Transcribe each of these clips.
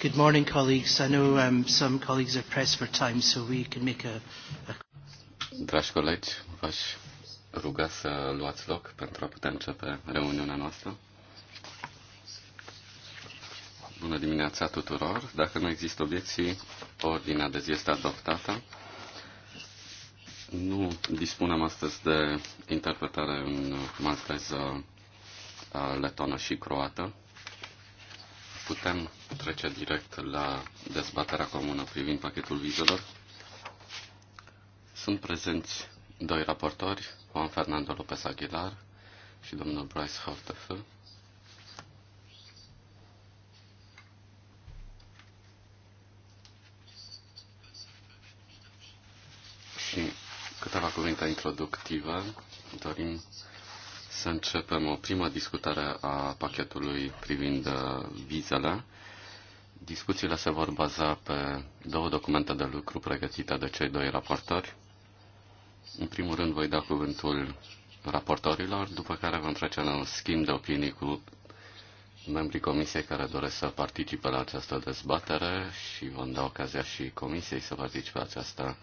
Good morning, colleagues. I know um, some colleagues are pressed for time, so we can make a... a... Dragi colegi, v-aș ruga să luați loc pentru a putea începe reuniunea noastră. Bună dimineața tuturor. Dacă nu există obiecții, ordinea de zi este adoptată. Nu dispunem astăzi de interpretare în malteză, letonă și croată putem trece direct la dezbaterea comună privind pachetul vizelor. Sunt prezenți doi raportori, Juan Fernando López Aguilar și domnul Bryce Hortefer. Și câteva cuvinte introductive dorim să începem o primă discutare a pachetului privind uh, vizele. Discuțiile se vor baza pe două documente de lucru pregătite de cei doi raportori. În primul rând voi da cuvântul raportorilor, după care vom trece la un schimb de opinii cu membrii comisiei care doresc să participe la această dezbatere și vom da ocazia și comisiei să participe la această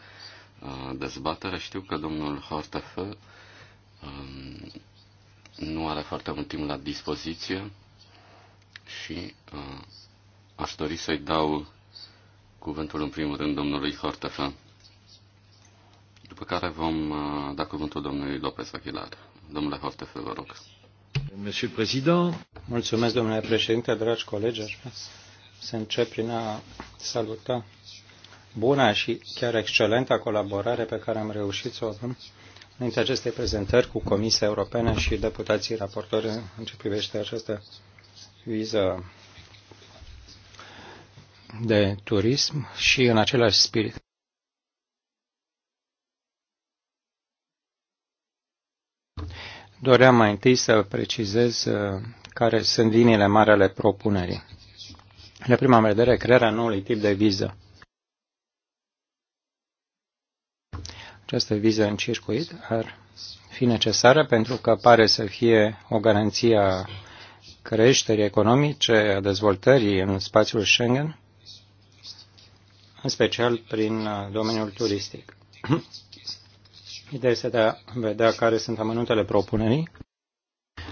uh, dezbatere. Știu că domnul Hortefe um, nu are foarte mult timp la dispoziție și uh, aș dori să-i dau cuvântul în primul rând domnului Hortefa. după care vom uh, da cuvântul domnului Lopez Aguilar. Domnule Hortefa, vă rog. Monsieur Président. Mulțumesc, domnule președinte, dragi colegi. Aș vrea să încep prin a saluta buna și chiar excelenta colaborare pe care am reușit să o avem dintre aceste prezentări cu Comisia Europeană și deputații raportori în ce privește această viză de turism și în același spirit. Doream mai întâi să precizez uh, care sunt liniile mari ale propunerii. La prima vedere, crearea noului tip de viză Această viză în circuit ar fi necesară pentru că pare să fie o garanție a creșterii economice, a dezvoltării în spațiul Schengen, în special prin uh, domeniul turistic. Ideea este de a vedea care sunt amănuntele propunerii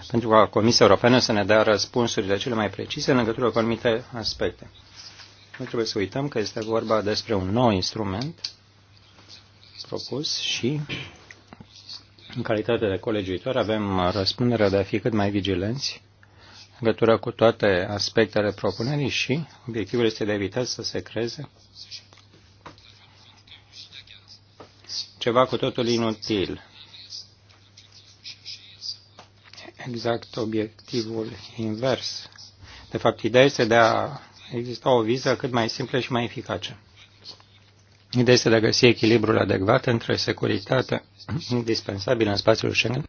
pentru ca Comisia Europeană să ne dea răspunsurile cele mai precise în legătură cu anumite aspecte. Nu trebuie să uităm că este vorba despre un nou instrument propus și, în calitate de colegiuitor, avem răspunderea de a fi cât mai vigilenți în legătură cu toate aspectele propunerii și obiectivul este de a evita să se creeze ceva cu totul inutil. Exact obiectivul invers. De fapt, ideea este de a exista o viză cât mai simplă și mai eficace. Ideea este de a găsi echilibrul adecvat între securitatea indispensabilă în spațiul Schengen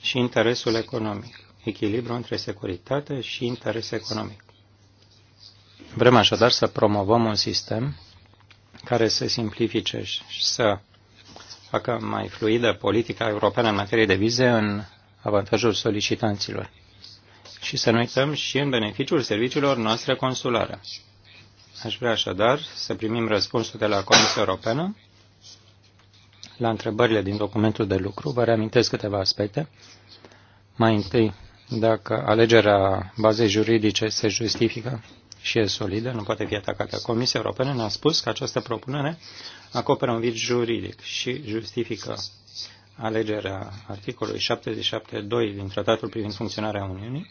și interesul economic. Echilibru între securitate și interes economic. Vrem așadar să promovăm un sistem care să simplifice și să facă mai fluidă politica europeană în materie de vize în avantajul solicitanților și să nu uităm și în beneficiul serviciilor noastre consulare. Aș vrea așadar să primim răspunsul de la Comisia Europeană la întrebările din documentul de lucru. Vă reamintesc câteva aspecte. Mai întâi, dacă alegerea bazei juridice se justifică și e solidă, nu poate fi atacată. Comisia Europeană ne-a spus că această propunere acoperă un vid juridic și justifică alegerea articolului 77.2 din Tratatul privind funcționarea Uniunii,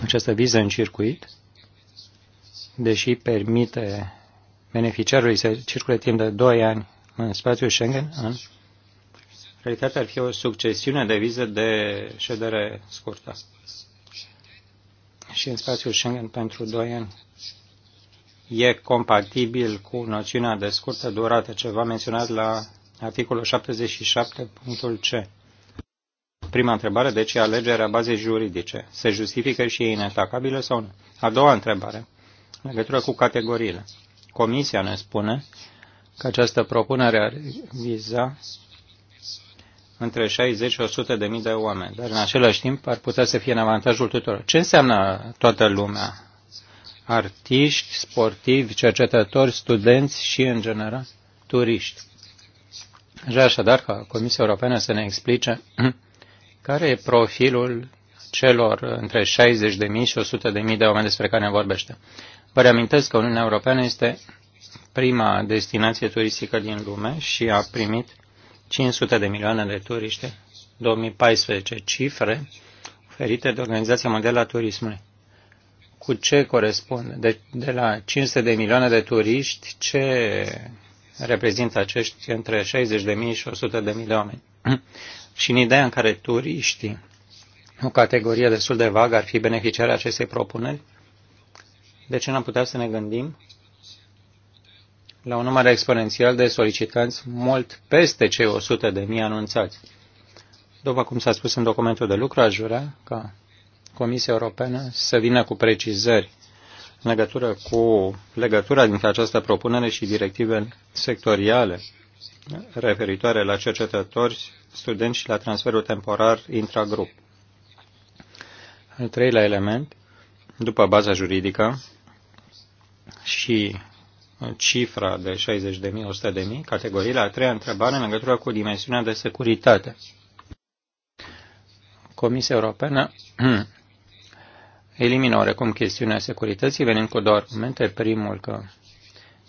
această viză în circuit, deși permite beneficiarului să circule timp de 2 ani în spațiul Schengen, în realitate ar fi o succesiune de vize de ședere scurtă. Și în spațiul Schengen pentru 2 ani e compatibil cu noțiunea de scurtă durată, ceva menționat la articolul 77.c. Prima întrebare, de deci ce alegerea bazei juridice? Se justifică și e inatacabilă sau nu? A doua întrebare, în legătură cu categoriile. Comisia ne spune că această propunere ar viza între 60 și 100 de mii de oameni, dar în același timp ar putea să fie în avantajul tuturor. Ce înseamnă toată lumea? Artiști, sportivi, cercetători, studenți și, în general, turiști. Așa așadar ca Comisia Europeană să ne explice care e profilul celor între 60.000 și 100.000 de oameni despre care ne vorbește. Vă reamintesc că Uniunea Europeană este prima destinație turistică din lume și a primit 500 de milioane de turiști 2014, cifre oferite de Organizația Mondială a Turismului. Cu ce corespunde? De, de la 500 de milioane de turiști, ce reprezintă acești între 60 de mii și 100 de oameni? și în ideea în care turiștii, o categorie destul de vagă, ar fi beneficiarea acestei propuneri, de ce n-am putea să ne gândim la un număr exponențial de solicitanți mult peste cei 100 de mii anunțați? După cum s-a spus în documentul de lucru, aș vrea ca Comisia Europeană să vină cu precizări în legătură cu legătura dintre această propunere și directive sectoriale referitoare la cercetători, studenți și la transferul temporar intragrup. Al treilea element, după baza juridică, și cifra de 60.000-100.000, categoriile a treia întrebare în legătură cu dimensiunea de securitate. Comisia Europeană elimină oarecum chestiunea securității, venind cu două argumente. Primul, că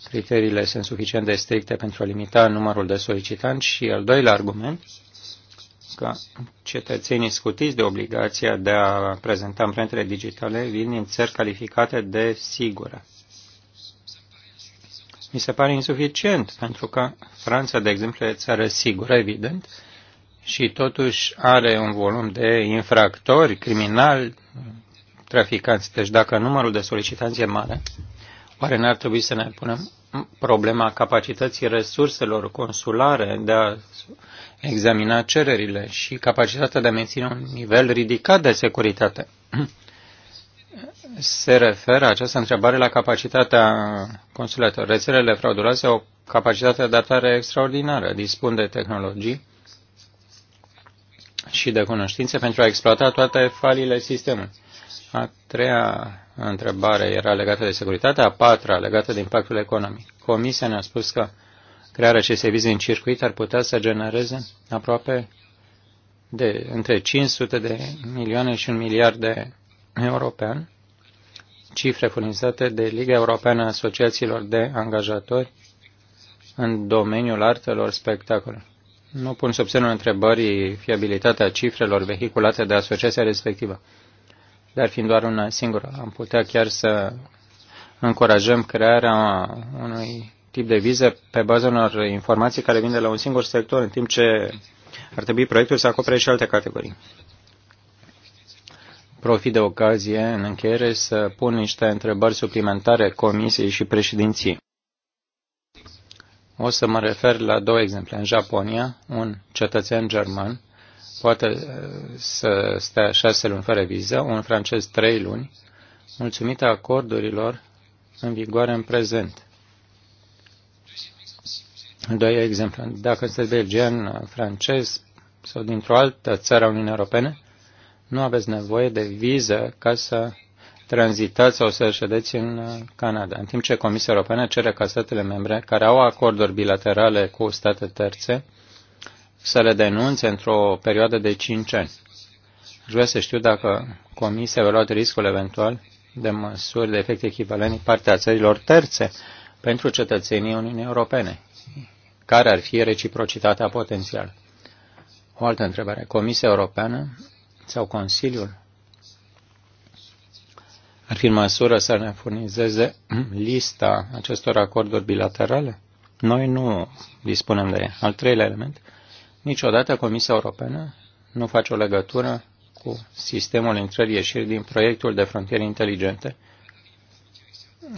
criteriile sunt suficient de stricte pentru a limita numărul de solicitanți și al doilea argument, că cetățenii scutiți de obligația de a prezenta amprentele digitale vin din țări calificate de sigură mi se pare insuficient, pentru că Franța, de exemplu, e țară sigură, evident, și totuși are un volum de infractori, criminali, traficanți. Deci dacă numărul de solicitanți e mare, oare n-ar trebui să ne punem problema capacității resurselor consulare de a examina cererile și capacitatea de a menține un nivel ridicat de securitate? se referă această întrebare la capacitatea consulatorilor. Rețelele frauduloase au o capacitate de adaptare extraordinară, dispun de tehnologii și de cunoștințe pentru a exploata toate falile sistemului. A treia întrebare era legată de securitate, a patra legată de impactul economic. Comisia ne-a spus că crearea acestei vize în circuit ar putea să genereze aproape de între 500 de milioane și un miliard de european, cifre furnizate de Liga Europeană a Asociațiilor de Angajatori în domeniul artelor spectacole. Nu pun sub semnul întrebării fiabilitatea cifrelor vehiculate de asociația respectivă, dar fiind doar una singură, am putea chiar să încurajăm crearea unui tip de vize pe baza unor informații care vin de la un singur sector, în timp ce ar trebui proiectul să acopere și alte categorii profit de ocazie în încheiere să pun niște întrebări suplimentare Comisiei și președinției. O să mă refer la două exemple. În Japonia, un cetățean german poate uh, să stea șase luni fără viză, un francez trei luni, mulțumită acordurilor în vigoare în prezent. Al doilea exemplu, dacă este belgian, francez sau dintr-o altă țară a Uniunii Europene, nu aveți nevoie de viză ca să tranzitați sau să ședeți în uh, Canada, în timp ce Comisia Europeană cere ca statele membre care au acorduri bilaterale cu state terțe să le denunțe într-o perioadă de 5 ani. Aș vrea să știu dacă Comisia a luat riscul eventual de măsuri de efect echivalent partea țărilor terțe pentru cetățenii Uniunii Europene. Care ar fi reciprocitatea potențială? O altă întrebare. Comisia Europeană sau Consiliul ar fi în măsură să ne furnizeze lista acestor acorduri bilaterale? Noi nu dispunem de ea. Al treilea element, niciodată Comisia Europeană nu face o legătură cu sistemul intrări-ieșiri din proiectul de frontiere inteligente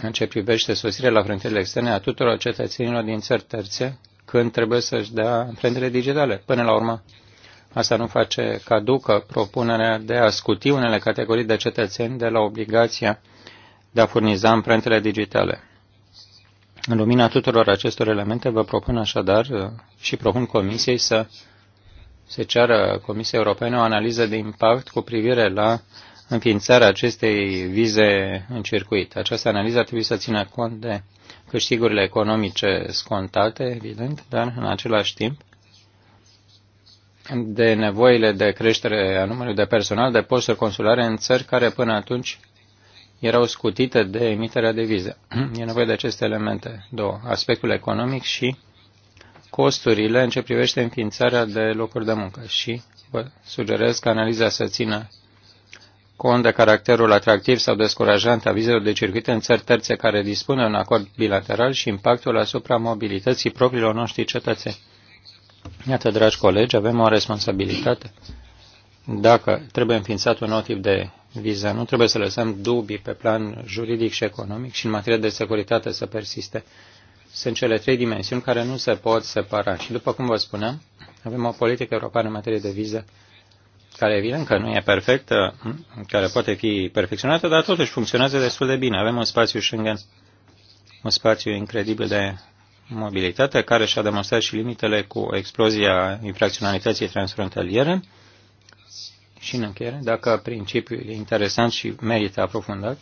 în ce privește sosirea la frontierele externe a tuturor cetățenilor din țări terțe când trebuie să-și dea amprentele digitale. Până la urmă, Asta nu face caducă propunerea de a scuti unele categorii de cetățeni de la obligația de a furniza amprentele digitale. În lumina tuturor acestor elemente, vă propun așadar uh, și propun Comisiei să se ceară Comisiei Europene o analiză de impact cu privire la înființarea acestei vize în circuit. Această analiză ar trebui să țină cont de câștigurile economice scontate, evident, dar în același timp de nevoile de creștere a numărului de personal de posturi consulare în țări care până atunci erau scutite de emiterea de vize. E nevoie de aceste elemente, două, aspectul economic și costurile în ce privește înființarea de locuri de muncă. Și vă sugerez că analiza să țină cont de caracterul atractiv sau descurajant a vizelor de circuit în țări terțe care dispun de un acord bilateral și impactul asupra mobilității propriilor noștri cetățeni. Iată, dragi colegi, avem o responsabilitate. Dacă trebuie înființat un nou tip de viză, nu trebuie să lăsăm dubii pe plan juridic și economic și în materie de securitate să persiste. Sunt cele trei dimensiuni care nu se pot separa. Și după cum vă spuneam, avem o politică europeană în materie de viză care evident că nu e perfectă, care poate fi perfecționată, dar totuși funcționează destul de bine. Avem un spațiu Schengen, un spațiu incredibil de mobilitate, care și-a demonstrat și limitele cu explozia infracționalității transfrontaliere. Și în încheiere, dacă principiul e interesant și merită aprofundat,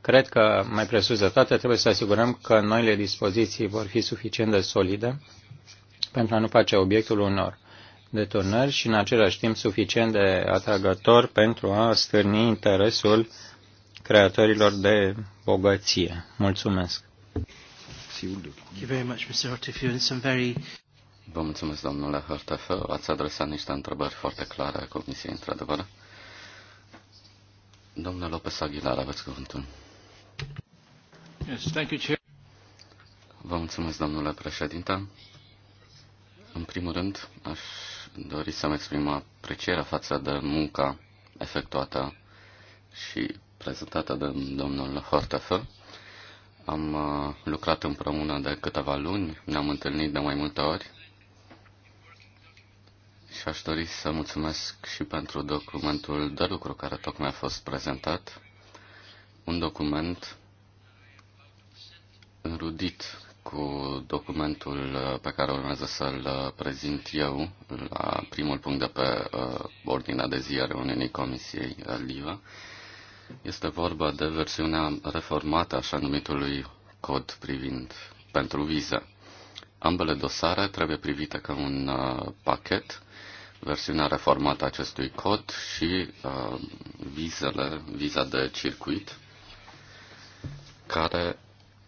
cred că mai presus de toate trebuie să asigurăm că noile dispoziții vor fi suficient de solide pentru a nu face obiectul unor deturnări și în același timp suficient de atragător pentru a stârni interesul creatorilor de bogăție. Mulțumesc! Siulu. Thank Vă mulțumesc, domnule Hărtefă. Ați adresat niște întrebări foarte clare Comisiei, într-adevăr. Domnule Lopez Aguilar, aveți cuvântul. Yes, thank you, Chair. Vă mulțumesc, domnule președinte. În primul rând, aș dori să-mi exprim aprecierea față de munca efectuată și prezentată de domnul Hortefer. Am uh, lucrat împreună de câteva luni, ne-am întâlnit de mai multe ori și aș dori să mulțumesc și pentru documentul de lucru care tocmai a fost prezentat. Un document înrudit cu documentul uh, pe care urmează să-l uh, prezint eu la primul punct de pe ordinea de zi a reuniunii Comisiei LIVA. Este vorba de versiunea reformată așa numitului cod privind pentru viză. Ambele dosare trebuie privite ca un uh, pachet, versiunea reformată a acestui cod și uh, vizele, viza de circuit, care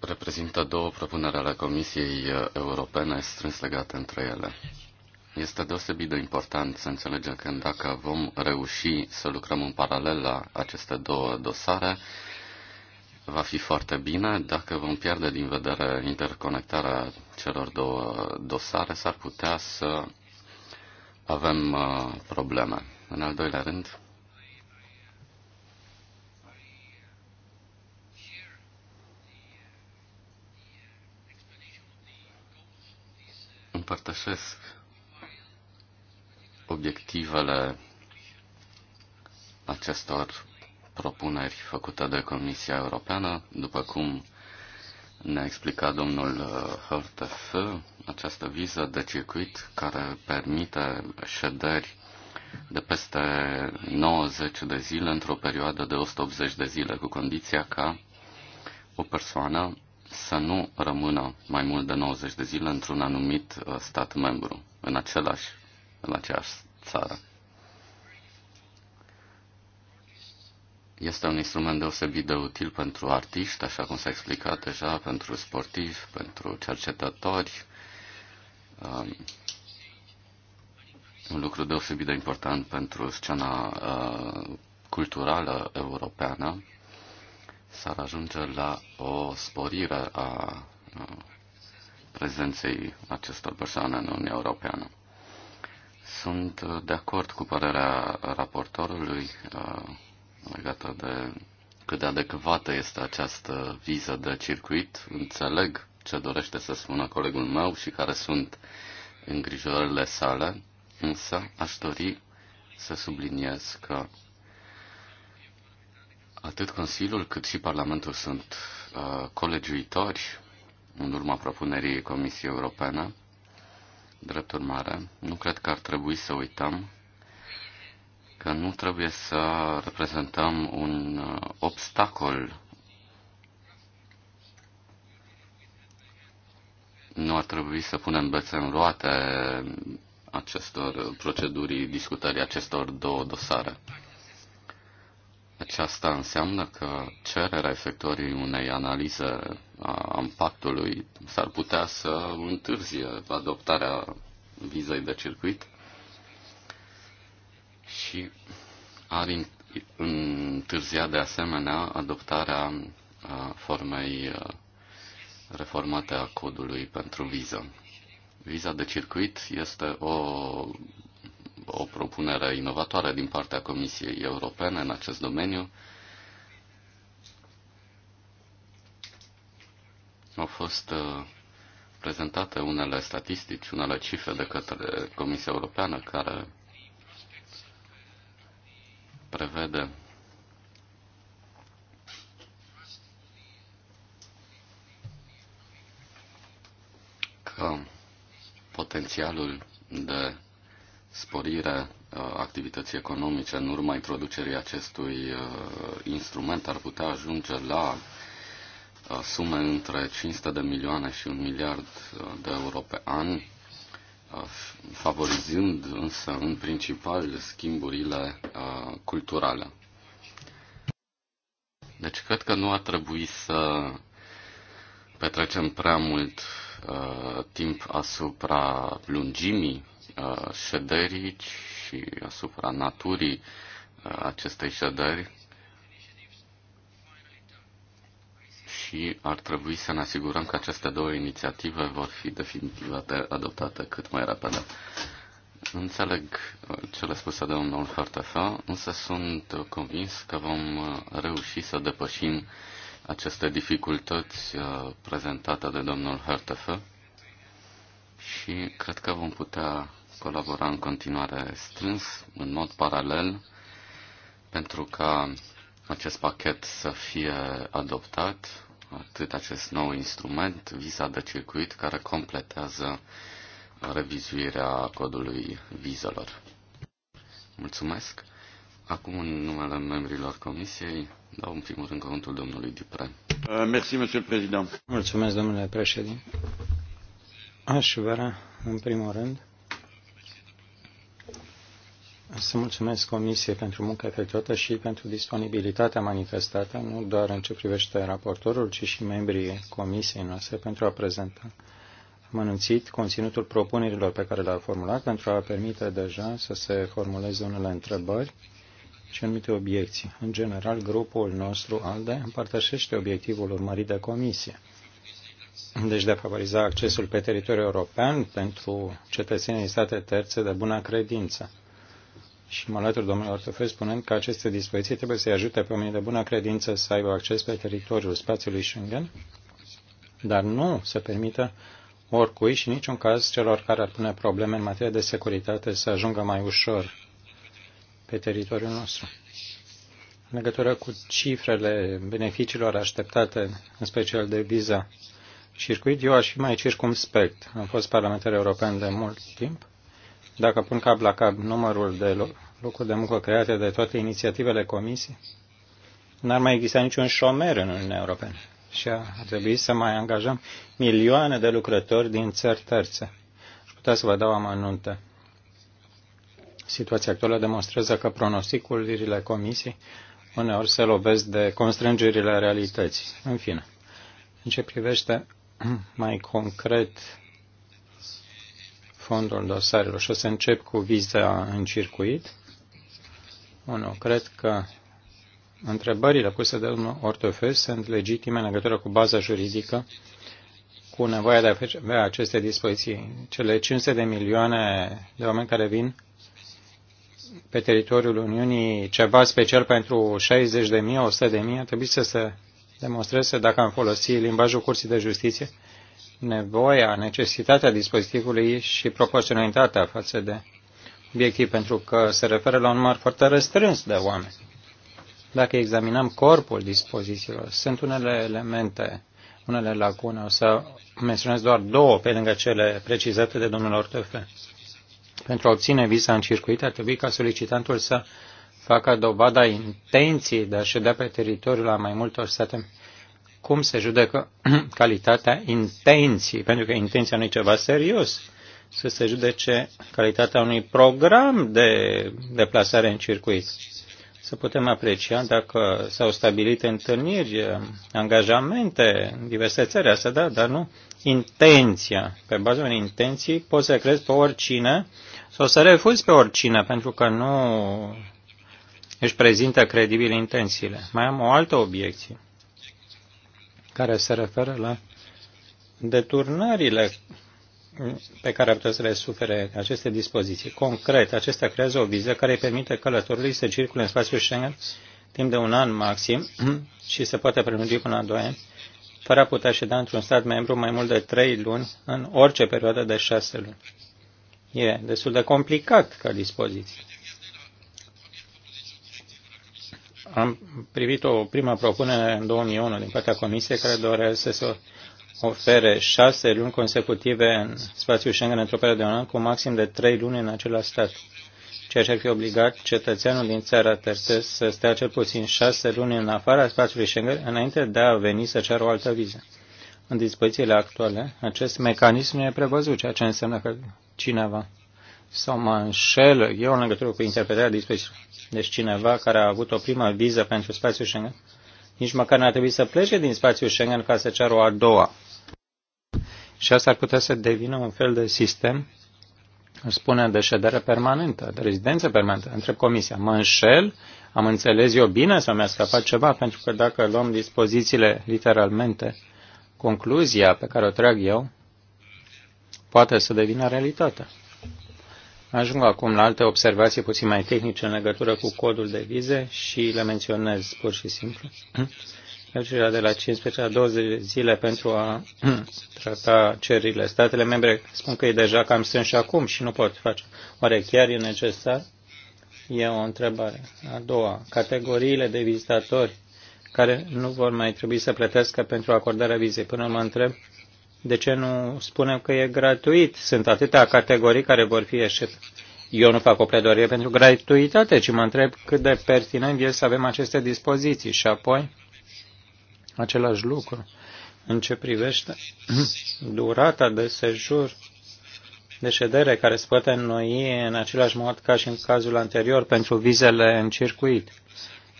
reprezintă două propuneri ale Comisiei Europene strâns legate între ele. Este deosebit de important să înțelegem că dacă vom reuși să lucrăm în paralel la aceste două dosare, va fi foarte bine. Dacă vom pierde din vedere interconectarea celor două dosare, s-ar putea să avem uh, probleme. În al doilea rând, împărtășesc obiectivele acestor propuneri făcute de Comisia Europeană, după cum ne-a explicat domnul HRTF, uh, această viză de circuit care permite șederi de peste 90 de zile într-o perioadă de 180 de zile, cu condiția ca o persoană să nu rămână mai mult de 90 de zile într-un anumit uh, stat membru. În același în această țară. Este un instrument deosebit de util pentru artiști, așa cum s-a explicat deja, pentru sportivi, pentru cercetători. Um, un lucru deosebit de important pentru scena uh, culturală europeană. S-ar ajunge la o sporire a uh, prezenței acestor persoane în Uniunea Europeană. Sunt uh, de acord cu părerea raportorului uh, legată de cât de adecvată este această viză de circuit. Înțeleg ce dorește să spună colegul meu și care sunt îngrijorările sale, însă aș dori să subliniez că atât Consiliul cât și Parlamentul sunt uh, colegiuitori în urma propunerii Comisiei Europene Drept urmare, nu cred că ar trebui să uităm că nu trebuie să reprezentăm un uh, obstacol. Nu ar trebui să punem bețe în roate acestor proceduri, discutării acestor două dosare. Aceasta înseamnă că cererea efectuării unei analize a impactului s-ar putea să întârzie adoptarea vizei de circuit și ar întârzia de asemenea adoptarea formei reformate a codului pentru viză. Viza de circuit este o o propunere inovatoare din partea Comisiei Europene în acest domeniu. Au fost uh, prezentate unele statistici, unele cifre de către Comisia Europeană care prevede că potențialul de sporire uh, activității economice în urma introducerii acestui uh, instrument ar putea ajunge la uh, sume între 500 de milioane și un miliard de euro pe an, favorizând însă în principal schimburile culturale. Deci cred că nu ar trebui să petrecem prea mult timp asupra lungimii Uh, șederii și asupra naturii uh, acestei șederi și ar trebui să ne asigurăm că aceste două inițiative vor fi definitivate adoptate cât mai repede. Înțeleg uh, cele spuse de domnul Hartefa, însă sunt convins că vom reuși să depășim aceste dificultăți prezentate de domnul Hartefa și cred că vom putea colabora în continuare strâns, în mod paralel, pentru ca acest pachet să fie adoptat, atât acest nou instrument, viza de circuit, care completează revizuirea codului vizelor. Mulțumesc! Acum, în numele membrilor comisiei, dau în primul rând cuvântul domnului Dupre. Uh, Mulțumesc, domnule președinte. Aș vrea, în primul rând, să mulțumesc Comisiei pentru munca efectuată și pentru disponibilitatea manifestată, nu doar în ce privește raportorul, ci și membrii Comisiei noastre pentru a prezenta mănânțit conținutul propunerilor pe care le-a formulat pentru a permite deja să se formuleze unele întrebări și anumite obiecții. În general, grupul nostru ALDE împărtășește obiectivul urmărit de Comisie – deci de a favoriza accesul pe teritoriul european pentru cetățenii state terțe de bună credință. Și mă alătur domnului Ortofeu spunând că aceste dispoziții trebuie să-i ajute pe oamenii de bună credință să aibă acces pe teritoriul spațiului Schengen, dar nu se permită oricui și niciun caz celor care ar pune probleme în materie de securitate să ajungă mai ușor pe teritoriul nostru. În legătură cu cifrele beneficiilor așteptate, în special de viza, circuit, eu aș fi mai circumspect. Am fost parlamentar european de mult timp. Dacă pun cap la cap numărul de locuri de muncă create de toate inițiativele comisiei, n-ar mai exista niciun șomer în Uniunea Europeană. Și ar trebui să mai angajăm milioane de lucrători din țări terțe. Aș putea să vă dau amănunte. Situația actuală demonstrează că pronosticurile comisiei uneori se lovesc de constrângerile realității. În fine, în ce privește mai concret fondul dosarelor și o să încep cu viza în circuit. Unu, cred că întrebările puse de domnul Ortofes sunt legitime în legătură cu baza juridică cu nevoia de a avea aceste dispoziții. Cele 500 de milioane de oameni care vin pe teritoriul Uniunii ceva special pentru 60 de mii, 100 de mii, trebuie să se demonstreze dacă am folosit limbajul cursii de justiție, nevoia, necesitatea dispozitivului și proporționalitatea față de obiectiv, pentru că se referă la un număr foarte restrâns de oameni. Dacă examinăm corpul dispozițiilor, sunt unele elemente, unele lacune. O să menționez doar două pe lângă cele precizate de domnul Ortefe. Pentru a obține visa în circuit, ar trebui ca solicitantul să facă dovada intenției de a ședea pe teritoriul a mai multor state. Cum se judecă calitatea intenției? Pentru că intenția nu e ceva serios. Să se judece calitatea unui program de deplasare în circuit. Să putem aprecia dacă s-au stabilit întâlniri, angajamente în diverse țări, asta da, dar nu intenția. Pe baza unei intenții poți să crezi pe oricine sau să refuzi pe oricine, pentru că nu își prezintă credibile intențiile. Mai am o altă obiecție care se referă la deturnările pe care ar putea să le sufere aceste dispoziții. Concret, acestea creează o viză care îi permite călătorului să circule în spațiul Schengen timp de un an maxim și se poate prelungi până la doi ani, fără a putea ședea într-un stat membru mai mult de trei luni în orice perioadă de șase luni. E destul de complicat ca dispoziție. Am privit o primă propunere în 2001 din partea Comisiei care dorește să se ofere șase luni consecutive în spațiul Schengen într-o perioadă de un an cu maxim de trei luni în același stat, ceea ce ar fi obligat cetățeanul din țara terțe să stea cel puțin șase luni în afara spațiului Schengen înainte de a veni să ceară o altă viză. În dispozițiile actuale, acest mecanism nu e prevăzut, ceea ce înseamnă că cineva sau mă înșel eu în legătură cu interpretarea dispoziției. Deci cineva care a avut o primă viză pentru spațiul Schengen, nici măcar n-ar trebui să plece din spațiul Schengen ca să ceară o a doua. Și asta ar putea să devină un fel de sistem, își spune, de ședere permanentă, de rezidență permanentă. Întreb comisia, mă înșel? Am înțeles eu bine sau mi-a scăpat ceva? Pentru că dacă luăm dispozițiile literalmente, concluzia pe care o trag eu poate să devină realitate. Ajung acum la alte observații puțin mai tehnice în legătură cu codul de vize și le menționez pur și simplu. Reducerea de la 15 la 20 zile pentru a trata cererile. Statele membre spun că e deja cam strâns și acum și nu pot face. Oare chiar e necesar? E o întrebare. A doua, categoriile de vizitatori care nu vor mai trebui să plătească pentru acordarea vizei. Până mă întreb de ce nu spunem că e gratuit? Sunt atâtea categorii care vor fi ieșite. Eu nu fac o pledoarie pentru gratuitate, ci mă întreb cât de pertinent e să avem aceste dispoziții. Și apoi, același lucru în ce privește durata de sejur de ședere care se poate înnoi în același mod ca și în cazul anterior pentru vizele în circuit.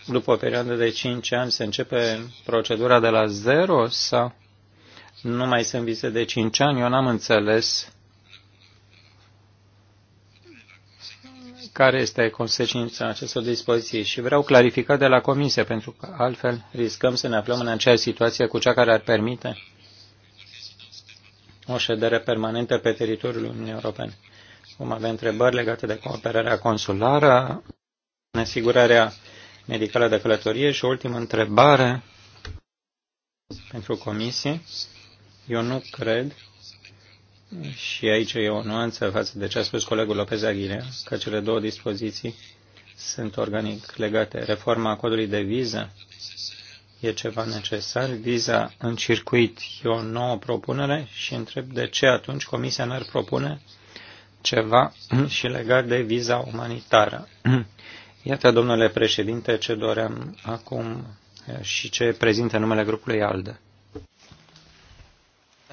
După o perioadă de 5 ani se începe procedura de la zero sau nu mai sunt vise de 5 ani, eu n-am înțeles care este consecința acestor dispoziții și vreau clarificat de la Comisie, pentru că altfel riscăm să ne aflăm în aceeași situație cu cea care ar permite o ședere permanentă pe teritoriul Uniunii Europene. Vom avea întrebări legate de cooperarea consulară, asigurarea medicală de călătorie și ultima ultimă întrebare pentru Comisie eu nu cred, și aici e o nuanță față de ce a spus colegul Lopez Aguilea, că cele două dispoziții sunt organic legate. Reforma codului de viză e ceva necesar. Viza în circuit e o nouă propunere și întreb de ce atunci Comisia n-ar propune ceva și legat de viza umanitară. Iată, domnule președinte, ce doream acum și ce prezintă numele grupului ALDE.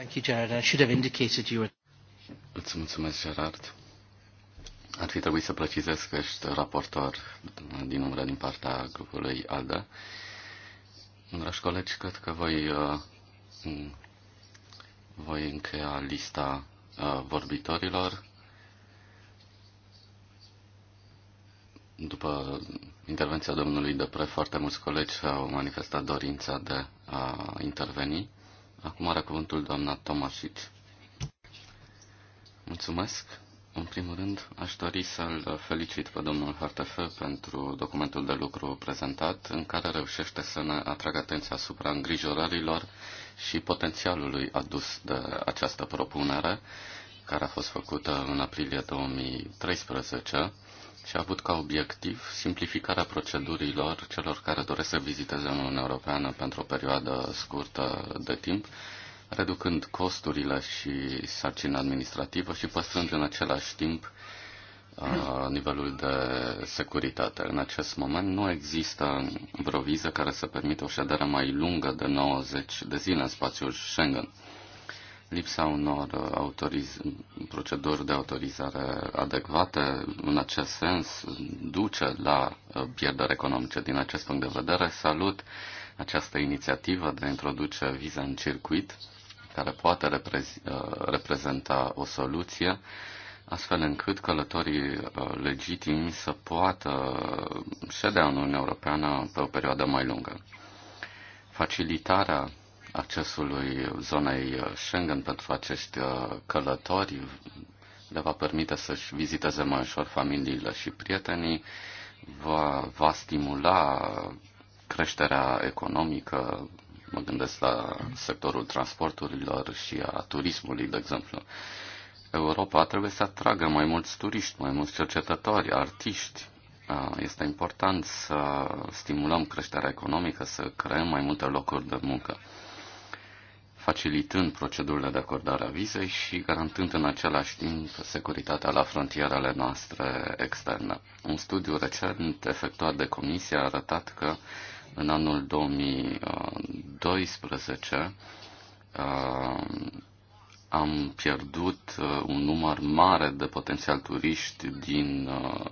Thank you, Gerard. I should have indicated you were... Îți mulțumesc, Gerard. Ar fi trebuit să precizez că ești raportor din umbră din partea grupului ALDE. Dragi colegi, cred că voi, uh, voi încheia lista uh, vorbitorilor. După intervenția domnului Depre, foarte mulți colegi au manifestat dorința de a interveni. Acum are cuvântul doamna Tomașici. Mulțumesc. În primul rând, aș dori să-l felicit pe domnul Hartef pentru documentul de lucru prezentat, în care reușește să ne atragă atenția asupra îngrijorărilor și potențialului adus de această propunere, care a fost făcută în aprilie 2013 și a avut ca obiectiv simplificarea procedurilor celor care doresc să viziteze Uniunea Europeană pentru o perioadă scurtă de timp, reducând costurile și sarcina administrativă și păstrând în același timp nivelul de securitate. În acest moment nu există vreo viză care să permită o ședere mai lungă de 90 de zile în spațiul Schengen lipsa unor uh, autoriz- proceduri de autorizare adecvate, în acest sens, duce la uh, pierderi economice. Din acest punct de vedere, salut această inițiativă de a introduce viza în circuit, care poate reprez- uh, reprezenta o soluție, astfel încât călătorii legitimi să poată ședea în Uniunea Europeană pe o perioadă mai lungă facilitarea accesului zonei Schengen pentru acești uh, călători, le va permite să-și viziteze mai ușor familiile și prietenii, va, va stimula creșterea economică, mă gândesc la sectorul transporturilor și a turismului, de exemplu. Europa trebuie să atragă mai mulți turiști, mai mulți cercetători, artiști. Uh, este important să stimulăm creșterea economică, să creăm mai multe locuri de muncă facilitând procedurile de acordare a vizei și garantând în același timp securitatea la frontierele noastre externe. Un studiu recent efectuat de comisie a arătat că în anul 2012 uh, am pierdut uh, un număr mare de potențial turiști din uh,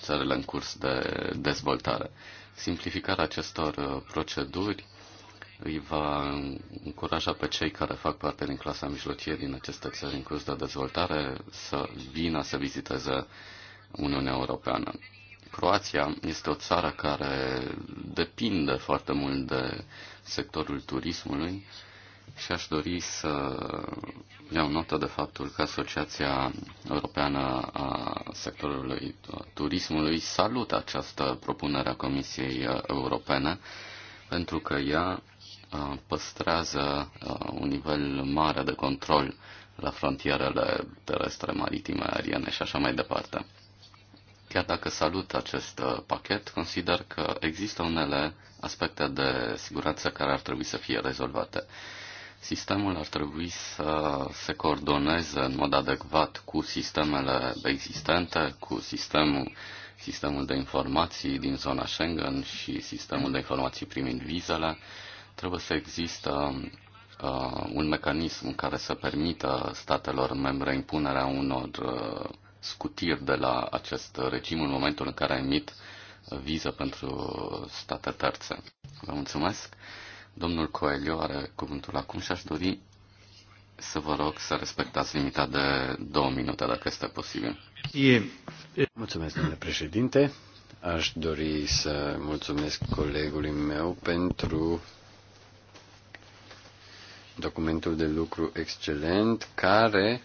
țările în curs de dezvoltare. Simplificarea acestor proceduri îi va încuraja pe cei care fac parte din clasa mijlocie din aceste țări în curs de dezvoltare să vină să viziteze Uniunea Europeană. Croația este o țară care depinde foarte mult de sectorul turismului și aș dori să iau notă de faptul că Asociația Europeană a Sectorului Turismului salută această propunere a Comisiei Europene pentru că ea Uh, păstrează uh, un nivel mare de control la frontierele terestre, maritime, aeriene și așa mai departe. Chiar dacă salut acest uh, pachet, consider că există unele aspecte de siguranță care ar trebui să fie rezolvate. Sistemul ar trebui să se coordoneze în mod adecvat cu sistemele existente, cu sistemul, sistemul de informații din zona Schengen și sistemul de informații primind vizele Trebuie să există uh, un mecanism care să permită statelor membre impunerea unor uh, scutiri de la acest regim în momentul în care emit uh, viză pentru state terțe. Vă mulțumesc. Domnul Coelho are cuvântul acum și aș dori să vă rog să respectați limita de două minute, dacă este posibil. E... Mulțumesc, domnule președinte. Aș dori să mulțumesc colegului meu pentru documentul de lucru excelent care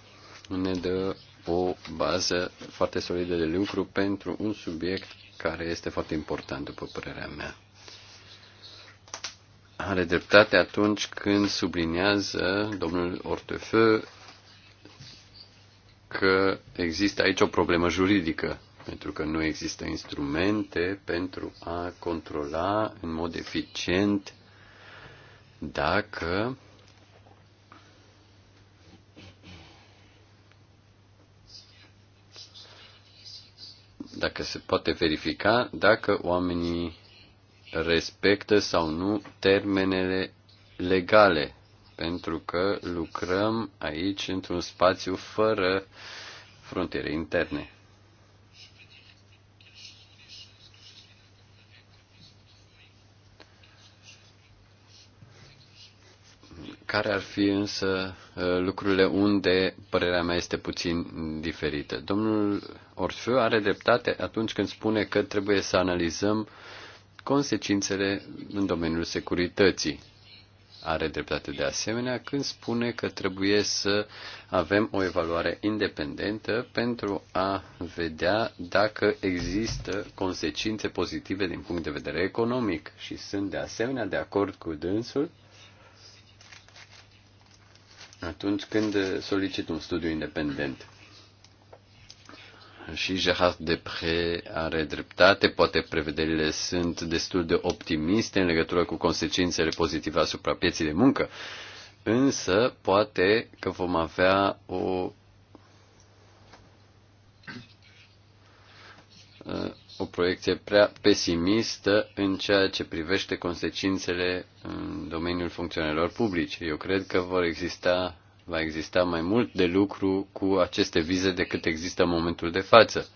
ne dă o bază foarte solidă de lucru pentru un subiect care este foarte important, după părerea mea. Are dreptate atunci când subliniază domnul Ortefeu că există aici o problemă juridică, pentru că nu există instrumente pentru a controla în mod eficient dacă dacă se poate verifica dacă oamenii respectă sau nu termenele legale, pentru că lucrăm aici într-un spațiu fără frontiere interne. Care ar fi însă uh, lucrurile unde părerea mea este puțin diferită? Domnul Orfeu are dreptate atunci când spune că trebuie să analizăm consecințele în domeniul securității. Are dreptate de asemenea când spune că trebuie să avem o evaluare independentă pentru a vedea dacă există consecințe pozitive din punct de vedere economic și sunt de asemenea de acord cu dânsul atunci când solicit un studiu independent. Și Gerard Depre are dreptate, poate prevederile sunt destul de optimiste în legătură cu consecințele pozitive asupra pieții de muncă, însă poate că vom avea o o proiecție prea pesimistă în ceea ce privește consecințele în domeniul funcționarilor publici. Eu cred că vor exista, va exista mai mult de lucru cu aceste vize decât există în momentul de față.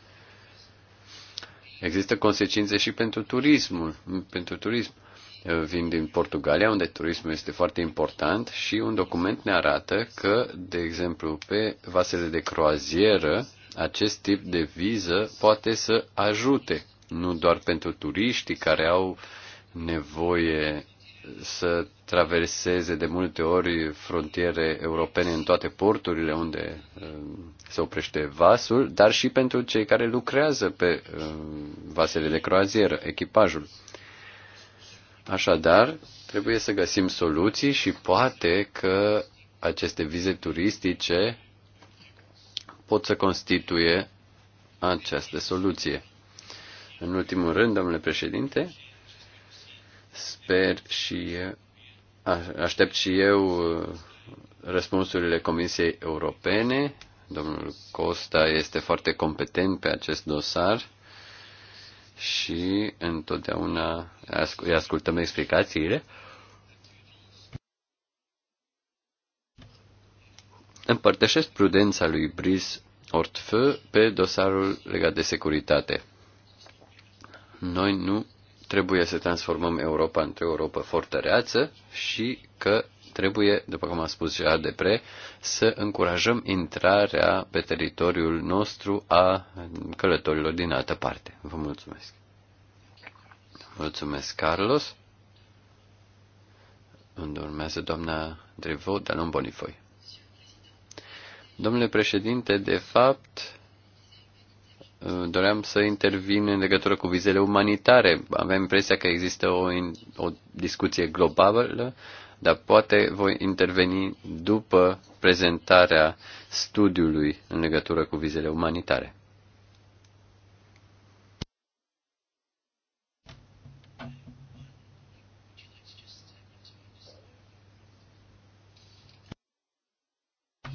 Există consecințe și pentru turismul, pentru turism. Uh, vin din Portugalia, unde turismul este foarte important și un document ne arată că, de exemplu, pe vasele de croazieră, acest tip de viză poate să ajute, nu doar pentru turiștii care au nevoie să traverseze de multe ori frontiere europene în toate porturile unde uh, se oprește vasul, dar și pentru cei care lucrează pe uh, vasele de croazieră, echipajul. Așadar, trebuie să găsim soluții și poate că aceste vize turistice pot să constituie această soluție. În ultimul rând, domnule președinte, sper și aștept și eu uh, răspunsurile Comisiei Europene. Domnul Costa este foarte competent pe acest dosar și întotdeauna îi ascultăm explicațiile. Împărtășesc prudența lui Brice Ortfeu pe dosarul legat de securitate. Noi nu trebuie să transformăm Europa într-o Europa fortăreață și că Trebuie, după cum a spus și Adepre, să încurajăm intrarea pe teritoriul nostru a călătorilor din altă parte. Vă mulțumesc. Mulțumesc, Carlos. Unde urmează doamna Drevo, dar nu Bonifoi. Domnule președinte, de fapt, doream să intervin în legătură cu vizele umanitare. Avem impresia că există o, o discuție globală, dar poate voi interveni după prezentarea studiului în legătură cu vizele umanitare.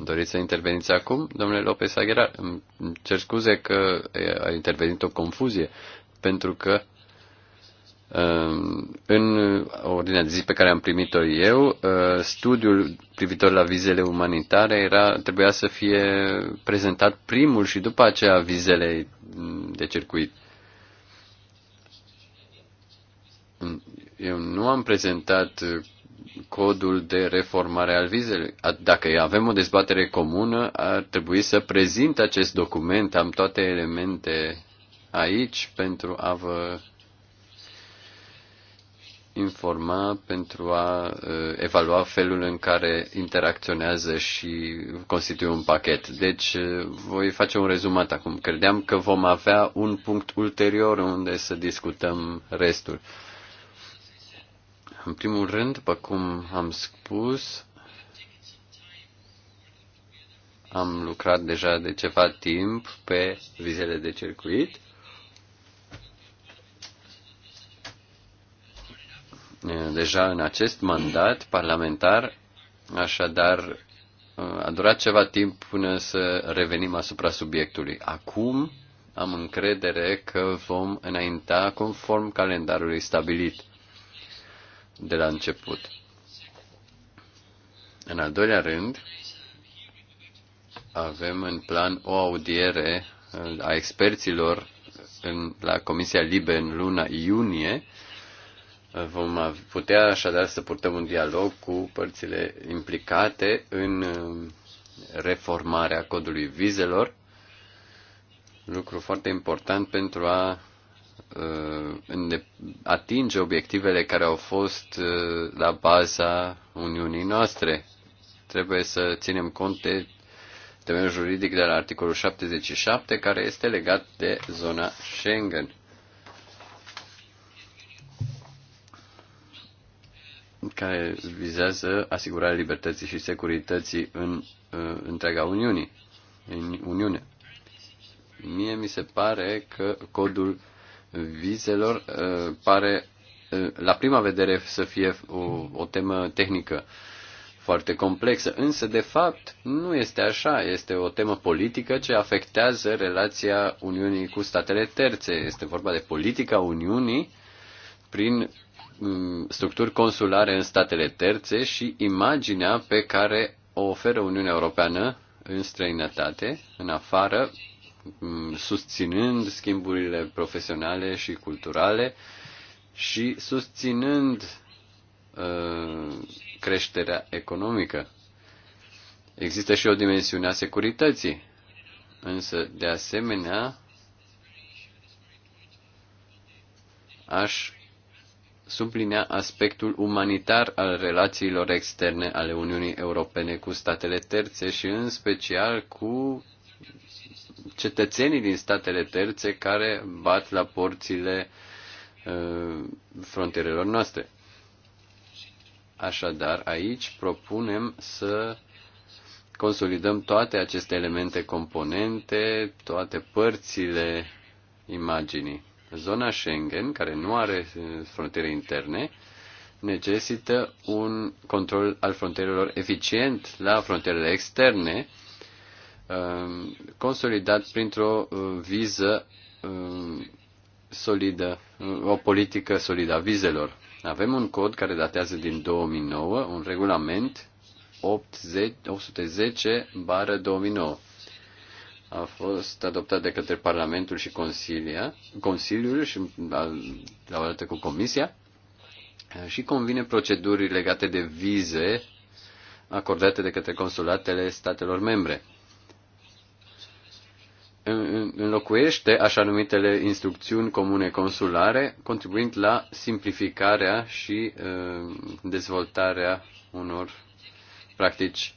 Doriți să interveniți acum, domnule Lopez Aguilar? Îmi cer scuze că a intervenit o confuzie, pentru că în ordinea de zi pe care am primit-o eu, ă, studiul privitor la vizele umanitare era, trebuia să fie prezentat primul și după aceea vizele de circuit. Eu nu am prezentat codul de reformare al vizelor. Dacă avem o dezbatere comună, ar trebui să prezint acest document. Am toate elemente aici pentru a vă informa pentru a evalua felul în care interacționează și constituie un pachet. Deci voi face un rezumat acum. Credeam că vom avea un punct ulterior unde să discutăm restul. În primul rând, după cum am spus, am lucrat deja de ceva timp pe vizele de circuit deja în acest mandat parlamentar, așadar a durat ceva timp până să revenim asupra subiectului. Acum am încredere că vom înainta conform calendarului stabilit de la început. În al doilea rând, avem în plan o audiere a experților în, la Comisia Libe în luna iunie Vom putea așadar să purtăm un dialog cu părțile implicate în um, reformarea codului vizelor, lucru foarte important pentru a uh, atinge obiectivele care au fost uh, la baza Uniunii noastre. Trebuie să ținem cont de temeiul juridic de la articolul 77, care este legat de zona Schengen. care vizează asigurarea libertății și securității în uh, întreaga Uniune. În Uniune. Mie mi se pare că codul vizelor uh, pare uh, la prima vedere să fie o, o temă tehnică foarte complexă, însă de fapt nu este așa, este o temă politică ce afectează relația Uniunii cu statele terțe. Este vorba de politica Uniunii prin Mm, structuri consulare în statele terțe și imaginea pe care o oferă Uniunea Europeană în străinătate, în afară, mm, susținând schimburile profesionale și culturale și susținând uh, creșterea economică. Există și o dimensiune a securității, însă, de asemenea, aș sublinea aspectul umanitar al relațiilor externe ale Uniunii Europene cu statele terțe și în special cu cetățenii din statele terțe care bat la porțile uh, frontierelor noastre. Așadar, aici propunem să consolidăm toate aceste elemente componente, toate părțile imaginii. Zona Schengen, care nu are uh, frontiere interne, necesită un control al frontierelor eficient la frontierele externe, um, consolidat printr-o uh, viză um, solidă, uh, o politică solidă a vizelor. Avem un cod care datează din 2009, un regulament 810 2009 a fost adoptat de către Parlamentul și Consilia, Consiliul și la dată cu Comisia și convine proceduri legate de vize acordate de către consulatele statelor membre. Înlocuiește așa numitele instrucțiuni comune consulare, contribuind la simplificarea și ă, dezvoltarea unor practici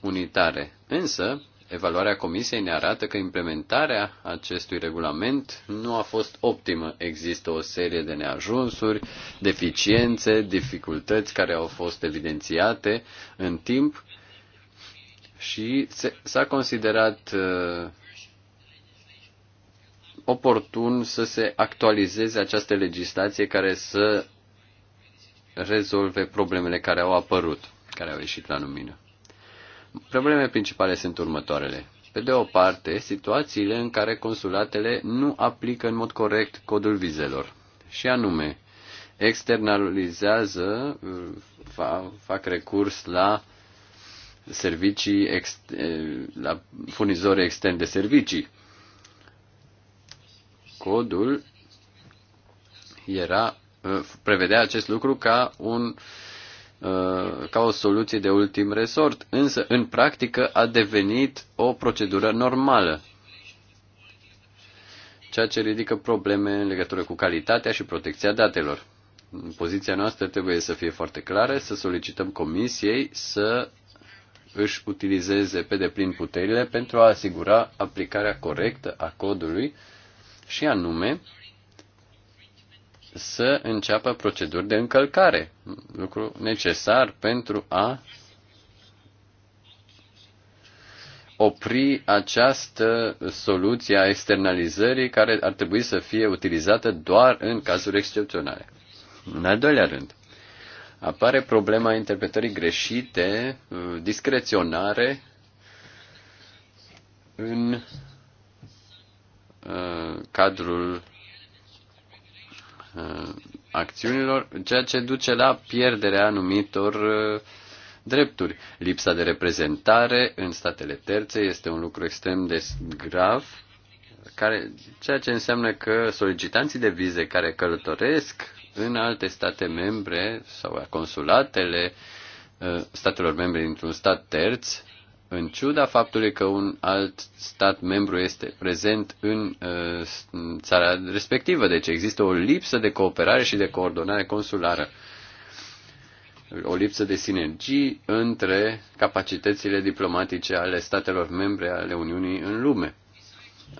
unitare. Însă, Evaluarea Comisiei ne arată că implementarea acestui regulament nu a fost optimă. Există o serie de neajunsuri, deficiențe, dificultăți care au fost evidențiate în timp și s-a considerat uh, oportun să se actualizeze această legislație care să rezolve problemele care au apărut, care au ieșit la lumină. Problemele principale sunt următoarele. Pe de o parte, situațiile în care consulatele nu aplică în mod corect codul vizelor, și anume, externalizează, uh, fac recurs la servicii, ex, uh, la furnizori externi de servicii. Codul era, uh, prevedea acest lucru ca un uh, Uh, ca o soluție de ultim resort, însă în practică a devenit o procedură normală, ceea ce ridică probleme în legătură cu calitatea și protecția datelor. Poziția noastră trebuie să fie foarte clară, să solicităm comisiei să își utilizeze pe deplin puterile pentru a asigura aplicarea corectă a codului și anume să înceapă proceduri de încălcare, lucru necesar pentru a opri această soluție a externalizării care ar trebui să fie utilizată doar în cazuri excepționale. În al doilea rând, apare problema interpretării greșite, uh, discreționare în uh, cadrul Uh, acțiunilor, ceea ce duce la pierderea anumitor uh, drepturi. Lipsa de reprezentare în statele terțe este un lucru extrem de grav, care, ceea ce înseamnă că solicitanții de vize care călătoresc în alte state membre sau la consulatele uh, statelor membre dintr-un stat terț în ciuda faptului că un alt stat membru este prezent în uh, țara respectivă, deci există o lipsă de cooperare și de coordonare consulară, o lipsă de sinergii între capacitățile diplomatice ale statelor membre ale Uniunii în lume.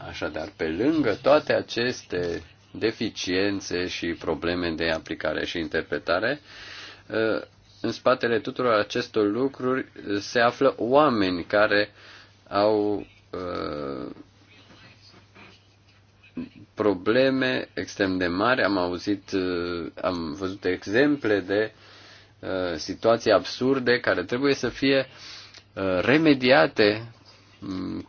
Așadar, pe lângă toate aceste deficiențe și probleme de aplicare și interpretare, uh, în spatele tuturor acestor lucruri se află oameni care au uh, probleme extrem de mari. Am auzit, uh, am văzut exemple de uh, situații absurde care trebuie să fie uh, remediate um,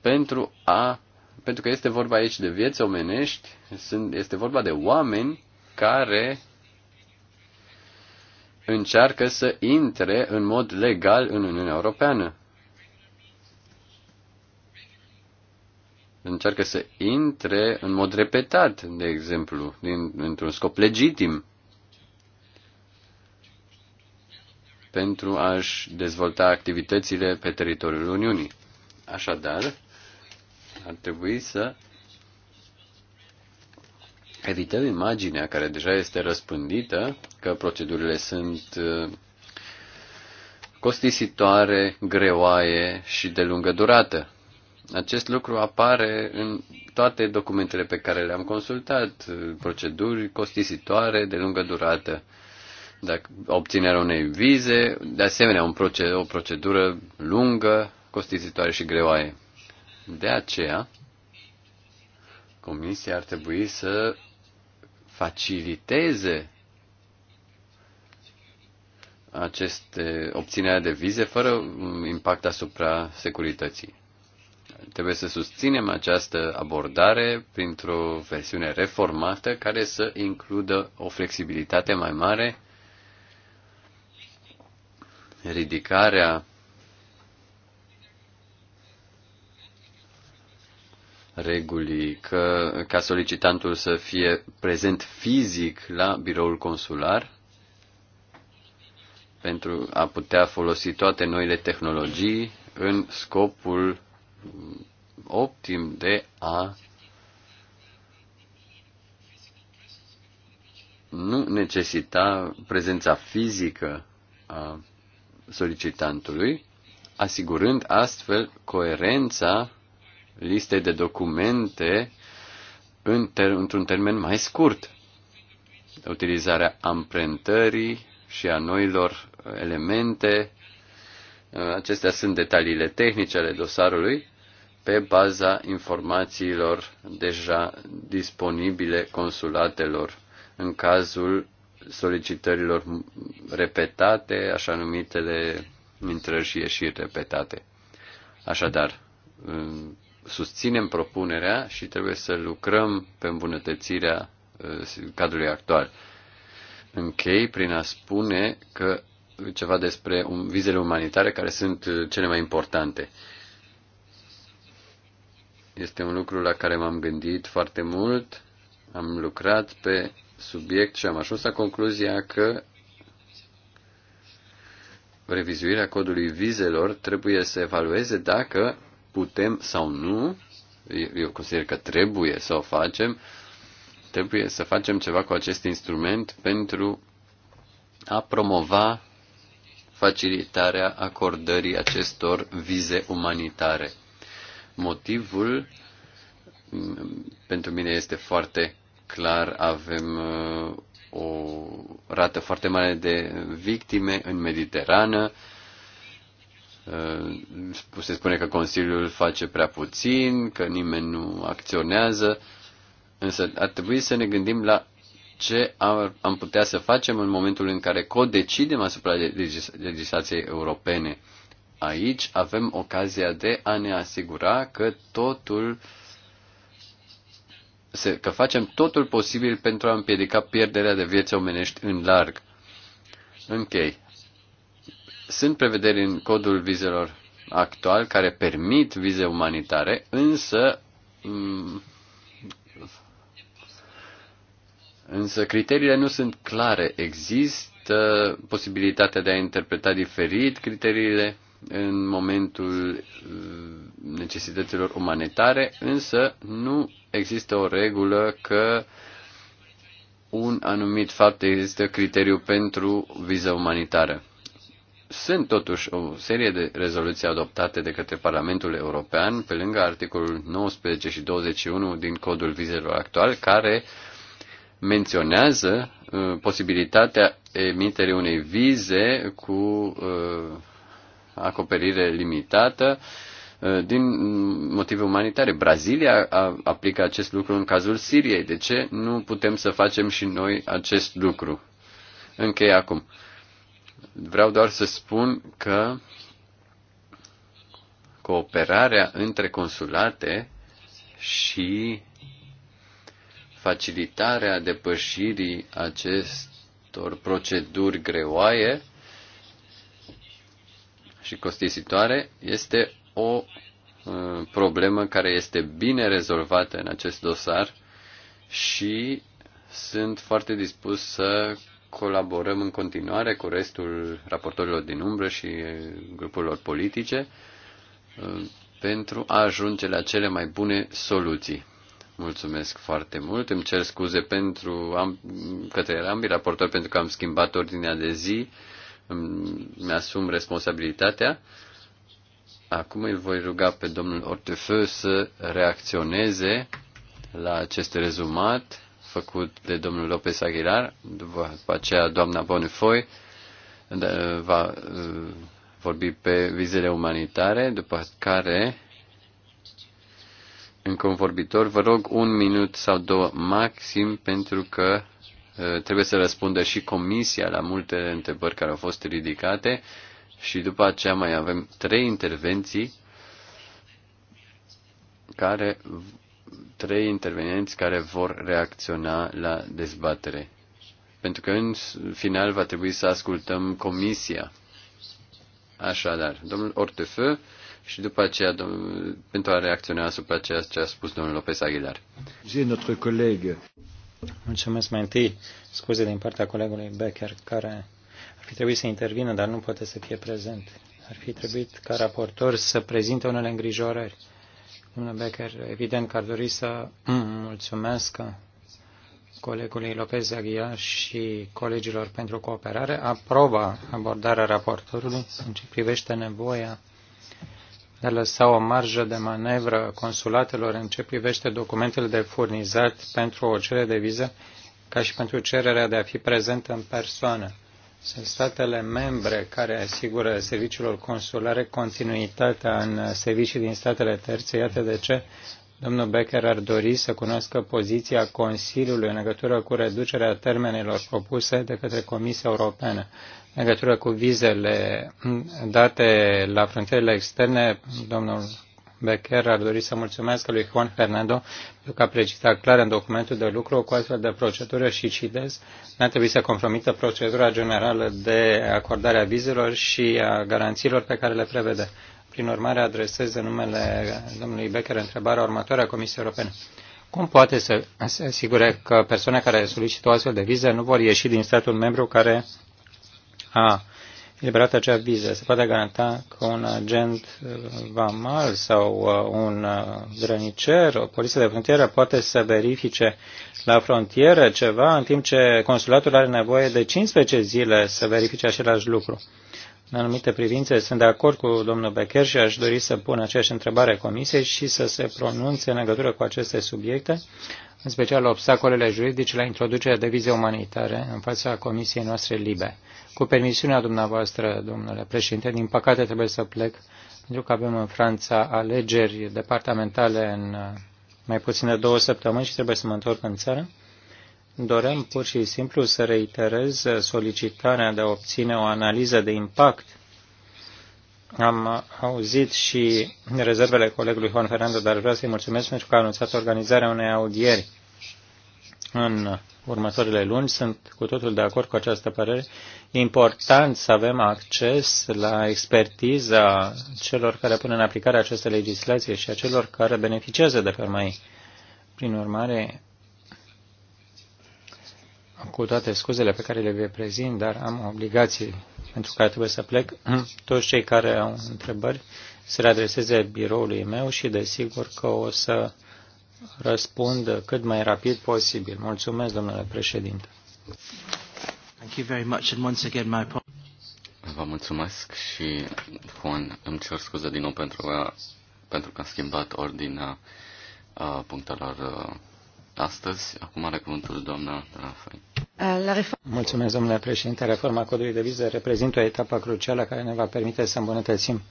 pentru a pentru că este vorba aici de vieți omenești, sunt, este vorba de oameni care încearcă să intre în mod legal în Uniunea Europeană. Încearcă să intre în mod repetat, de exemplu, din, într-un scop legitim, pentru a-și dezvolta activitățile pe teritoriul Uniunii. Așadar, ar trebui să evităm imaginea care deja este răspândită că procedurile sunt uh, costisitoare, greoaie și de lungă durată. Acest lucru apare în toate documentele pe care le-am consultat, uh, proceduri costisitoare, de lungă durată, dacă obținerea unei vize, de asemenea un proced- o procedură lungă, costisitoare și greoaie. De aceea, Comisia ar trebui să faciliteze aceste obținerea de vize fără impact asupra securității. Trebuie să susținem această abordare printr-o versiune reformată care să includă o flexibilitate mai mare, ridicarea regulii că, ca solicitantul să fie prezent fizic la biroul consular pentru a putea folosi toate noile tehnologii în scopul optim de a nu necesita prezența fizică a solicitantului, asigurând astfel coerența liste de documente în ter- într-un termen mai scurt. Utilizarea amprentării și a noilor elemente. Acestea sunt detaliile tehnice ale dosarului pe baza informațiilor deja disponibile consulatelor în cazul solicitărilor repetate, așa numitele intrări și ieșiri repetate. Așadar, susținem propunerea și trebuie să lucrăm pe îmbunătățirea uh, cadrului actual. Închei prin a spune că ceva despre um, vizele umanitare care sunt uh, cele mai importante. Este un lucru la care m-am gândit foarte mult, am lucrat pe subiect și am ajuns la concluzia că revizuirea codului vizelor trebuie să evalueze dacă putem sau nu, eu consider că trebuie să o facem, trebuie să facem ceva cu acest instrument pentru a promova facilitarea acordării acestor vize umanitare. Motivul mm, pentru mine este foarte clar, avem uh, o rată foarte mare de victime în Mediterană, Uh, se spune că Consiliul face prea puțin, că nimeni nu acționează, însă ar trebui să ne gândim la ce am putea să facem în momentul în care codecidem asupra legislației europene. Aici avem ocazia de a ne asigura că totul că facem totul posibil pentru a împiedica pierderea de vieți omenești în larg. Închei. Sunt prevederi în codul vizelor actual care permit vize umanitare, însă mm, însă criteriile nu sunt clare. Există posibilitatea de a interpreta diferit criteriile în momentul mm, necesităților umanitare, însă nu există o regulă că un anumit fapt există criteriu pentru viză umanitară sunt totuși o serie de rezoluții adoptate de către Parlamentul European, pe lângă articolul 19 și 21 din codul vizelor actual, care menționează uh, posibilitatea emiterii unei vize cu uh, acoperire limitată uh, din motive umanitare. Brazilia a, aplică acest lucru în cazul Siriei. De ce nu putem să facem și noi acest lucru? Închei acum. Vreau doar să spun că cooperarea între consulate și facilitarea depășirii acestor proceduri greoaie și costisitoare este o uh, problemă care este bine rezolvată în acest dosar și sunt foarte dispus să colaborăm în continuare cu restul raportorilor din umbră și grupurilor politice uh, pentru a ajunge la cele mai bune soluții. Mulțumesc foarte mult. Îmi cer scuze pentru am, către ambii raportori pentru că am schimbat ordinea de zi. Mi-asum responsabilitatea. Acum îl voi ruga pe domnul Ortefeu să reacționeze la acest rezumat făcut de domnul Lopez Aguilar, după aceea doamna Bonifoy da, va uh, vorbi pe vizele umanitare, după care în convorbitor, vă rog un minut sau două maxim, pentru că uh, trebuie să răspundă și comisia la multe întrebări care au fost ridicate și după aceea mai avem trei intervenții care trei intervenienți care vor reacționa la dezbatere. Pentru că în final va trebui să ascultăm comisia. Așadar, domnul Ortefeu și după aceea domnul, pentru a reacționa asupra ceea ce a spus domnul Lopez Aguilar. Mulțumesc mai întâi scuze din partea colegului Becker, care ar fi trebuit să intervină, dar nu poate să fie prezent. Ar fi trebuit ca raportor să prezinte unele îngrijorări Domnul Becker, evident că ar dori să mulțumesc colegului Lopez Aghia și colegilor pentru cooperare. Aprobă abordarea raportorului în ce privește nevoia de a lăsa o marjă de manevră consulatelor în ce privește documentele de furnizat pentru o cerere de viză, ca și pentru cererea de a fi prezent în persoană. Sunt statele membre care asigură serviciilor consulare continuitatea în servicii din statele terțe. Iată de ce domnul Becker ar dori să cunoască poziția Consiliului în legătură cu reducerea termenelor propuse de către Comisia Europeană, în legătură cu vizele date la frontierele externe. Domnul Becker, ar dori să mulțumesc lui Juan Fernando pentru că a precizat clar în documentul de lucru cu astfel de procedură și CIDES n a trebuit să compromită procedura generală de acordare a vizelor și a garanțiilor pe care le prevede. Prin urmare, adresez în numele domnului Becker întrebarea următoare a Comisiei Europene. Cum poate să se asigure că persoane care solicită o astfel de viză nu vor ieși din statul membru care a eliberată acea viză, se poate garanta că un agent vamal sau uh, un uh, grănicer, o poliție de frontieră poate să verifice la frontieră ceva, în timp ce consulatul are nevoie de 15 zile să verifice același lucru. În anumite privințe sunt de acord cu domnul Becker și aș dori să pun aceeași întrebare comisiei și să se pronunțe în legătură cu aceste subiecte, în special obstacolele juridice la introducerea de vize umanitare în fața comisiei noastre libere. Cu permisiunea dumneavoastră, domnule președinte, din păcate trebuie să plec, pentru că avem în Franța alegeri departamentale în uh, mai puțin de două săptămâni și trebuie să mă întorc în țară. Doream pur și simplu să reiterez solicitarea de a obține o analiză de impact. Am auzit și rezervele colegului Juan Fernando, dar vreau să-i mulțumesc pentru că a anunțat organizarea unei audieri în următoarele luni. Sunt cu totul de acord cu această părere. E important să avem acces la expertiza celor care pun în aplicare această legislație și a celor care beneficiază de pe mai. Prin urmare, cu toate scuzele pe care le prezint, dar am obligații pentru care trebuie să plec, toți cei care au întrebări se le adreseze biroului meu și desigur că o să răspund cât mai rapid posibil. Mulțumesc, domnule președinte. Thank you very much and once again my Vă mulțumesc și, Juan, îmi cer scuze din nou pentru că, pentru că am schimbat ordinea a uh, punctelor uh, astăzi. Acum are cuvântul doamna Rafai. Uh, mulțumesc, domnule președinte. Reforma codului de viză reprezintă o etapă crucială care ne va permite să îmbunătățim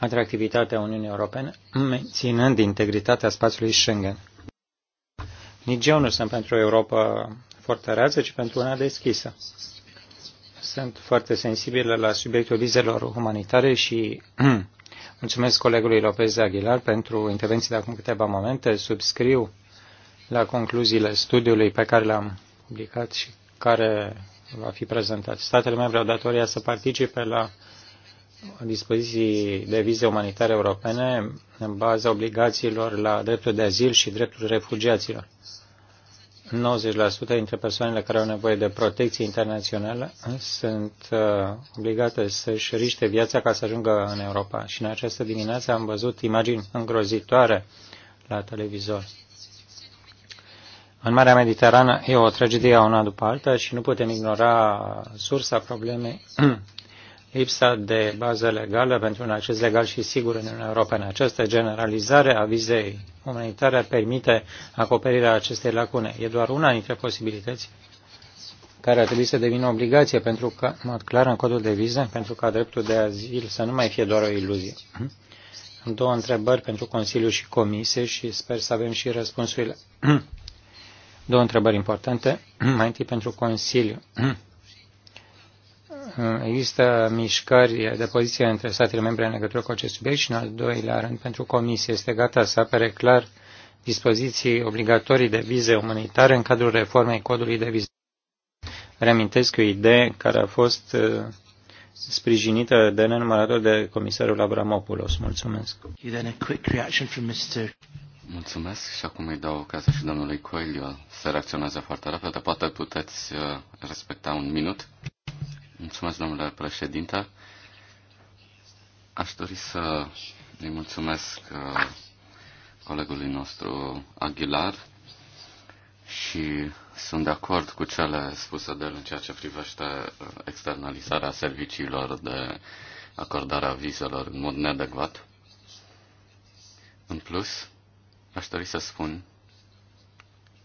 atractivitatea Uniunii Europene, menținând integritatea spațiului Schengen. Nici eu nu sunt pentru Europa fortăreață, ci pentru una deschisă. Sunt foarte sensibilă la subiectul vizelor umanitare și mulțumesc colegului Lopez Aguilar pentru intervenții de acum câteva momente. Subscriu la concluziile studiului pe care l-am publicat și care va fi prezentat. Statele membre au datoria să participe la dispoziții de vize umanitare europene în baza obligațiilor la dreptul de azil și dreptul refugiaților. 90% dintre persoanele care au nevoie de protecție internațională sunt uh, obligate să-și riște viața ca să ajungă în Europa. Și în această dimineață am văzut imagini îngrozitoare la televizor. În Marea Mediterană e o tragedie una după alta și nu putem ignora sursa problemei lipsa de bază legală pentru un acces legal și sigur în Uniunea Europeană. Această generalizare a vizei umanitare permite acoperirea acestei lacune. E doar una dintre posibilități care ar trebui să devină obligație pentru că, în mod clar, în codul de viză, pentru ca dreptul de azil să nu mai fie doar o iluzie. Am două întrebări pentru Consiliu și Comisie și sper să avem și răspunsurile. Două întrebări importante. Mai întâi pentru Consiliu. Mm, există mișcări de poziție între statele membre în legătură cu acest subiect și, în al doilea rând, pentru Comisie este gata să apere clar dispoziții obligatorii de vize umanitare în cadrul reformei codului de vize. Reamintesc o idee care a fost uh, sprijinită de nenumărator de comisarul Abramopoulos. Mulțumesc. Mulțumesc și acum îi dau ocazia și domnului Coelho să reacționeze foarte rapid, Poate puteți uh, respecta un minut. Mulțumesc, domnule președinte. Aș dori să îi mulțumesc uh, colegului nostru Aguilar și sunt de acord cu cele spuse de el în ceea ce privește uh, externalizarea serviciilor de acordare a vizelor în mod neadecvat. În plus, aș dori să spun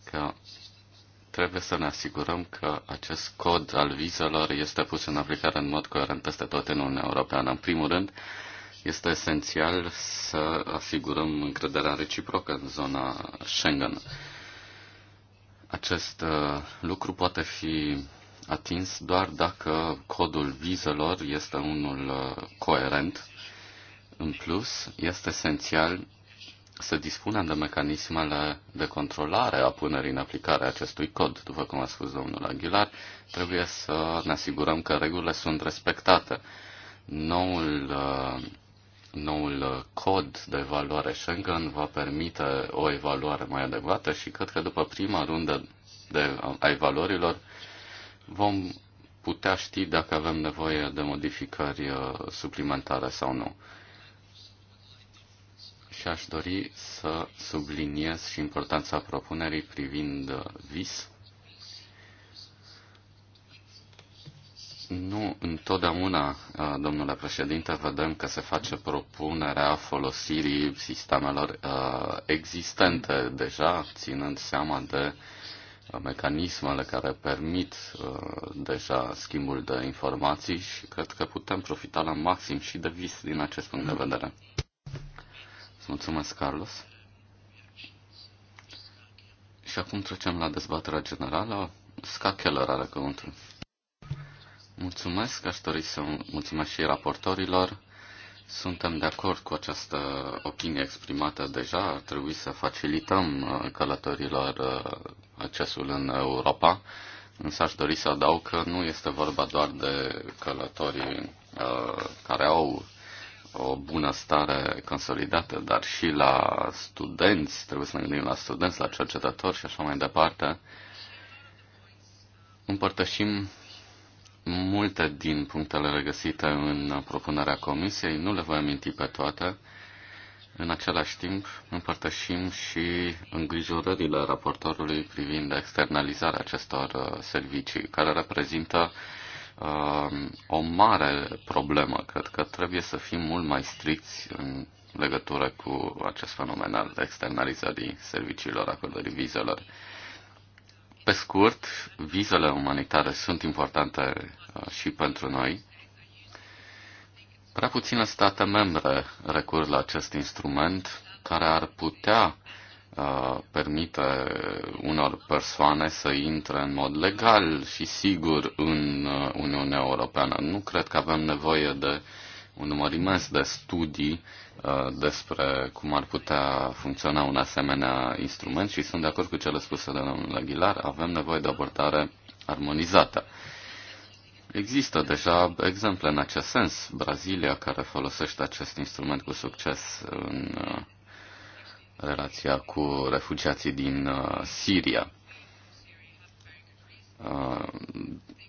că trebuie să ne asigurăm că acest cod al vizelor este pus în aplicare în mod coerent peste tot în Uniunea Europeană. În primul rând, este esențial să asigurăm încrederea reciprocă în zona Schengen. Acest uh, lucru poate fi atins doar dacă codul vizelor este unul uh, coerent. În plus, este esențial să dispunem de mecanismele de controlare a punerii în aplicare a acestui cod, după cum a spus domnul Aguilar, trebuie să ne asigurăm că regulile sunt respectate. Noul, uh, noul cod de evaluare Schengen va permite o evaluare mai adecvată și cred că după prima rundă de, a evaluărilor vom putea ști dacă avem nevoie de modificări uh, suplimentare sau nu și aș dori să subliniez și importanța propunerii privind uh, vis. Nu întotdeauna, uh, domnule președinte, vedem că se face propunerea folosirii sistemelor uh, existente deja, ținând seama de mecanismele care permit deja schimbul de informații și cred că putem profita la maxim și de vis din acest punct de vedere. Mulțumesc, Carlos. Și acum trecem la dezbaterea generală. Ska Keller are cuvântul. Mulțumesc, aș dori să mulțumesc și raportorilor. Suntem de acord cu această opinie exprimată deja. Ar trebui să facilităm uh, călătorilor uh, accesul în Europa, însă aș dori să adaug că nu este vorba doar de călătorii uh, care au o bună stare consolidată, dar și la studenți, trebuie să ne gândim la studenți, la cercetători și așa mai departe. Împărtășim multe din punctele regăsite în propunerea comisiei, nu le voi aminti pe toate. În același timp, împărtășim și îngrijorările raportorului privind externalizarea acestor uh, servicii, care reprezintă o mare problemă. Cred că trebuie să fim mult mai stricți în legătură cu acest fenomen al externalizării serviciilor, acordării vizelor. Pe scurt, vizele umanitare sunt importante uh, și pentru noi. Prea puține state membre recurg la acest instrument care ar putea uh, Uh, permite unor persoane să intre în mod legal și sigur în uh, Uniunea Europeană. Nu cred că avem nevoie de un număr imens de studii uh, despre cum ar putea funcționa un asemenea instrument și sunt de acord cu cele spuse de domnul Aguilar, avem nevoie de abordare armonizată. Există deja exemple în acest sens. Brazilia, care folosește acest instrument cu succes în relația cu refugiații din uh, Siria. Uh,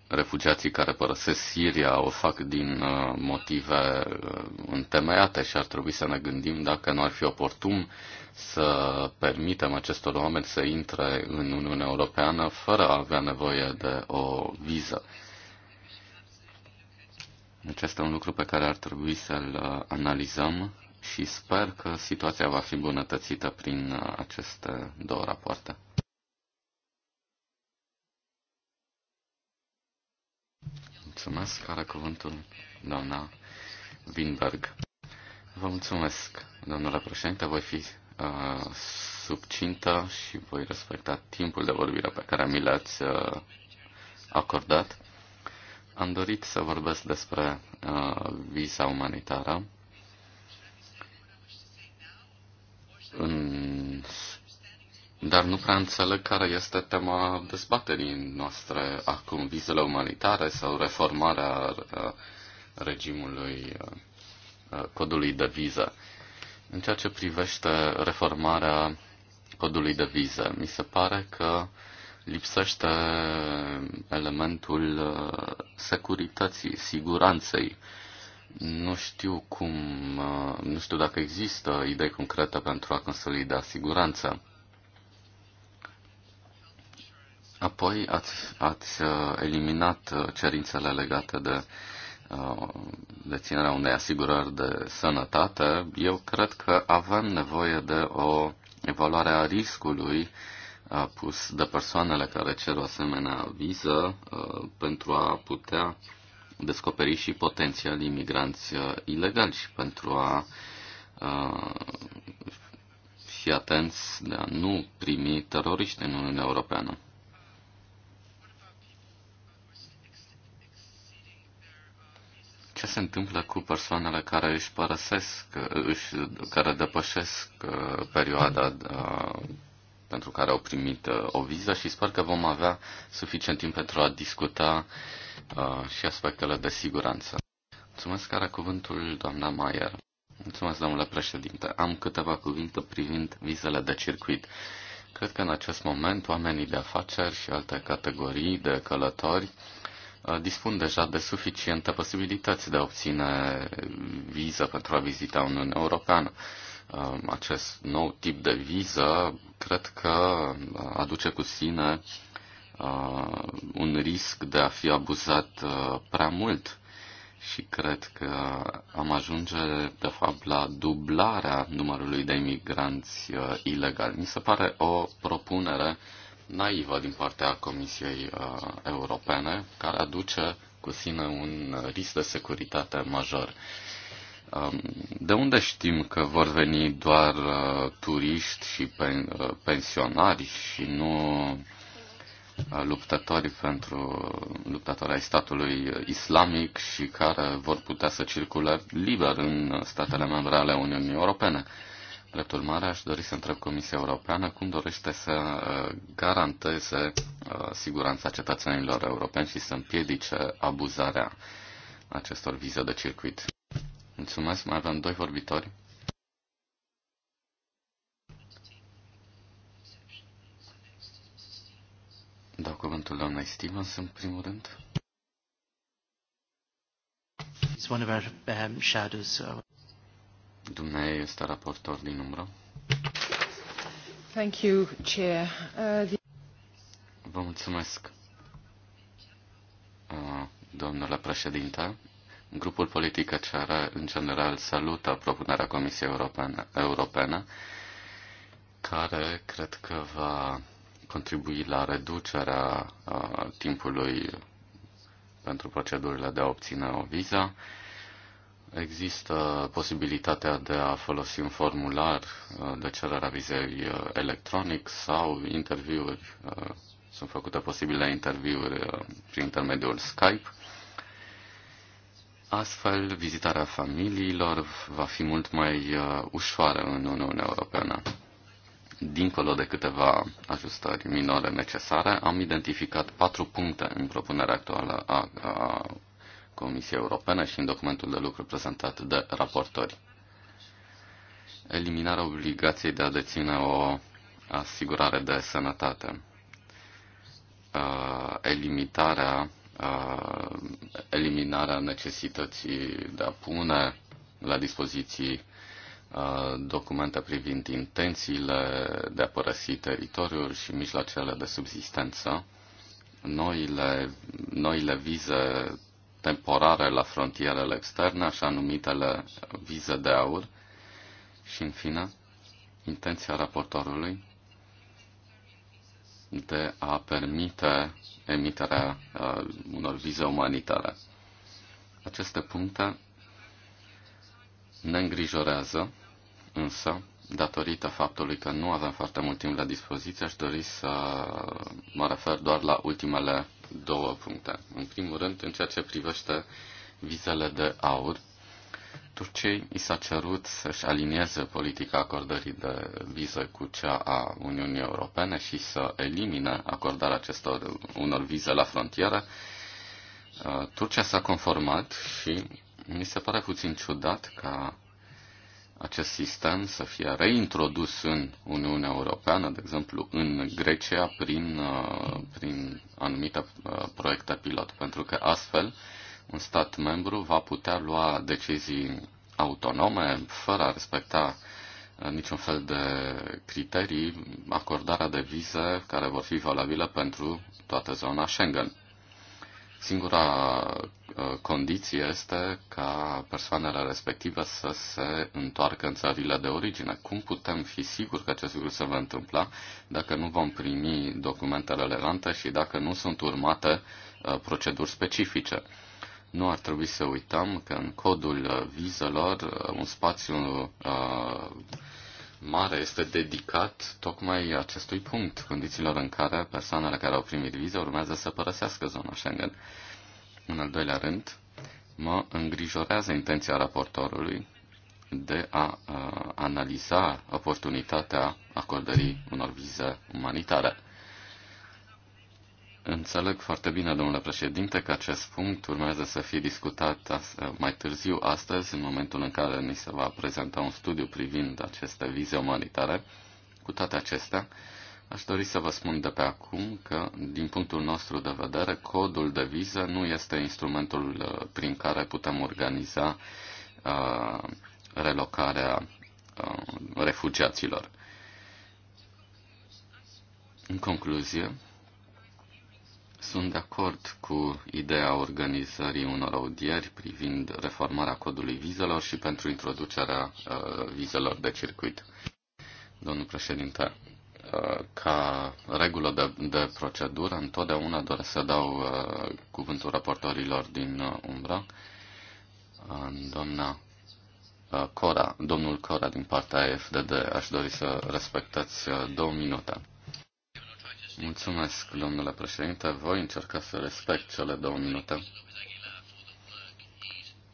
refugiații care părăsesc Siria o fac din uh, motive întemeiate și ar trebui să ne gândim dacă nu ar fi oportun să permitem acestor oameni să intre în Uniunea Europeană fără a avea nevoie de o viză. Acesta deci este un lucru pe care ar trebui să-l analizăm și sper că situația va fi bunătățită prin uh, aceste două rapoarte. Mulțumesc. Are cuvântul doamna Winberg. Vă mulțumesc, domnule președinte. Voi fi uh, subcintă și voi respecta timpul de vorbire pe care mi l-ați uh, acordat. Am dorit să vorbesc despre uh, visa umanitară în... Dar nu prea înțeleg care este tema dezbaterii noastre acum, vizele umanitare sau reformarea uh, regimului uh, uh, codului de viză. În ceea ce privește reformarea codului de viză, mi se pare că lipsește elementul securității, siguranței nu știu cum, uh, nu știu dacă există idei concrete pentru a consolida siguranța. Apoi ați, ați uh, eliminat uh, cerințele legate de deținerea unei asigurări de sănătate. Eu cred că avem nevoie de o evaluare a riscului pus de persoanele care cer o asemenea viză pentru a putea descoperi și potențial imigranți uh, ilegali și pentru a uh, fi atenți de a nu primi teroriști în Uniunea Europeană. Ce se întâmplă cu persoanele care își părăsesc, își, care depășesc uh, perioada pentru care au primit uh, o viză și sper că vom avea suficient timp pentru a discuta uh, și aspectele de siguranță. Mulțumesc, care cuvântul doamna Maier. Mulțumesc, domnule președinte. Am câteva cuvinte privind vizele de circuit. Cred că în acest moment oamenii de afaceri și alte categorii de călători uh, dispun deja de suficiente posibilități de a obține viză pentru a vizita Uniunea Europeană. Um, acest nou tip de viză, cred că uh, aduce cu sine uh, un risc de a fi abuzat uh, prea mult și cred că am ajunge, de fapt, la dublarea numărului de imigranți uh, ilegali. Mi se pare o propunere naivă din partea Comisiei uh, Europene, care aduce cu sine un risc de securitate major. Uh, Um, de unde știm că vor veni doar uh, turiști și uh, pensionari și nu uh, luptătorii pentru luptători ai statului islamic și care vor putea să circule liber în statele membre ale Uniunii Europene? Drept urmare, aș dori să întreb Comisia Europeană cum dorește să garanteze siguranța cetățenilor europeni și să împiedice abuzarea acestor vize de circuit. Mulțumesc, mai avem doi vorbitori. Dau cuvântul doamnei Stevens în primul rând. Um, Dumnezeu este raportor din umbră. Thank you, Chair. Uh, the... Vă mulțumesc, uh, domnule președinte. Grupul politic CR, în general, salută propunerea Comisiei Europene, Europene, care cred că va contribui la reducerea uh, timpului pentru procedurile de a obține o viză. Există posibilitatea de a folosi un formular uh, de cerere a vizei uh, electronic sau interviuri. Sunt făcute posibile interviuri prin intermediul Skype. Astfel, vizitarea familiilor va fi mult mai uh, ușoară în Uniunea Europeană. Dincolo de câteva ajustări minore necesare, am identificat patru puncte în propunerea actuală a, a Comisiei Europene și în documentul de lucru prezentat de raportori. Eliminarea obligației de a deține o asigurare de sănătate. Uh, Eliminarea eliminarea necesității de a pune la dispoziții documente privind intențiile de a părăsi teritoriul și mijloacele de subsistență, noile, noile vize temporare la frontierele externe, așa numitele vize de aur, și, în fine, intenția raportorului de a permite emiterea uh, unor vize umanitare. Aceste puncte ne îngrijorează, însă, datorită faptului că nu avem foarte mult timp la dispoziție, aș dori să mă refer doar la ultimele două puncte. În primul rând, în ceea ce privește vizele de aur, Turciei i s-a cerut să-și alinieze politica acordării de viză cu cea a Uniunii Europene și să elimine acordarea acestor unor vize la frontieră. Uh, Turcia s-a conformat și mi se pare puțin ciudat ca acest sistem să fie reintrodus în Uniunea Europeană, de exemplu în Grecia, prin, uh, prin anumite uh, proiecte pilot, pentru că astfel un stat membru va putea lua decizii autonome, fără a respecta uh, niciun fel de criterii, acordarea de vize care vor fi valabile pentru toată zona Schengen. Singura uh, condiție este ca persoanele respective să se întoarcă în țările de origine. Cum putem fi siguri că acest lucru se va întâmpla dacă nu vom primi documente relevante și dacă nu sunt urmate uh, proceduri specifice? Nu ar trebui să uităm că în codul uh, vizelor uh, un spațiu uh, mare este dedicat tocmai acestui punct, condițiilor în care persoanele care au primit viză urmează să părăsească zona Schengen. În al doilea rând, mă îngrijorează intenția raportorului de a, uh, analiza oportunitatea acordării unor vize umanitare. Înțeleg foarte bine, domnule președinte, că acest punct urmează să fie discutat mai târziu astăzi, în momentul în care ni se va prezenta un studiu privind aceste vize umanitare. Cu toate acestea, aș dori să vă spun de pe acum că, din punctul nostru de vedere, codul de viză nu este instrumentul uh, prin care putem organiza uh, relocarea uh, refugiaților. În concluzie, sunt de acord cu ideea organizării unor audieri privind reformarea codului vizelor și pentru introducerea uh, vizelor de circuit. Domnul președinte, uh, ca regulă de, de procedură, întotdeauna doresc să dau uh, cuvântul raportorilor din uh, umbra. Uh, doamna uh, Cora, domnul Cora din partea FDD, aș dori să respectați uh, două minute. Mulțumesc, domnule președinte. Voi încerca să respect cele două minute.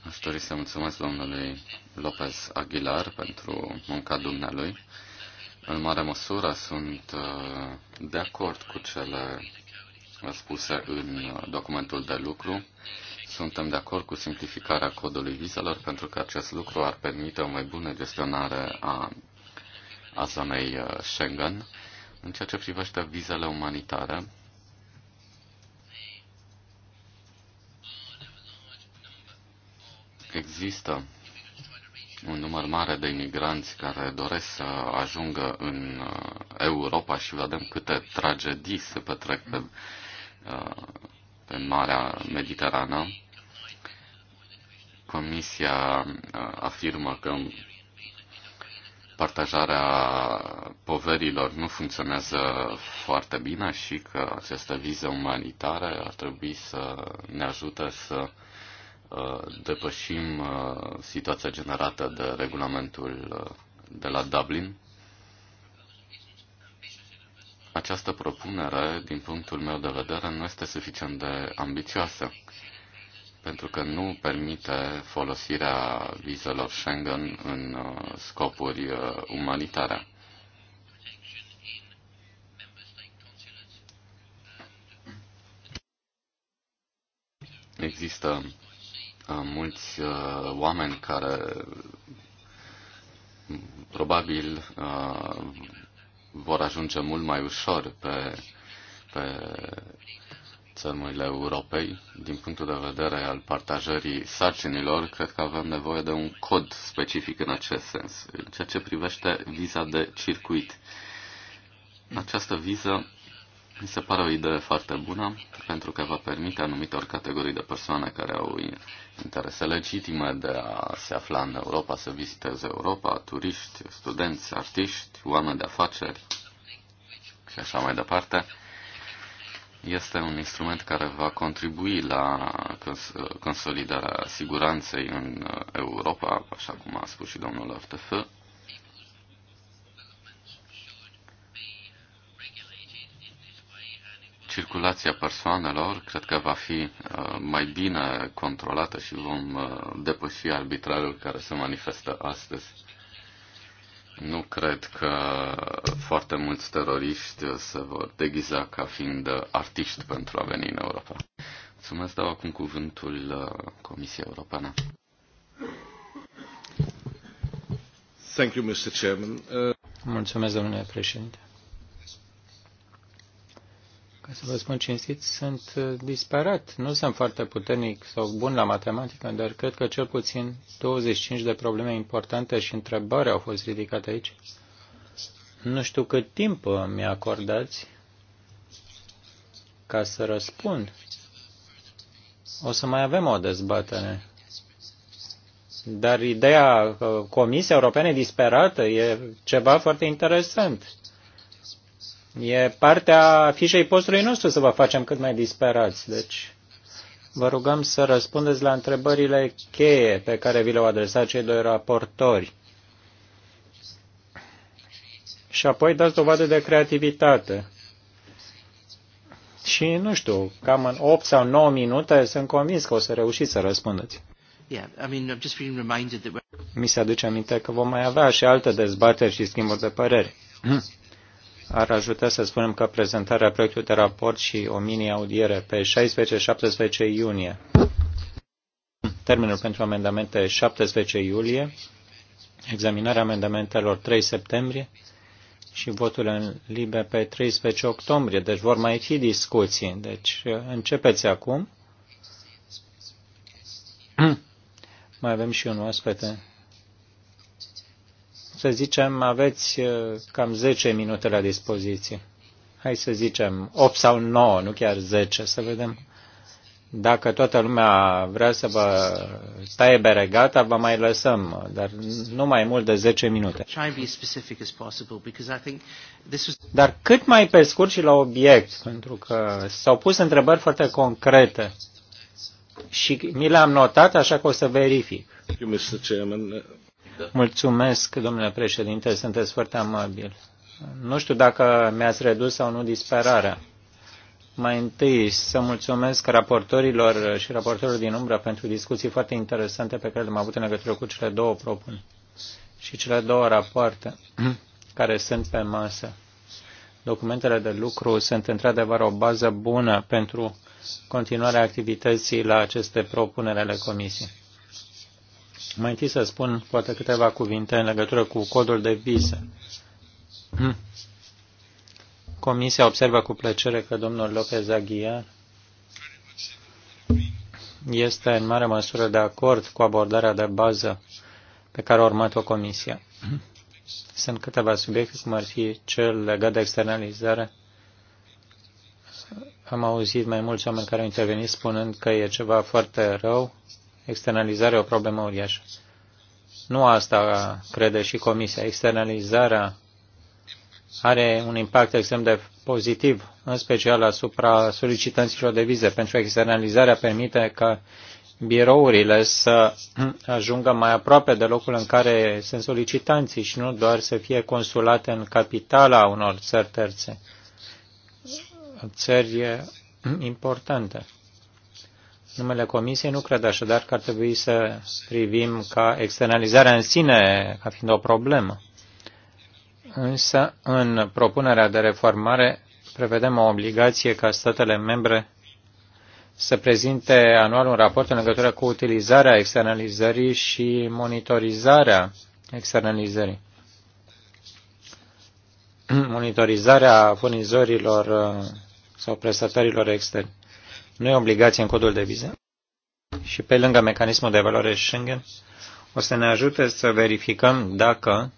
Aș dori să mulțumesc domnului Lopez Aguilar pentru munca dumnealui. În mare măsură sunt uh, de acord cu cele spuse în documentul de lucru. Suntem de acord cu simplificarea codului vizelor pentru că acest lucru ar permite o mai bună gestionare a, a zonei uh, Schengen în ceea ce privește vizele umanitare, există un număr mare de imigranți care doresc să ajungă în uh, Europa și vedem câte tragedii se petrec pe, uh, pe Marea Mediterană. Comisia uh, afirmă că partajarea poverilor nu funcționează foarte bine și că această viză umanitară ar trebui să ne ajute să uh, depășim uh, situația generată de regulamentul uh, de la Dublin. Această propunere, din punctul meu de vedere, nu este suficient de ambițioasă pentru că nu permite folosirea vizelor Schengen în uh, scopuri uh, umanitare. Există uh, mulți oameni care probabil vor ajunge mult mai ușor pe, pe țărmurile Europei, din punctul de vedere al partajării sarcinilor, cred că avem nevoie de un cod specific în acest sens, în ceea ce privește viza de circuit. Această viză mi se pare o idee foarte bună, pentru că va permite anumitor categorii de persoane care au interese legitime de a se afla în Europa, să viziteze Europa, turiști, studenți, artiști, oameni de afaceri și așa mai departe, este un instrument care va contribui la consolidarea siguranței în Europa, așa cum a spus și domnul Artef. Circulația persoanelor cred că va fi uh, mai bine controlată și vom uh, depăși arbitrarul care se manifestă astăzi. Nu cred că foarte mulți teroriști se vor deghiza ca fiind artiști pentru a veni în Europa. Mulțumesc, dau acum cuvântul uh, Comisiei Europene. Thank you, Mr. Chairman. Uh... Mulțumesc, domnule președinte ca să vă spun cinstit, sunt uh, disperat. Nu sunt foarte puternic sau bun la matematică, dar cred că cel puțin 25 de probleme importante și întrebări au fost ridicate aici. Nu știu cât timp mi acordați ca să răspund. O să mai avem o dezbatere. Dar ideea uh, Comisiei Europene disperată e ceva foarte interesant E partea fișei postului nostru să vă facem cât mai disperați. Deci, vă rugăm să răspundeți la întrebările cheie pe care vi le-au adresat cei doi raportori. Și apoi dați dovadă de creativitate. Și, nu știu, cam în 8 sau 9 minute sunt convins că o să reușiți să răspundeți. Mi se aduce aminte că vom mai avea și alte dezbateri și schimburi de păreri. ar ajuta să spunem că prezentarea proiectului de raport și o mini-audiere pe 16-17 iunie. Termenul pentru amendamente 17 iulie, examinarea amendamentelor 3 septembrie și votul în libe pe 13 octombrie. Deci vor mai fi discuții. Deci începeți acum. mai avem și un oaspete să zicem, aveți uh, cam 10 minute la dispoziție. Hai să zicem 8 sau 9, nu chiar 10, să vedem. Dacă toată lumea vrea să vă taie bere gata, vă mai lăsăm, dar nu mai mult de 10 minute. Dar cât mai pe scurt și la obiect, pentru că s-au pus întrebări foarte concrete și mi le-am notat, așa că o să verific. Da. Mulțumesc, domnule președinte, sunteți foarte amabil. Nu știu dacă mi-ați redus sau nu disperarea. Mai întâi să mulțumesc raportorilor și raportorilor din umbră pentru discuții foarte interesante pe care le-am avut în legătură cu cele două propuni și cele două rapoarte care sunt pe masă. Documentele de lucru sunt într-adevăr o bază bună pentru continuarea activității la aceste propuneri ale Comisiei. Mai întâi să spun poate câteva cuvinte în legătură cu codul de viză. Hmm. Comisia observă cu plăcere că domnul Lopez Aguiar este în mare măsură de acord cu abordarea de bază pe care a urmat-o Comisia. Sunt câteva subiecte, cum ar fi cel legat de externalizare. Am auzit mai mulți oameni care au intervenit spunând că e ceva foarte rău Externalizarea e o problemă uriașă. Nu asta crede și Comisia. Externalizarea are un impact extrem de pozitiv, în special asupra solicitanților de vize, pentru că externalizarea permite ca birourile să ajungă mai aproape de locul în care sunt solicitanții și nu doar să fie consulate în capitala unor țări terțe, țări importante. Numele Comisiei nu cred așadar că ar trebui să privim ca externalizarea în sine ca fiind o problemă. Însă, în propunerea de reformare, prevedem o obligație ca statele membre să prezinte anual un raport în legătură cu utilizarea externalizării și monitorizarea externalizării. monitorizarea furnizorilor uh, sau prestatorilor externi. Nu e obligație în codul de viză. Și pe lângă mecanismul de valoare Schengen, o să ne ajute să verificăm dacă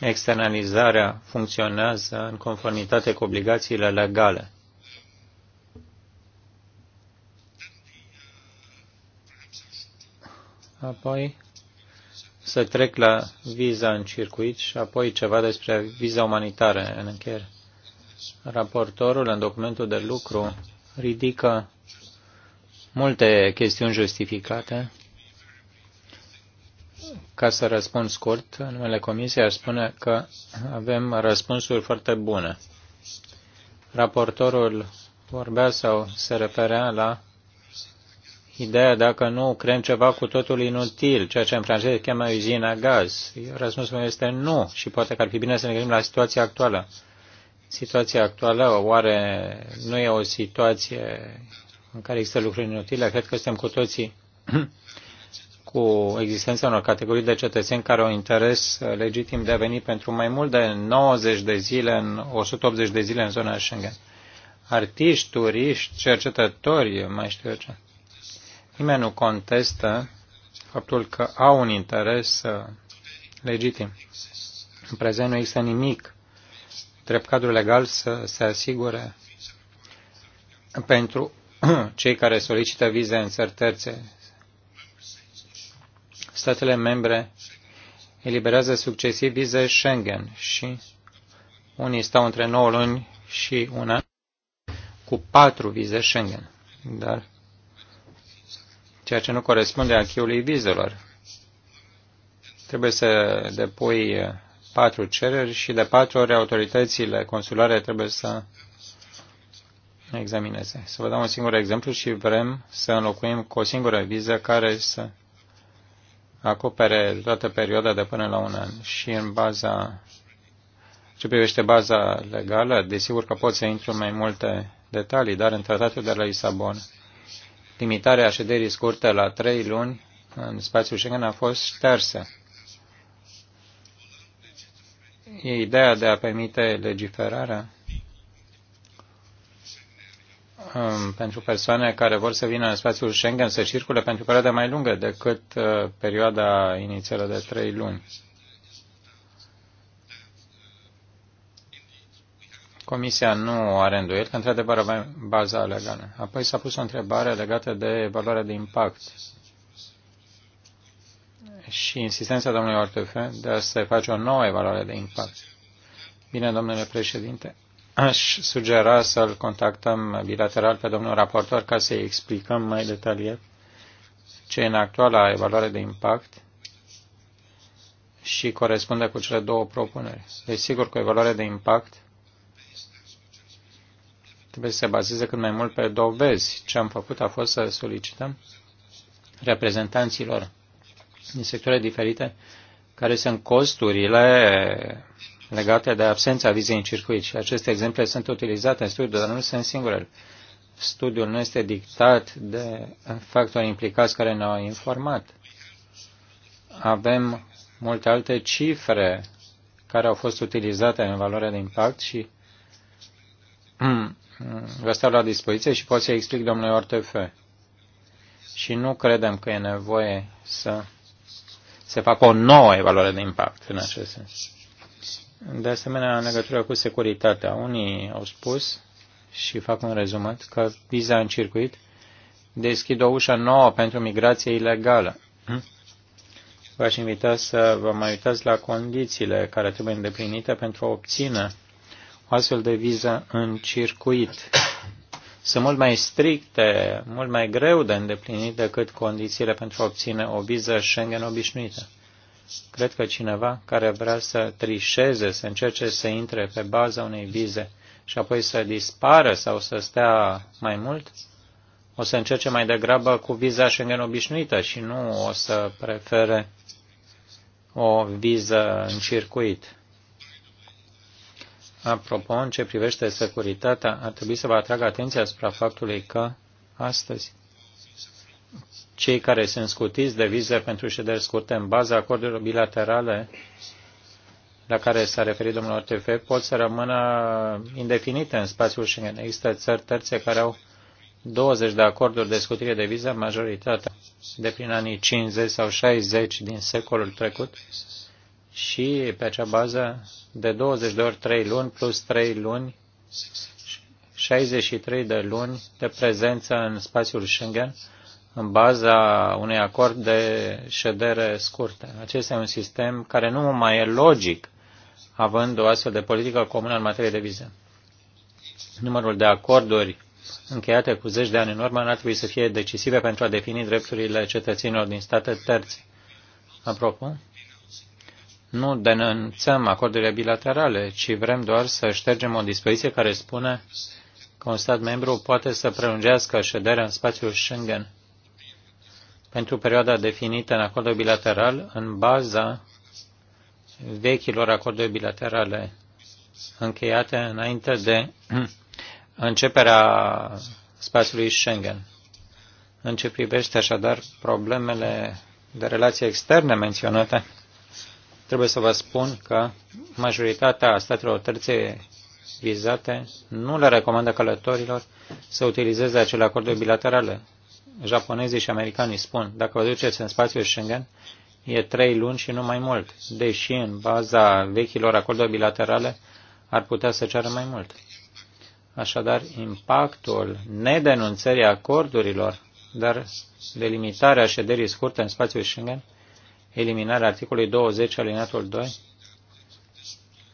externalizarea funcționează în conformitate cu obligațiile legale. Apoi să trec la viza în circuit și apoi ceva despre viza umanitară în încheiere. Raportorul în documentul de lucru ridică multe chestiuni justificate. Ca să răspund scurt, în numele Comisiei aș spune că avem răspunsuri foarte bune. Raportorul vorbea sau se referea la ideea dacă nu creăm ceva cu totul inutil, ceea ce în franceză cheamă uzina gaz. Răspunsul meu este nu și poate că ar fi bine să ne gândim la situația actuală situația actuală oare nu e o situație în care există lucruri inutile? Cred că suntem cu toții cu existența unor categorii de cetățeni care au interes legitim de a veni pentru mai mult de 90 de zile, în 180 de zile în zona Schengen. Artiști, turiști, cercetători, mai știu eu ce. Nimeni nu contestă faptul că au un interes uh, legitim. În prezent nu există nimic drept cadru legal să se asigure pentru cei care solicită vize în țări terțe. Statele membre eliberează succesiv vize Schengen și unii stau între 9 luni și un an cu patru vize Schengen, dar ceea ce nu corespunde achiului vizelor. Trebuie să depui patru cereri și de patru ori autoritățile consulare trebuie să examineze. Să vă dau un singur exemplu și vrem să înlocuim cu o singură viză care să acopere toată perioada de până la un an. Și în baza, ce privește baza legală, desigur că pot să intru în mai multe detalii, dar în tratatul de la Lisabon, limitarea șederii scurte la trei luni în spațiul Schengen a fost ștersă e ideea de a permite legiferarea um, pentru persoane care vor să vină în spațiul Schengen să circule pentru perioade mai lungă decât uh, perioada inițială de trei luni. Comisia nu are îndoieli că, într-adevăr, avem baza legală. Apoi s-a pus o întrebare legată de valoarea de impact și insistența domnului Ortefe de a se face o nouă evaluare de impact. Bine, domnule președinte, aș sugera să-l contactăm bilateral pe domnul raportor ca să-i explicăm mai detaliat ce e în actuala evaluare de impact și corespunde cu cele două propuneri. Desigur deci, că evaluarea de impact trebuie să se bazeze cât mai mult pe dovezi. Ce am făcut a fost să solicităm reprezentanților din sectoare diferite, care sunt costurile legate de absența vizei în circuit. Și aceste exemple sunt utilizate în studiu, dar nu sunt singurele. Studiul nu este dictat de factori implicați care ne-au informat. Avem multe alte cifre care au fost utilizate în valoarea de impact și vă stau la dispoziție și pot să explic domnului Ortefe. Și nu credem că e nevoie să se facă o nouă evaluare de impact în acest sens. De asemenea, în legătură cu securitatea, unii au spus și fac un rezumat că viza în circuit deschid o ușă nouă pentru migrație ilegală. V-aș invita să vă mai uitați la condițiile care trebuie îndeplinite pentru a obține o astfel de viză în circuit sunt mult mai stricte, mult mai greu de îndeplinit decât condițiile pentru a obține o viză Schengen obișnuită. Cred că cineva care vrea să trișeze, să încerce să intre pe baza unei vize și apoi să dispară sau să stea mai mult, o să încerce mai degrabă cu viza Schengen obișnuită și nu o să prefere o viză în circuit. Apropo, în ce privește securitatea, ar trebui să vă atrag atenția asupra faptului că astăzi cei care sunt scutiți de vize pentru șederi scurte în baza acordurilor bilaterale la care s-a referit domnul OTF pot să rămână indefinite în spațiul Schengen. Există țări terțe care au 20 de acorduri de scutire de viză, majoritatea de prin anii 50 sau 60 din secolul trecut și pe acea bază de 20 de ori 3 luni plus 3 luni, 63 de luni de prezență în spațiul Schengen în baza unui acord de ședere scurte. Acesta e un sistem care nu mai e logic având o astfel de politică comună în materie de vize. Numărul de acorduri încheiate cu zeci de ani în urmă ar trebui să fie decisive pentru a defini drepturile cetățenilor din state terți. Apropo, nu denunțăm acordurile bilaterale, ci vrem doar să ștergem o dispoziție care spune că un stat membru poate să prelungească șederea în spațiul Schengen pentru perioada definită în acordul bilateral în baza vechilor acorduri bilaterale încheiate înainte de începerea spațiului Schengen. În ce privește așadar problemele de relații externe menționate, Trebuie să vă spun că majoritatea statelor terțe vizate nu le recomandă călătorilor să utilizeze acele acorduri bilaterale. Japonezii și americanii spun, dacă vă duceți în spațiul Schengen, e trei luni și nu mai mult, deși în baza vechilor acorduri bilaterale ar putea să ceară mai mult. Așadar, impactul nedenunțării acordurilor, dar delimitarea șederii scurte în spațiul Schengen, eliminarea articolului 20 alineatul 2?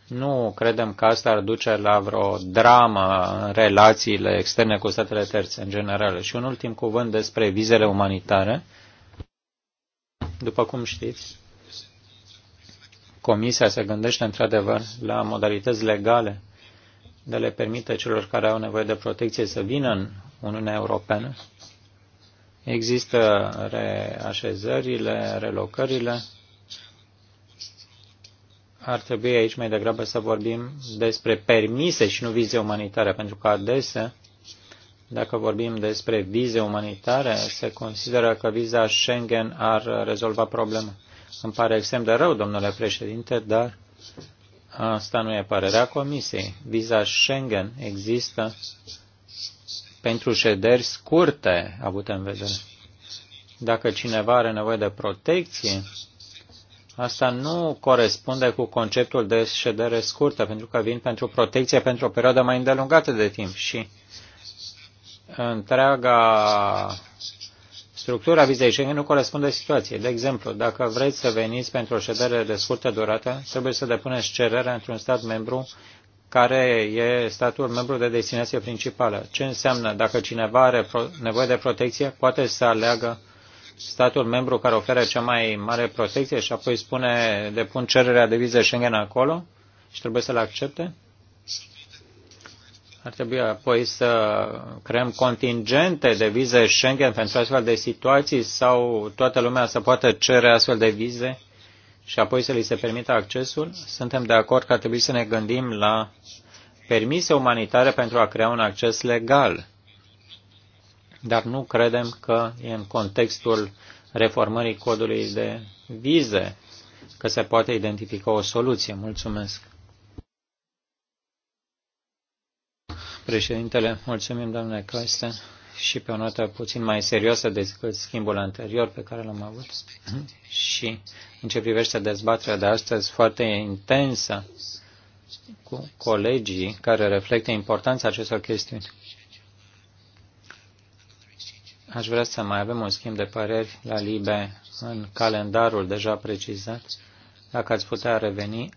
Nu credem că asta ar duce la vreo dramă în relațiile externe cu statele terțe în general. Și un ultim cuvânt despre vizele umanitare. După cum știți, Comisia se gândește într-adevăr la modalități legale de le permite celor care au nevoie de protecție să vină în Uniunea Europeană Există reașezările, relocările. Ar trebui aici mai degrabă să vorbim despre permise și nu vize umanitare, pentru că adesea, dacă vorbim despre vize umanitare, se consideră că viza Schengen ar rezolva problema. Îmi pare extrem de rău, domnule președinte, dar asta nu e părerea Comisiei. Viza Schengen există pentru șederi scurte avute în vedere. Dacă cineva are nevoie de protecție, asta nu corespunde cu conceptul de ședere scurtă, pentru că vin pentru protecție pentru o perioadă mai îndelungată de timp și întreaga structura vizei Schengen nu corespunde situației. De exemplu, dacă vreți să veniți pentru o ședere de scurtă durată, trebuie să depuneți cererea într-un stat membru care e statul membru de destinație principală. Ce înseamnă dacă cineva are nevoie de protecție, poate să aleagă statul membru care oferă cea mai mare protecție și apoi spune depun cererea de viză Schengen acolo și trebuie să-l accepte? Ar trebui apoi să creăm contingente de vize Schengen pentru astfel de situații sau toată lumea să poată cere astfel de vize și apoi să li se permită accesul, suntem de acord că ar trebui să ne gândim la permise umanitare pentru a crea un acces legal. Dar nu credem că e în contextul reformării codului de vize că se poate identifica o soluție. Mulțumesc. Președintele, mulțumim, domnule Claisten și pe o notă puțin mai serioasă decât schimbul anterior pe care l-am avut mhm. și în ce privește dezbaterea de astăzi foarte intensă cu colegii care reflectă importanța acestor chestiuni. Aș vrea să mai avem un schimb de păreri la LIBE în calendarul deja precizat, dacă ați putea reveni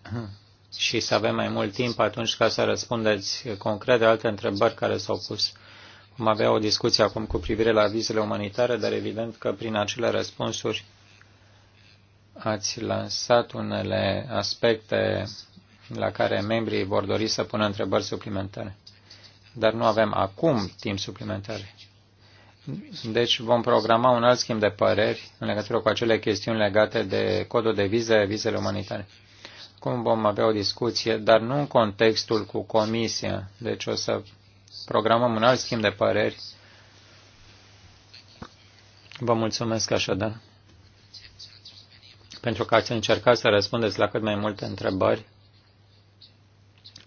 și să avem mai mult timp atunci ca să răspundeți concret de alte întrebări care s-au pus am avea o discuție acum cu privire la vizele umanitare, dar evident că prin acele răspunsuri ați lansat unele aspecte la care membrii vor dori să pună întrebări suplimentare. Dar nu avem acum timp suplimentar. Deci vom programa un alt schimb de păreri în legătură cu acele chestiuni legate de codul de vize, vizele umanitare. Cum vom avea o discuție, dar nu în contextul cu comisia. Deci o să programăm un alt schimb de păreri. Vă mulțumesc așadar pentru că ați încercat să răspundeți la cât mai multe întrebări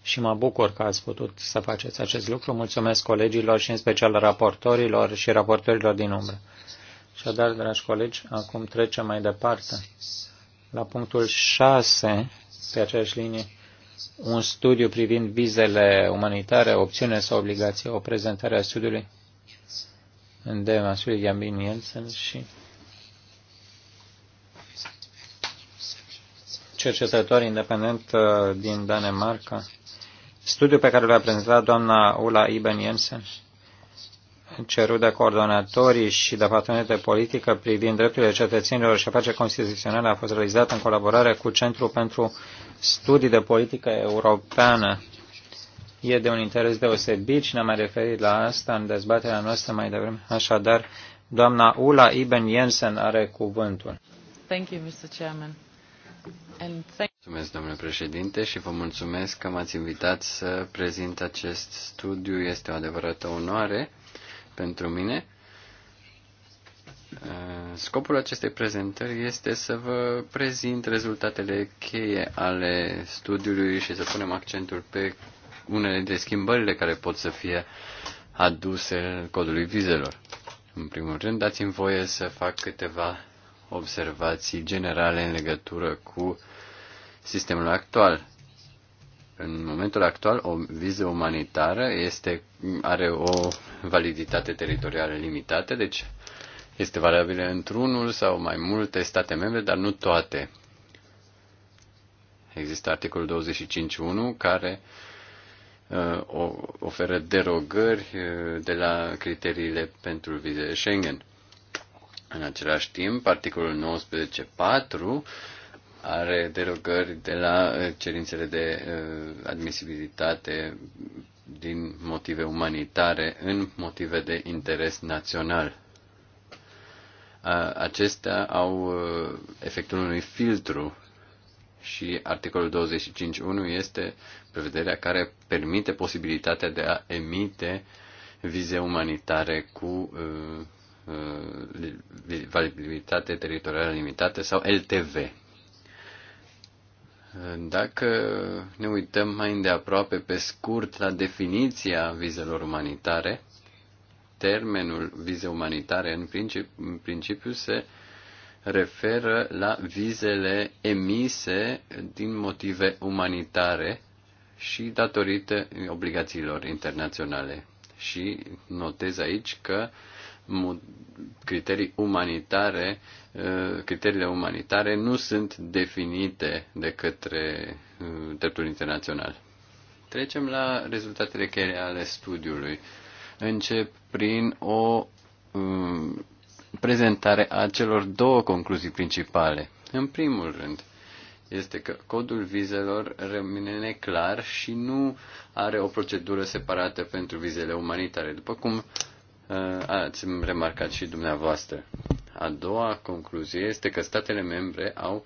și mă bucur că ați putut să faceți acest lucru. Mulțumesc colegilor și în special raportorilor și raportorilor din umbră. Așadar, dragi colegi, acum trecem mai departe la punctul 6 pe aceeași linie un studiu privind vizele umanitare, opțiune sau obligație, o prezentare a studiului de Masuri Gambin Nielsen și cercetător independent uh, din Danemarca. Studiul pe care l-a prezentat doamna Ula Iben Jensen, cerut de coordonatorii și de patronate politică privind drepturile cetățenilor și afaceri constituționale, a fost realizat în colaborare cu Centrul pentru studii de politică europeană e de un interes deosebit și ne-am mai referit la asta în dezbaterea noastră mai devreme. Așadar, doamna Ula Iben Jensen are cuvântul. Thank you, Mr. Chairman. And thank mulțumesc, domnule președinte, și vă mulțumesc că m-ați invitat să prezint acest studiu. Este o adevărată onoare pentru mine. Uh, scopul acestei prezentări este să vă prezint rezultatele cheie ale studiului și să punem accentul pe unele dintre schimbările care pot să fie aduse codului vizelor. În primul rând, dați-mi voie să fac câteva observații generale în legătură cu sistemul actual. În momentul actual, o viză umanitară este, are o validitate teritorială limitată, deci este valabilă într-unul sau mai multe state membre, dar nu toate. Există articolul 25.1 care uh, oferă derogări uh, de la criteriile pentru vize Schengen. În același timp, articolul 19.4 are derogări de la uh, cerințele de uh, admisibilitate din motive umanitare în motive de interes național acestea au uh, efectul unui filtru și articolul 25.1 este prevederea care permite posibilitatea de a emite vize umanitare cu uh, uh, valabilitate teritorială limitată sau LTV. Dacă ne uităm mai îndeaproape pe scurt la definiția vizelor umanitare, termenul vize umanitare în, princip, în principiu se referă la vizele emise din motive umanitare și datorită obligațiilor internaționale. Și notez aici că criterii umanitare, ă, criteriile umanitare nu sunt definite de către ă, dreptul internațional. Trecem la rezultatele cheie ale studiului încep prin o um, prezentare a celor două concluzii principale. În primul rând, este că codul vizelor rămâne neclar și nu are o procedură separată pentru vizele umanitare, după cum uh, ați remarcat și dumneavoastră. A doua concluzie este că statele membre au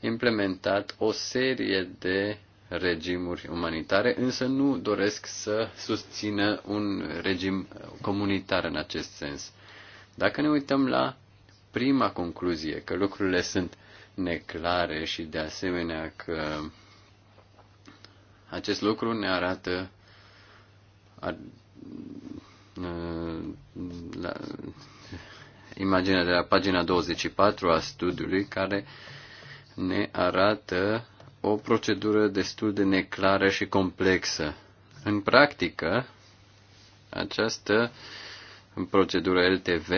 implementat o serie de regimuri umanitare, însă nu doresc să susțină un regim comunitar în acest sens. Dacă ne uităm la prima concluzie, că lucrurile sunt neclare și de asemenea că acest lucru ne arată ar, la, imaginea de la pagina 24 a studiului care ne arată o procedură destul de neclară și complexă. În practică, această procedură LTV,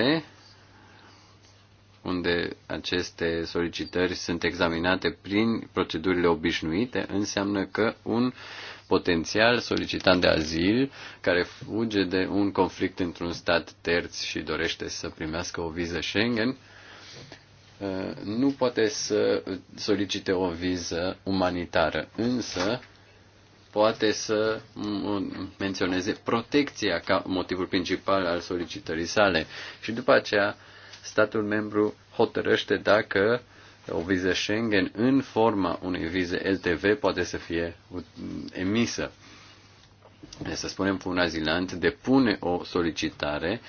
unde aceste solicitări sunt examinate prin procedurile obișnuite, înseamnă că un potențial solicitant de azil care fuge de un conflict într-un stat terț și dorește să primească o viză Schengen, Uh, nu poate să solicite o viză umanitară, însă poate să menționeze protecția ca motivul principal al solicitării sale. Și după aceea, statul membru hotărăște dacă o viză Schengen în forma unei vize LTV poate să fie emisă. Să spunem că un azilant depune o solicitare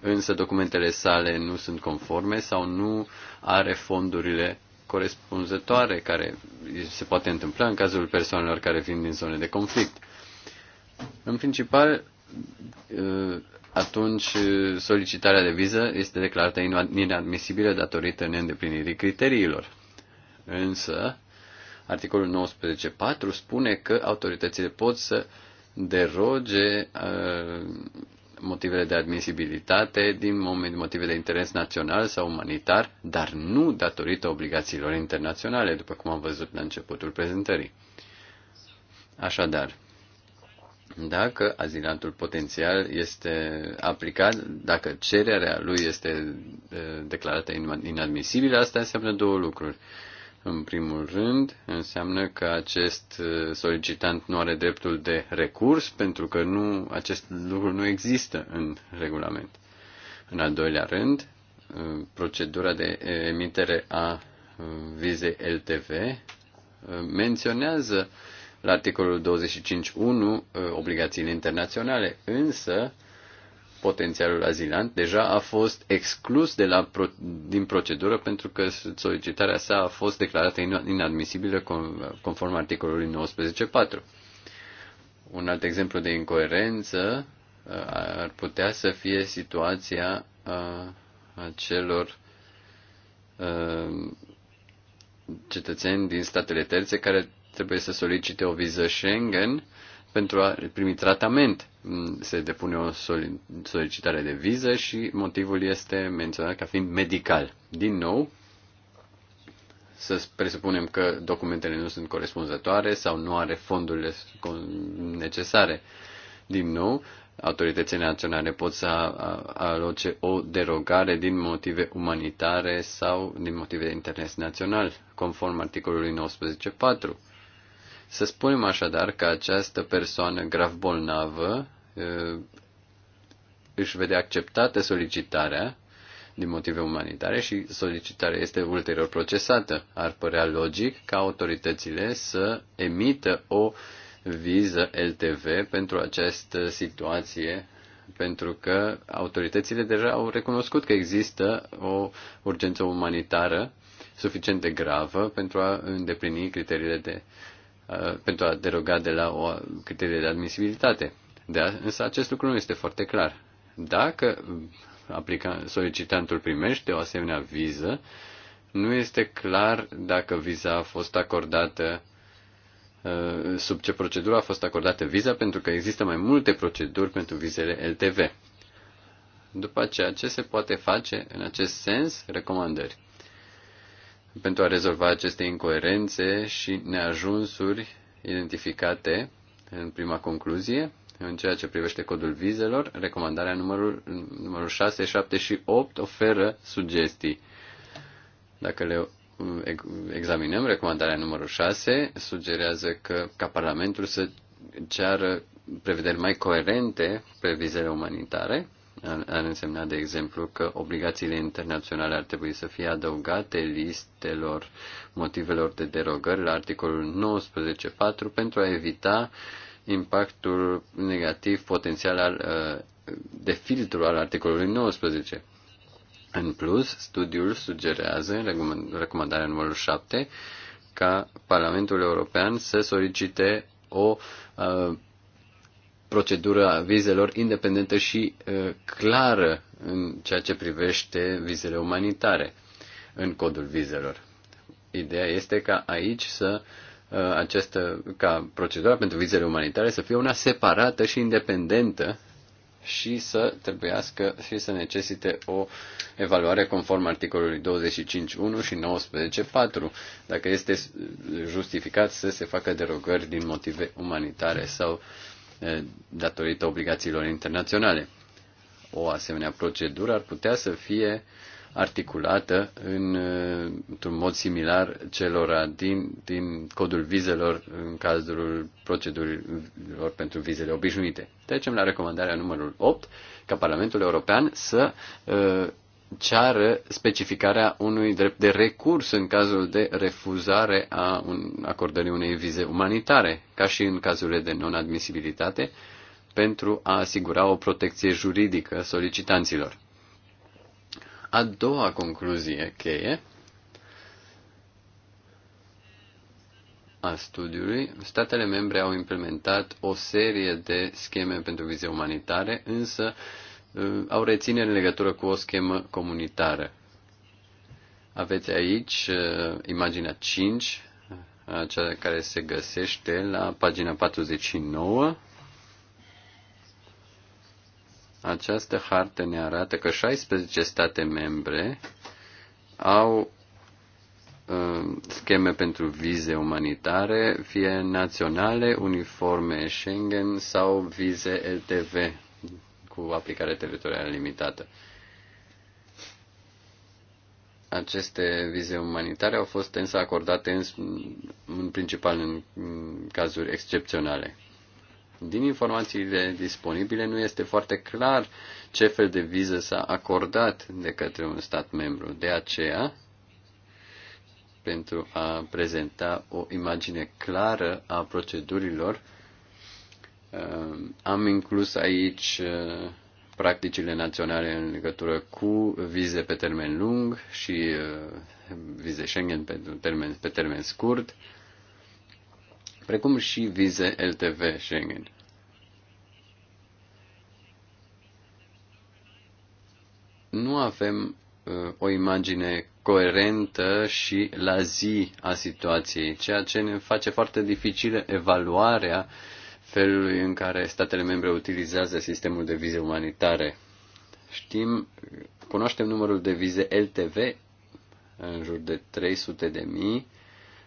însă documentele sale nu sunt conforme sau nu are fondurile corespunzătoare care se poate întâmpla în cazul persoanelor care vin din zone de conflict. În principal, ă, atunci solicitarea de viză este declarată inadmisibilă datorită neîndeplinirii criteriilor. Însă, articolul 19.4 spune că autoritățile pot să deroge ă, motivele de admisibilitate, din motive de interes național sau umanitar, dar nu datorită obligațiilor internaționale, după cum am văzut la începutul prezentării. Așadar, dacă azilantul potențial este aplicat, dacă cererea lui este eh, declarată inadmisibilă, asta înseamnă două lucruri. În primul rând, înseamnă că acest uh, solicitant nu are dreptul de recurs pentru că nu, acest lucru nu există în regulament. În al doilea rând, uh, procedura de emitere a uh, vizei LTV menționează la articolul 25.1 obligațiile internaționale, însă potențialul azilant, deja a fost exclus de la, din procedură pentru că solicitarea sa a fost declarată inadmisibilă conform articolului 19.4. Un alt exemplu de incoerență uh, ar putea să fie situația uh, a celor uh, cetățeni din statele terțe care trebuie să solicite o viză Schengen pentru a primi tratament. Mm, se depune o solicitare de viză și motivul este menționat ca fiind medical. Din nou, să presupunem că documentele nu sunt corespunzătoare sau nu are fondurile necesare. Din nou, autoritățile naționale pot să aloce o derogare din motive umanitare sau din motive de interes național, conform articolului 19.4. Să spunem așadar că această persoană grav bolnavă își vede acceptată solicitarea din motive umanitare și solicitarea este ulterior procesată. Ar părea logic ca autoritățile să emită o viză LTV pentru această situație, pentru că autoritățile deja au recunoscut că există o urgență umanitară suficient de gravă pentru a îndeplini criteriile de Uh, pentru a deroga de la o criterie de admisibilitate. De a, însă acest lucru nu este foarte clar. Dacă aplica, solicitantul primește o asemenea viză, nu este clar dacă viza a fost acordată uh, sub ce procedură a fost acordată viza, pentru că există mai multe proceduri pentru vizele LTV. După aceea, ce se poate face în acest sens? Recomandări pentru a rezolva aceste incoerențe și neajunsuri identificate în prima concluzie, în ceea ce privește codul vizelor, recomandarea numărul, numărul 6, 7 și 8 oferă sugestii. Dacă le examinăm, recomandarea numărul 6 sugerează că ca Parlamentul să ceară prevederi mai coerente pe vizele umanitare, ar însemna, de exemplu, că obligațiile internaționale ar trebui să fie adăugate listelor motivelor de derogări la articolul 19.4 pentru a evita impactul negativ potențial al, uh, de filtru al articolului 19. În plus, studiul sugerează, în recomandarea numărul 7, ca Parlamentul European să solicite o uh, procedura vizelor independentă și uh, clară în ceea ce privește vizele umanitare în codul vizelor. Ideea este ca aici să uh, această, ca procedura pentru vizele umanitare să fie una separată și independentă și să trebuiască și să necesite o evaluare conform articolului 25.1 și 19.4, dacă este justificat să se facă derogări din motive umanitare sau uh, datorită obligațiilor internaționale. O asemenea procedură ar putea să fie articulată în, într-un mod similar celor din, din codul vizelor în cazul procedurilor pentru vizele obișnuite. Trecem la recomandarea numărul 8, ca Parlamentul European să ceară specificarea unui drept de recurs în cazul de refuzare a un, acordării unei vize umanitare, ca și în cazurile de non-admisibilitate, pentru a asigura o protecție juridică solicitanților. A doua concluzie cheie a studiului, statele membre au implementat o serie de scheme pentru vize umanitare, însă uh, Uh, au reținere în legătură cu o schemă comunitară. Aveți aici uh, imaginea 5, uh, cea care se găsește la pagina 49. Această hartă ne arată că 16 state membre au scheme pentru vize umanitare, fie naționale, uniforme Schengen sau vize LTV cu aplicare teritorială limitată. Aceste vize umanitare au fost însă acordate în, în principal în, în cazuri excepționale. Din informațiile disponibile nu este foarte clar ce fel de viză s-a acordat de către un stat membru. De aceea, pentru a prezenta o imagine clară a procedurilor, Uh, am inclus aici uh, practicile naționale în legătură cu vize pe termen lung și uh, vize Schengen pe termen, pe termen scurt, precum și vize LTV Schengen. Nu avem o imagine coerentă și la zi a situației, ceea ce ne face foarte dificilă evaluarea uh, felului în care statele membre utilizează sistemul de vize umanitare. Știm, cunoaștem numărul de vize LTV, în jur de 300 de mii,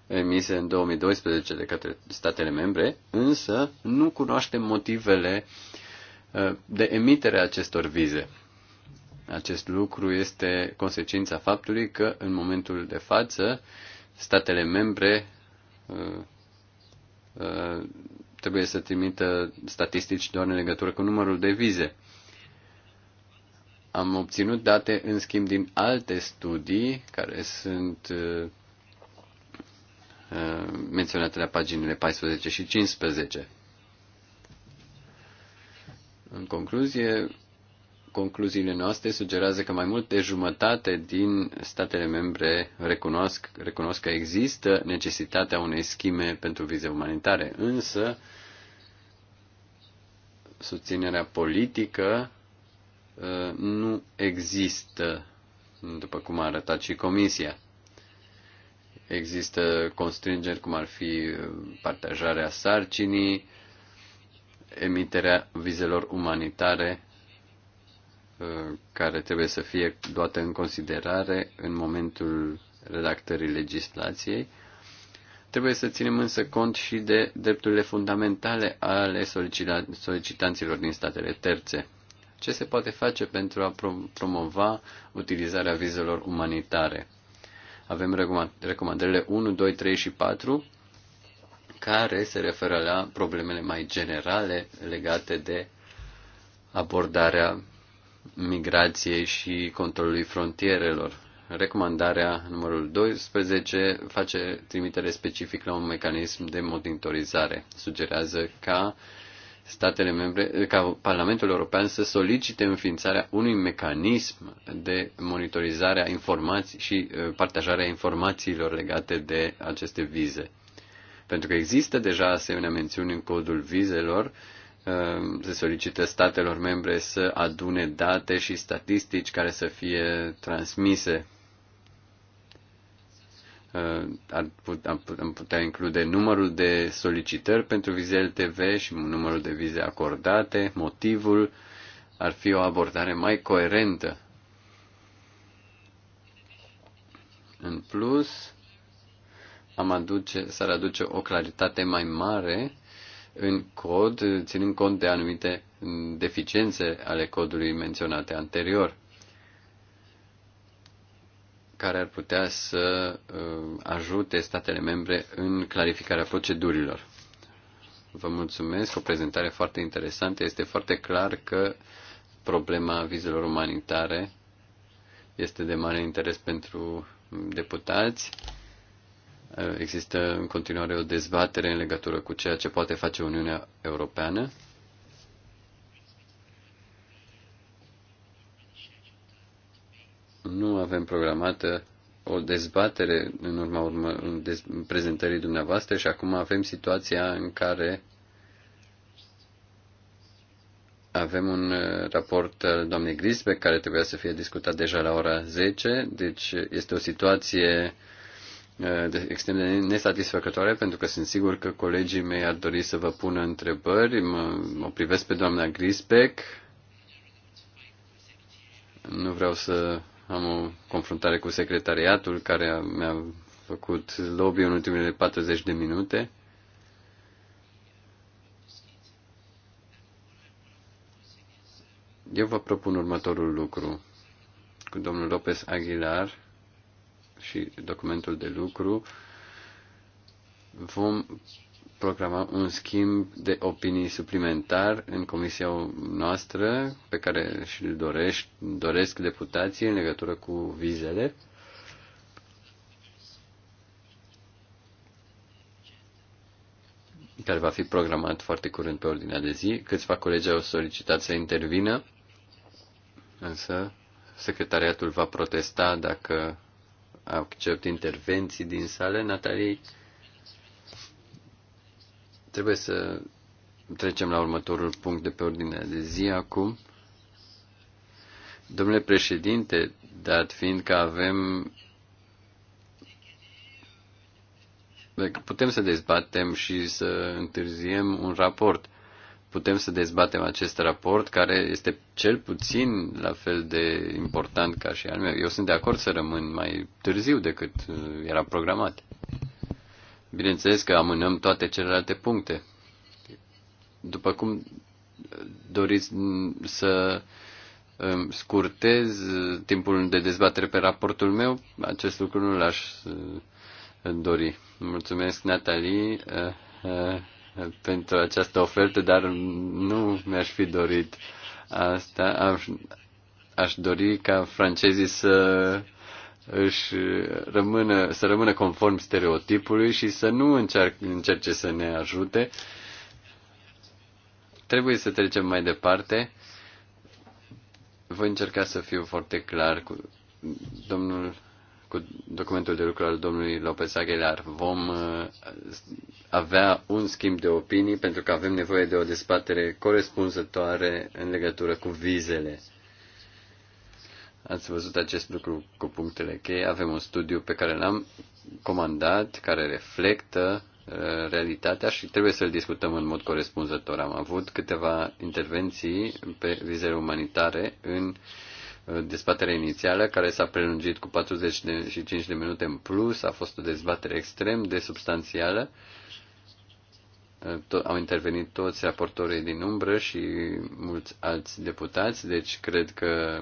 emise în 2012 de către statele membre, însă nu cunoaștem motivele uh, de emitere a acestor vize. Acest lucru este consecința faptului că, în momentul de față, statele membre uh, uh, trebuie să trimită statistici doar în legătură cu numărul de vize. Am obținut date, în schimb, din alte studii care sunt uh, uh, menționate la paginile 14 și 15. În concluzie, concluziile noastre sugerează că mai mult de jumătate din statele membre recunosc, recunosc că există necesitatea unei schime pentru vize umanitare, însă susținerea politică uh, nu există, după cum a arătat și Comisia. Există constrângeri cum ar fi uh, partajarea sarcinii, emiterea vizelor umanitare Uh, care trebuie să fie luate în considerare în momentul redactării legislației. Trebuie să ținem însă cont și de drepturile fundamentale ale solicitanților din statele terțe. Ce se poate face pentru a promova utilizarea vizelor umanitare? Avem recomandările 1, 2, 3 și 4 care se referă la problemele mai generale legate de abordarea migrației și controlului frontierelor. Recomandarea numărul 12 face trimitere specific la un mecanism de monitorizare. Sugerează ca statele membre, ca Parlamentul European să solicite înființarea unui mecanism de monitorizare a informații și uh, partajarea informațiilor legate de aceste vize. Pentru că există deja asemenea mențiuni în codul vizelor, uh, Um, se solicită statelor membre să adune date și statistici care să fie transmise. Uh, ar put, am putea include numărul de solicitări pentru vizele TV și numărul de vize acordate, motivul, ar fi o abordare mai coerentă. În plus, am aduce, s-ar aduce o claritate mai mare în cod, ținând cont de anumite deficiențe ale codului menționate anterior, care ar putea să uh, ajute statele membre în clarificarea procedurilor. Vă mulțumesc, o prezentare foarte interesantă. Este foarte clar că problema vizelor umanitare este de mare interes pentru deputați. Există în continuare o dezbatere în legătură cu ceea ce poate face Uniunea Europeană. Nu avem programată o dezbatere în urma urmă, în dez, în prezentării dumneavoastră și acum avem situația în care avem un uh, raport al doamnei Grisbe care trebuia să fie discutat deja la ora 10, deci este o situație uh, Eh, extrem de nesatisfăcătoare pentru că sunt sigur că colegii mei ar dori să vă pună întrebări. Mă, o privesc pe doamna Grisbeck. Nu vreau să am o confruntare cu secretariatul care mi-a făcut lobby în ultimele 40 de minute. Eu vă propun următorul lucru. Cu domnul Lopez Aguilar și documentul de lucru, vom programa un schimb de opinii suplimentar în comisia noastră pe care și îl doresc, doresc deputații în legătură cu vizele. care va fi programat foarte curând pe ordinea de zi. Câțiva colegi au solicitat să intervină, însă secretariatul va protesta dacă accept intervenții din sală. Natalie, trebuie să trecem la următorul punct de pe ordinea de zi acum. Domnule președinte, dat fiind că avem putem să dezbatem și să întârziem un raport putem să dezbatem acest raport, care este cel puțin la fel de important ca și al meu. Eu sunt de acord să rămân mai târziu decât uh, era programat. Bineînțeles că amânăm toate celelalte puncte. După cum uh, doriți să um, scurtez uh, timpul de dezbatere pe raportul meu, acest lucru nu l-aș dori. Mulțumesc, Natalie pentru această ofertă, dar nu mi-aș fi dorit asta. Aș, aș dori ca francezii să își rămână, să rămână conform stereotipului și să nu încerc, încerce să ne ajute. Trebuie să trecem mai departe. Voi încerca să fiu foarte clar cu domnul cu documentul de lucru al domnului Lopez Aguilar. Vom uh, avea un schimb de opinii pentru că avem nevoie de o dezbatere corespunzătoare în legătură cu vizele. Ați văzut acest lucru cu punctele cheie. Avem un studiu pe care l-am comandat, care reflectă uh, realitatea și trebuie să-l discutăm în mod corespunzător. Am avut câteva intervenții pe vizele umanitare în uh, dezbaterea inițială, care s-a prelungit cu 45 de minute în plus, a fost o dezbatere extrem de substanțială. Au intervenit toți raportorii din umbră și mulți alți deputați, deci cred că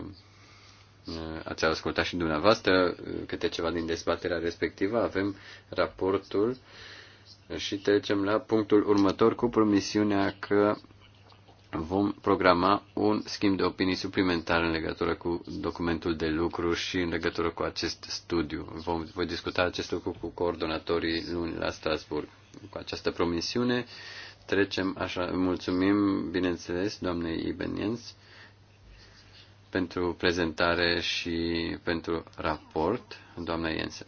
uh, ați ascultat și dumneavoastră uh, câte ceva din dezbaterea respectivă. Avem raportul și trecem la punctul următor cu promisiunea că vom programa un schimb de opinii suplimentar în legătură cu documentul de lucru și în legătură cu acest studiu. Vom, voi discuta acest lucru cu coordonatorii luni la Strasburg. Cu această promisiune trecem așa, mulțumim, bineînțeles, doamnei Ibeniens pentru prezentare și pentru raport, doamna Jensen.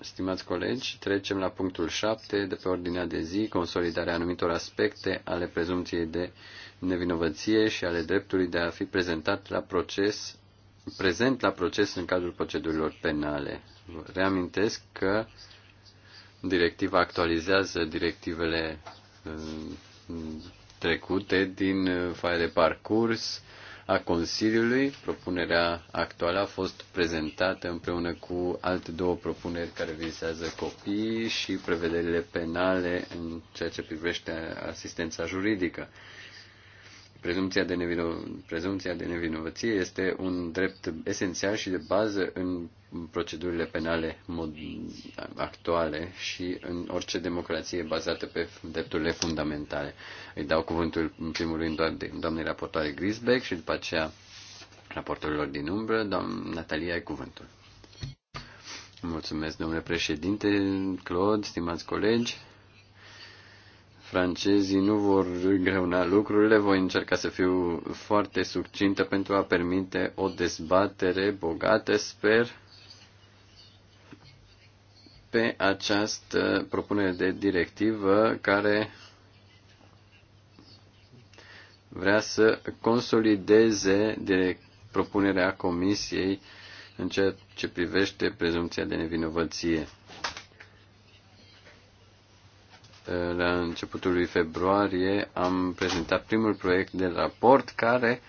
Stimați colegi, trecem la punctul 7 de pe ordinea de zi, consolidarea anumitor aspecte ale prezumției de nevinovăție și ale dreptului de a fi prezentat la proces, prezent la proces în cadrul procedurilor penale. reamintesc că directiva actualizează directivele uh, trecute din uh, foaia de parcurs, a Consiliului. Propunerea actuală a fost prezentată împreună cu alte două propuneri care vizează copiii și prevederile penale în ceea ce privește asistența juridică. Prezumția de, nevino, prezumția de nevinovăție este un drept esențial și de bază în procedurile penale mod, actuale și în orice democrație bazată pe drepturile fundamentale. Îi dau cuvântul în primul rând doar de doamnei raportoare Grisbeck și după aceea raportorilor din umbră. Doamna Natalia, ai cuvântul. Mulțumesc, domnule președinte, Claude, stimați colegi francezii nu vor greuna lucrurile, voi încerca să fiu foarte succintă pentru a permite o dezbatere bogată, sper, pe această propunere de directivă care vrea să consolideze propunerea Comisiei în ceea ce privește prezumția de nevinovăție la începutul lui februarie am prezentat primul proiect de raport care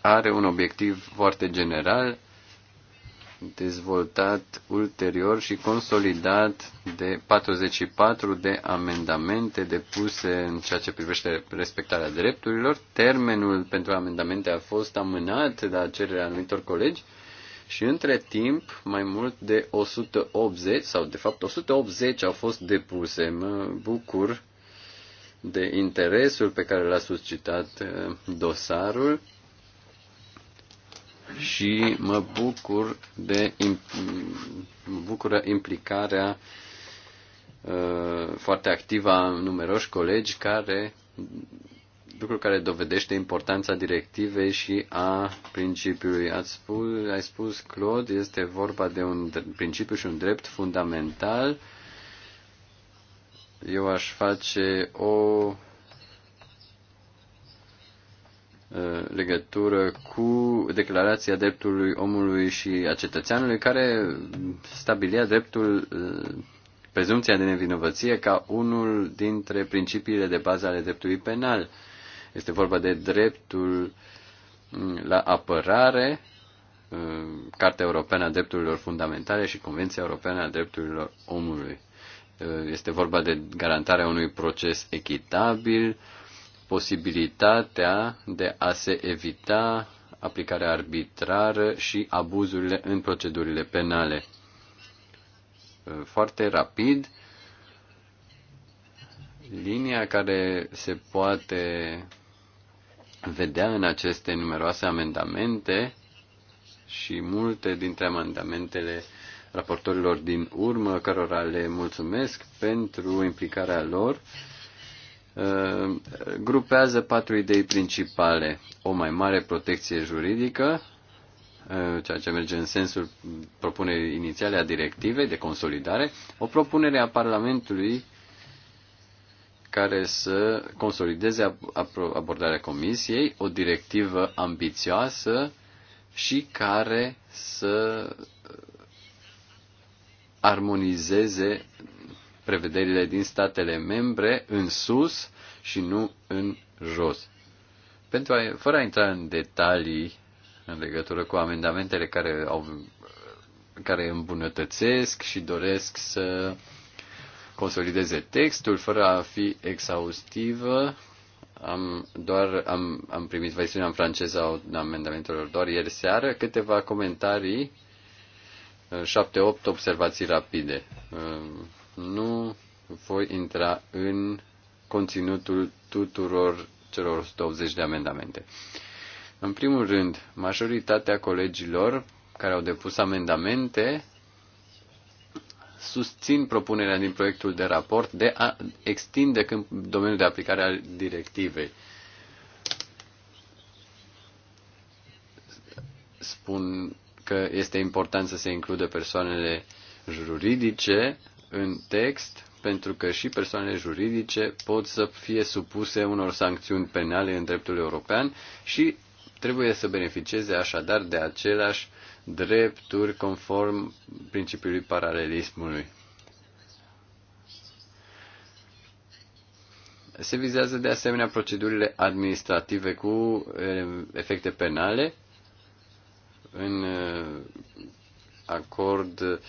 are un obiectiv foarte general, dezvoltat ulterior și consolidat de 44 de amendamente depuse în ceea ce privește respectarea drepturilor. Termenul pentru amendamente a fost amânat la cererea anumitor colegi și între timp, mai mult de 180, sau de fapt 180 au fost depuse. Mă bucur de interesul pe care l-a suscitat uh, dosarul și mă bucur de mă bucură implicarea uh, foarte activă a numeroși colegi care lucru care dovedește importanța directivei și a principiului. Ați spus, ai spus, Claude, este vorba de un principiu și un drept fundamental. Eu aș face o legătură cu declarația dreptului omului și a cetățeanului care stabilia dreptul prezumția de nevinovăție ca unul dintre principiile de bază ale dreptului penal. Este vorba de dreptul la apărare, Cartea Europeană a Drepturilor Fundamentale și Convenția Europeană a Drepturilor Omului. Este vorba de garantarea unui proces echitabil, posibilitatea de a se evita aplicarea arbitrară și abuzurile în procedurile penale. Foarte rapid, linia care se poate vedea în aceste numeroase amendamente și multe dintre amendamentele raportorilor din urmă, cărora le mulțumesc pentru implicarea lor, uh, grupează patru idei principale. O mai mare protecție juridică, uh, ceea ce merge în sensul propunerii inițiale a directivei de consolidare, o propunere a Parlamentului care să consolideze abordarea Comisiei, o directivă ambițioasă și care să uh, armonizeze prevederile din statele membre în sus și nu în jos. Pentru a, fără a intra în detalii în legătură cu amendamentele care, au, uh, care îmbunătățesc și doresc să consolideze textul fără a fi exhaustivă. Am, doar, am, am primit versiunea în franceză a amendamentelor doar ieri seară, câteva comentarii, 7-8 uh, observații rapide. Uh, nu voi intra în conținutul tuturor celor 120 de amendamente. În primul rând, majoritatea colegilor care au depus amendamente susțin propunerea din proiectul de raport de a extinde când domeniul de aplicare al directivei. Spun că este important să se includă persoanele juridice în text, pentru că și persoanele juridice pot să fie supuse unor sancțiuni penale în dreptul european și trebuie să beneficieze așadar de același uh, drepturi conform principiului paralelismului. Se vizează de asemenea procedurile administrative cu eh, efecte penale în eh, acord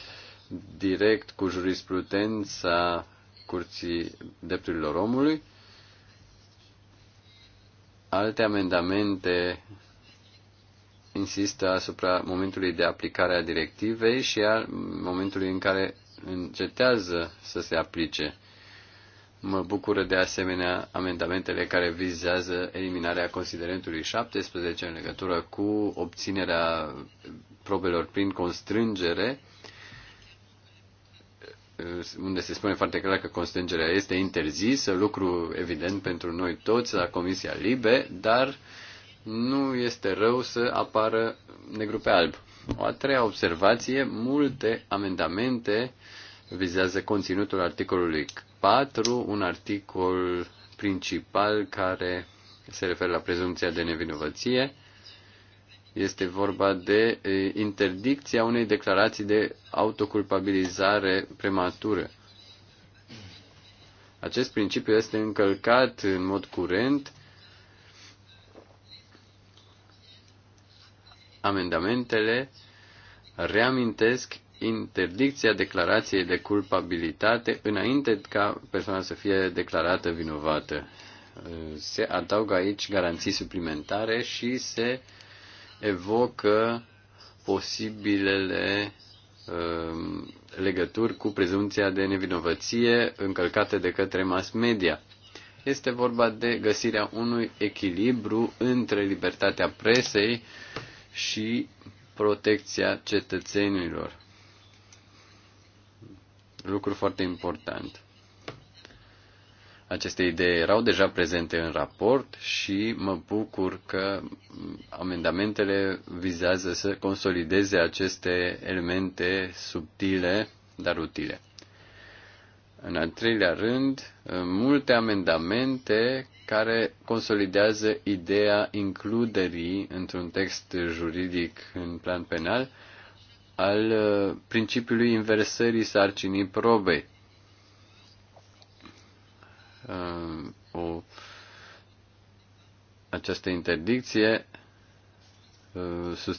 direct cu jurisprudența Curții Drepturilor Omului. Alte amendamente insistă asupra momentului de aplicare a directivei și a momentului în care încetează să se aplice. Mă bucură de asemenea amendamentele care vizează eliminarea considerentului 17 în legătură cu obținerea probelor prin constrângere, unde se spune foarte clar că constrângerea este interzisă, lucru evident pentru noi toți la Comisia Libe, dar uh, nu este rău să apară negru pe alb. O a treia observație, multe amendamente vizează conținutul articolului 4, un articol principal care se referă la prezumția de nevinovăție. Este vorba de interdicția unei declarații de autoculpabilizare prematură. Acest principiu este încălcat în mod curent Amendamentele reamintesc interdicția declarației de culpabilitate înainte ca persoana să fie declarată vinovată. Se adaugă aici garanții suplimentare și se evocă posibilele um, legături cu prezumția de nevinovăție încălcate de către mass media. Este vorba de găsirea unui echilibru între libertatea presei și protecția cetățenilor. Lucru foarte important. Aceste idei erau deja prezente în raport și mă bucur că amendamentele vizează să consolideze aceste elemente subtile, dar utile. În al treilea rând, multe amendamente care consolidează ideea includerii într-un text juridic în plan penal al uh, principiului inversării sarcinii probei. Uh, o, această interdicție uh,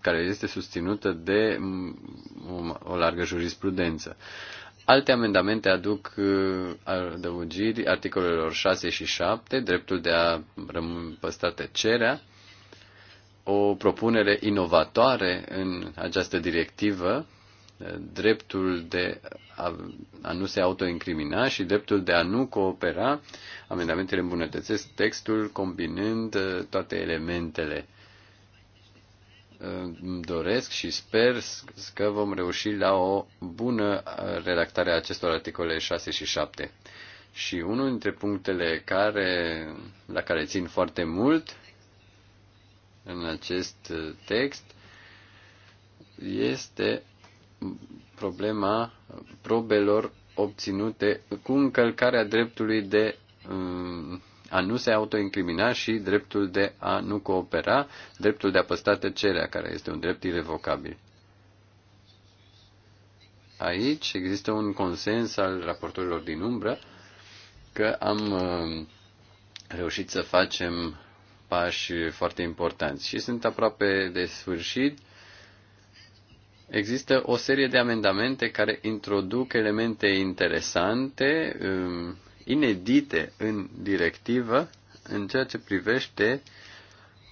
care este susținută de mm, o largă jurisprudență. Alte amendamente aduc uh, adăugiri articolelor 6 și 7, dreptul de a rămâne păstra tăcerea, o propunere inovatoare în această directivă, uh, dreptul de a, a nu se autoincrimina și dreptul de a nu coopera. Amendamentele îmbunătățesc textul combinând uh, toate elementele doresc și sper că vom reuși la o bună redactare a acestor articole 6 și 7. Și unul dintre punctele care, la care țin foarte mult în acest text este problema probelor obținute cu încălcarea dreptului de um, a nu se autoincrimina și dreptul de a nu coopera, dreptul de a păstra tăcerea, care este un drept irrevocabil. Aici există un consens al raportorilor din umbră că am uh, reușit să facem pași foarte importanți și sunt aproape de sfârșit. Există o serie de amendamente care introduc elemente interesante um, inedite în directivă în ceea ce privește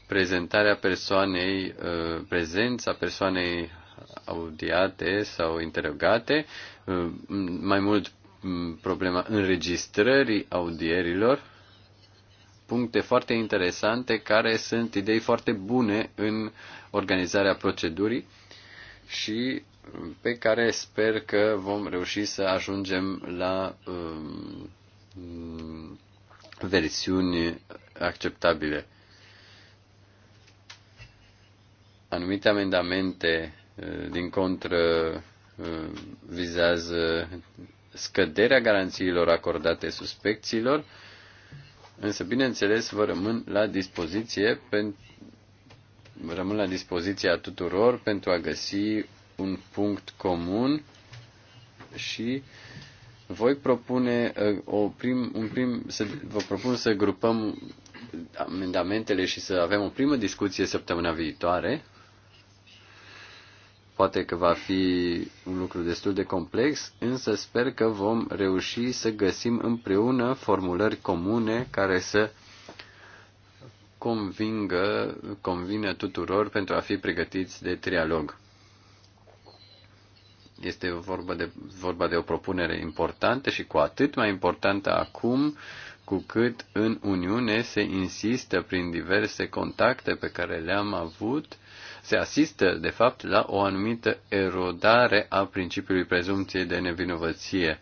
prezentarea persoanei, uh, prezența persoanei audiate sau interogate, uh, mai mult mm, problema înregistrării audierilor, puncte foarte interesante care sunt idei foarte bune în organizarea procedurii și pe care sper că vom reuși să ajungem la um, Mm, versiuni acceptabile. Anumite amendamente, uh, din contră, uh, vizează scăderea garanțiilor acordate suspecțiilor, însă, bineînțeles, vă rămân la dispoziție pentru rămân la dispoziția tuturor pentru a găsi un punct comun și uh, voi propune uh, o prim, un prim, să vă propun să grupăm amendamentele și să avem o primă discuție săptămâna viitoare. Poate că va fi un lucru destul de complex, însă sper că vom reuși să găsim împreună formulări comune care să convingă, convină tuturor pentru a fi pregătiți de trialog. Este vorba de, vorba de o propunere importantă și cu atât mai importantă acum cu cât în Uniune se insistă prin diverse contacte pe care le-am avut, se asistă, de fapt, la o anumită erodare a principiului prezumției de nevinovăție.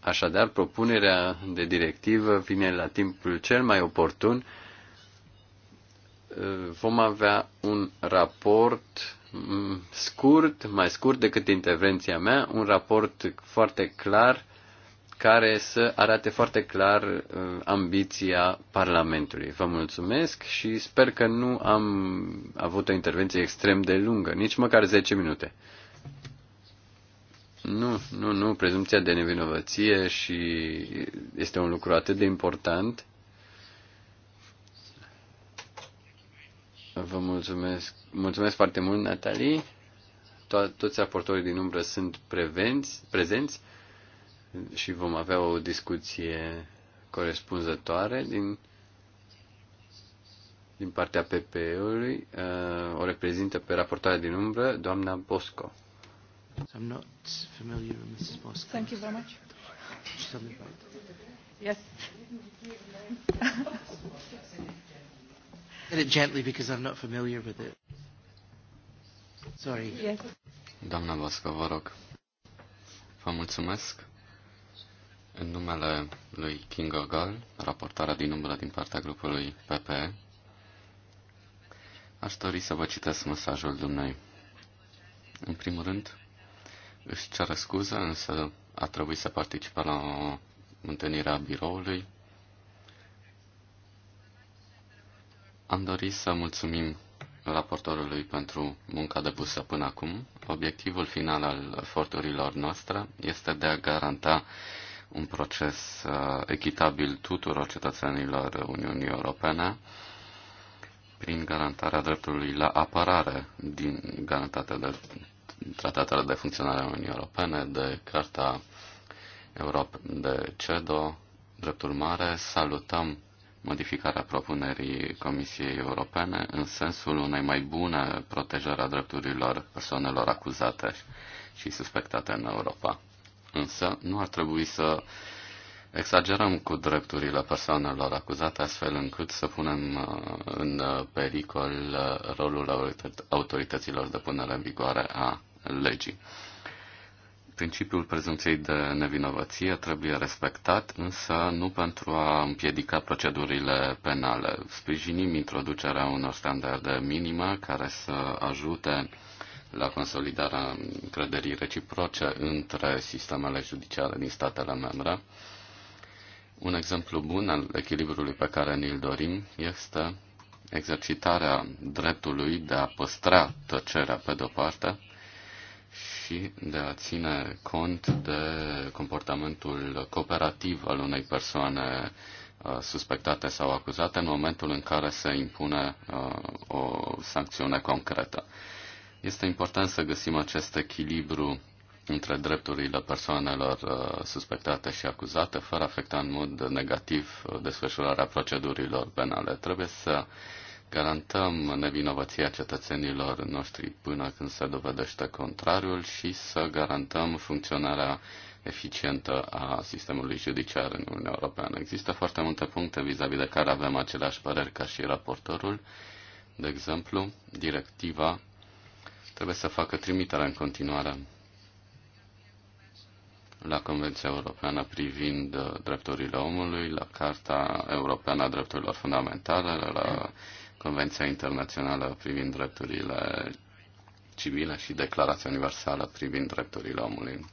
Așadar, propunerea de directivă vine la timpul cel mai oportun. Vom avea un raport Mm, scurt, mai scurt decât intervenția mea, un raport foarte clar care să arate foarte clar uh, ambiția Parlamentului. Vă mulțumesc și sper că nu am avut o intervenție extrem de lungă, nici măcar 10 minute. Nu, nu, nu, prezumția de nevinovăție și este un lucru atât de important Vă mulțumesc. Mulțumesc foarte mult, Natalie. To- toți aportorii din umbră sunt prevenți, prezenți și vom avea o discuție corespunzătoare din, din partea PPE-ului. Uh, o reprezintă pe raportarea din umbră, doamna Bosco. I'm not familiar with Mrs. Bosco. Thank you very much. Yes. it gently because I'm not familiar with it. Sorry. Yes. Doamna Vasca, vă rog. Vă mulțumesc. În numele lui King Gal, raportarea din umbră din partea grupului PPE, aș dori să vă citesc mesajul dumnei. În primul rând, își cer scuze, însă a trebuit să participe la o întâlnire a biroului Am dorit să mulțumim raportorului pentru munca depusă până acum. Obiectivul final al eforturilor noastre este de a garanta un proces uh, echitabil tuturor cetățenilor Uniunii Europene prin garantarea dreptului la apărare din garantate de tratatele de funcționare a Uniunii Europene, de Carta Europe de CEDO. dreptul mare. salutăm modificarea propunerii Comisiei Europene în sensul unei mai bune protejări a drepturilor persoanelor acuzate și suspectate în Europa. Însă nu ar trebui să exagerăm cu drepturile persoanelor acuzate astfel încât să punem uh, în pericol uh, rolul autorităților de punere în vigoare a legii. Principiul prezumției de nevinovăție trebuie respectat, însă nu pentru a împiedica procedurile penale. Sprijinim introducerea unor standarde minime care să ajute la consolidarea încrederii reciproce între sistemele judiciare din statele membre. Un exemplu bun al echilibrului pe care ni-l dorim este exercitarea dreptului de a păstra tăcerea pe de-o parte, și de a ține cont de comportamentul cooperativ al unei persoane uh, suspectate sau acuzate în momentul în care se impune uh, o sancțiune concretă. Este important să găsim acest echilibru între drepturile persoanelor uh, suspectate și acuzate, fără a afecta în mod negativ desfășurarea procedurilor penale. Trebuie să garantăm nevinovăția cetățenilor noștri până când se dovedește contrariul și să garantăm funcționarea eficientă a sistemului judiciar în Uniunea Europeană. Există foarte multe puncte vis-a-vis -vis de care avem aceleași păreri ca și raportorul. De exemplu, directiva trebuie să facă trimiterea în continuare la Convenția Europeană privind drepturile omului, la Carta Europeană a Drepturilor Fundamentale, la Convenția Internațională privind drepturile civile și Declarația Universală privind drepturile omului.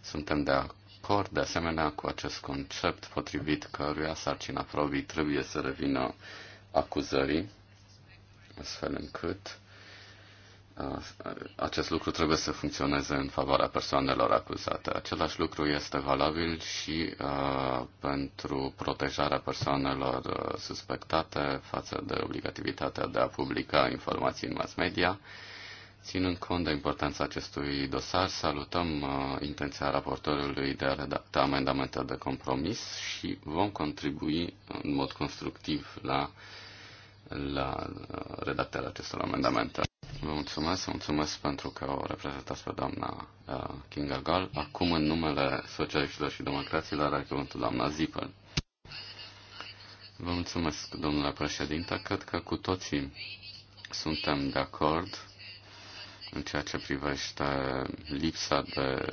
Suntem de acord, de asemenea, cu acest concept potrivit căruia sarcina probii trebuie să revină acuzării, astfel încât acest lucru trebuie să funcționeze în favoarea persoanelor acuzate. Același lucru este valabil și uh, pentru protejarea persoanelor suspectate față de obligativitatea de a publica informații în mass media. Ținând cont de importanța acestui dosar, salutăm uh, intenția raportorului de a redacta amendamente de compromis și vom contribui în mod constructiv la, la redactarea acestor amendamente. Vă mulțumesc, vă mulțumesc pentru că o reprezentați pe doamna uh, Kinga Gal. Acum, în numele Socialiștilor și Democraților, are cuvântul doamna Zipel. Vă mulțumesc, domnule președinte. Cred că cu toții suntem de acord în ceea ce privește lipsa de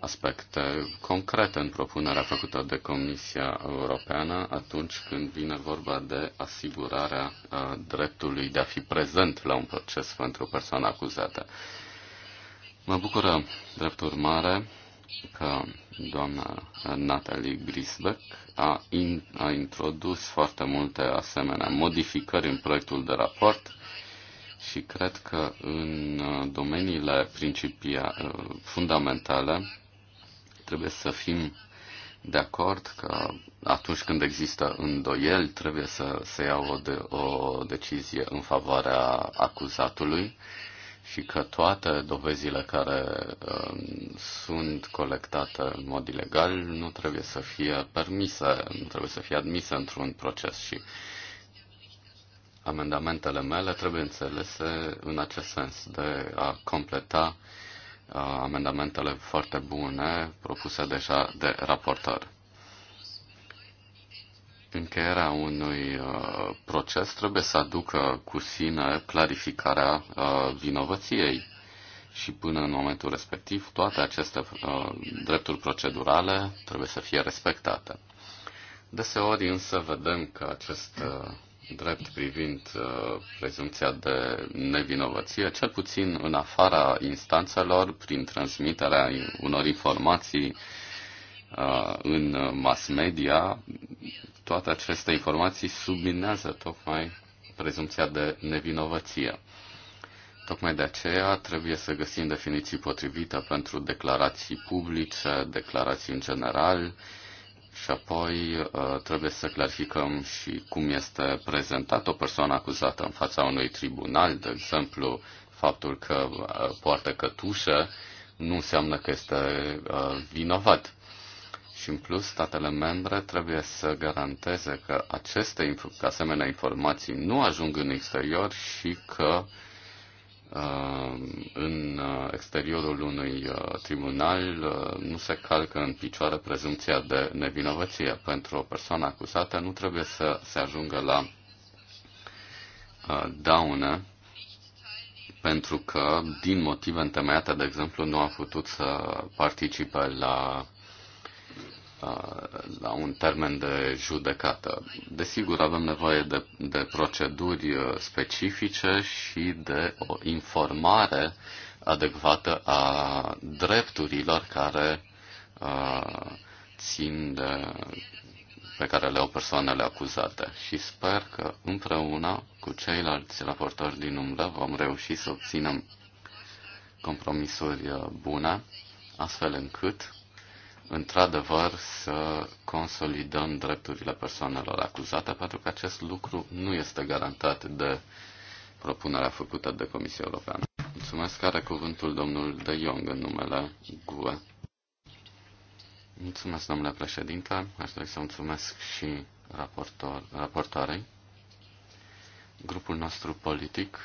aspecte concrete în propunerea făcută de Comisia Europeană atunci când vine vorba de asigurarea uh, dreptului de a fi prezent la un proces pentru persoana acuzată. Mă bucură, drept urmare, că doamna Natalie Grisbeck a, in, a introdus foarte multe asemenea modificări în proiectul de raport și cred că în uh, domeniile principii uh, fundamentale trebuie să fim de acord că atunci când există îndoieli, trebuie să se ia o, de, o decizie în favoarea acuzatului și că toate dovezile care uh, sunt colectate în mod ilegal nu trebuie să fie permise, nu trebuie să fie admise într-un proces și amendamentele mele trebuie înțelese în acest sens de a completa uh, Uh, amendamentele foarte bune propuse deja de raportor. Încheierea unui uh, proces trebuie să aducă cu sine clarificarea uh, vinovăției și până în momentul respectiv toate aceste drepturi procedurale trebuie să fie respectate. Deseori însă vedem că acest drept privind uh, prezumția de nevinovăție, cel puțin în afara instanțelor, prin transmiterea unor informații uh, în mass media, toate aceste informații subminează tocmai prezumția de nevinovăție. Tocmai de aceea trebuie să găsim definiții potrivite pentru declarații publice, declarații în general, și apoi uh, trebuie să clarificăm și cum este prezentată o persoană acuzată în fața unui tribunal, de exemplu, faptul că uh, poartă cătușă nu înseamnă că este uh, vinovat. Și în plus, statele membre trebuie să garanteze că aceste asemenea informații nu ajung în exterior și că uh, Um, în uh, exteriorul unui uh, tribunal uh, nu se calcă în picioare prezumția de nevinovăție. Pentru o persoană acuzată nu trebuie să se ajungă la daună pentru că, din motive întemeiate, de exemplu, nu a putut să participe la Uh, la un termen de judecată. Desigur, avem nevoie de, de proceduri uh, specifice și de o informare adecvată a drepturilor care uh, țin de, pe care le au persoanele acuzate. Și sper că împreună cu ceilalți raportori din umbră vom reuși să obținem compromisuri bune, astfel încât într-adevăr să consolidăm drepturile persoanelor acuzate, pentru că acest lucru nu este garantat de propunerea făcută de Comisia Europeană. Mulțumesc, are cuvântul domnul De Jong în numele GUE. Mulțumesc, domnule președinte. Aș dori să mulțumesc și raportor, raportoarei. Grupul nostru politic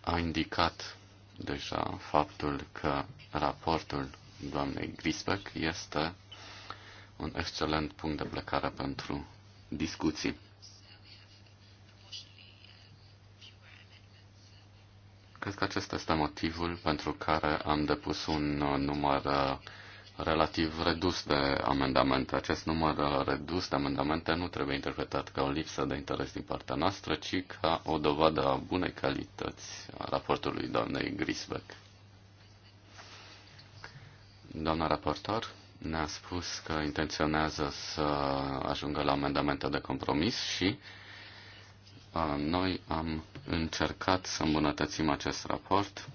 a indicat deja faptul că raportul doamnei Grisbeck este un excelent punct de plecare pentru discuții. Cred că acesta este motivul pentru care am depus un număr uh, relativ redus de amendamente. Acest număr uh, redus de amendamente nu trebuie interpretat ca o lipsă de interes din partea noastră, ci ca o dovadă a bunei calități a raportului doamnei Grisbeck. Doamna raportor ne-a spus că intenționează să ajungă la amendamente de compromis și uh, noi am încercat să îmbunătățim acest raport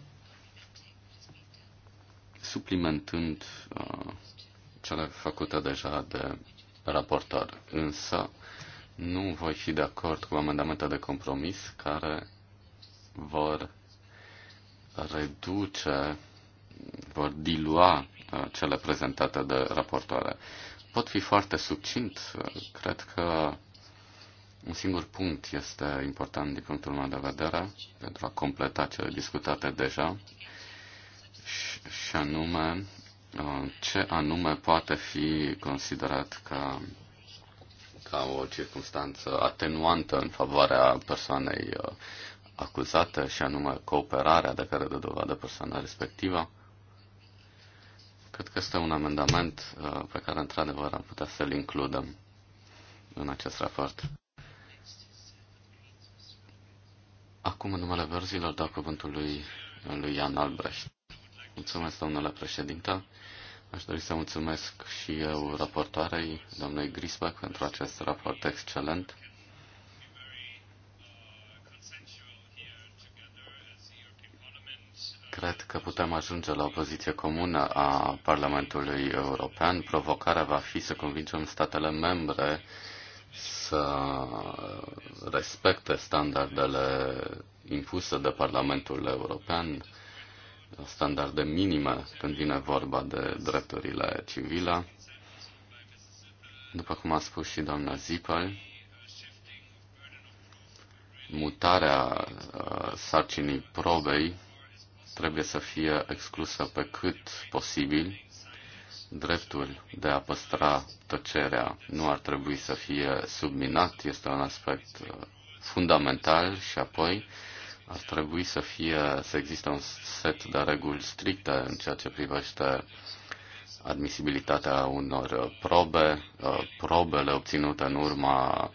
suplimentând uh, cele făcute deja de raportor. Însă nu voi fi de acord cu amendamente de compromis care vor reduce, vor dilua Uh, cele prezentate de raportoare. Pot fi foarte succint, uh, cred că un singur punct este important din punctul meu de vedere pentru a completa cele discutate deja și anume uh, ce anume poate fi considerat ca, ca o circunstanță atenuantă în favoarea persoanei acuzate și anume cooperarea de care dă dovadă persoana respectivă. Cred că este un amendament uh, pe care, într-adevăr, am putea să-l includem în acest raport. Acum, în numele verzilor, dau cuvântul lui, lui Ian Albrecht. Mulțumesc, domnule președinte. Aș dori să mulțumesc și eu raportoarei, domnului Grisbach pentru acest raport excelent. Cred că putem ajunge la o poziție comună a Parlamentului European. Provocarea va fi să convingem statele membre să respecte standardele impuse de Parlamentul European, standarde minime când vine vorba de drepturile civile. După cum a spus și doamna Zipel, mutarea uh, sarcinii probei trebuie să fie exclusă pe cât posibil. Dreptul de a păstra tăcerea nu ar trebui să fie subminat, este un aspect uh, fundamental și apoi ar trebui să fie să existe un set de reguli stricte în ceea ce privește admisibilitatea unor uh, probe, uh, probele obținute în urma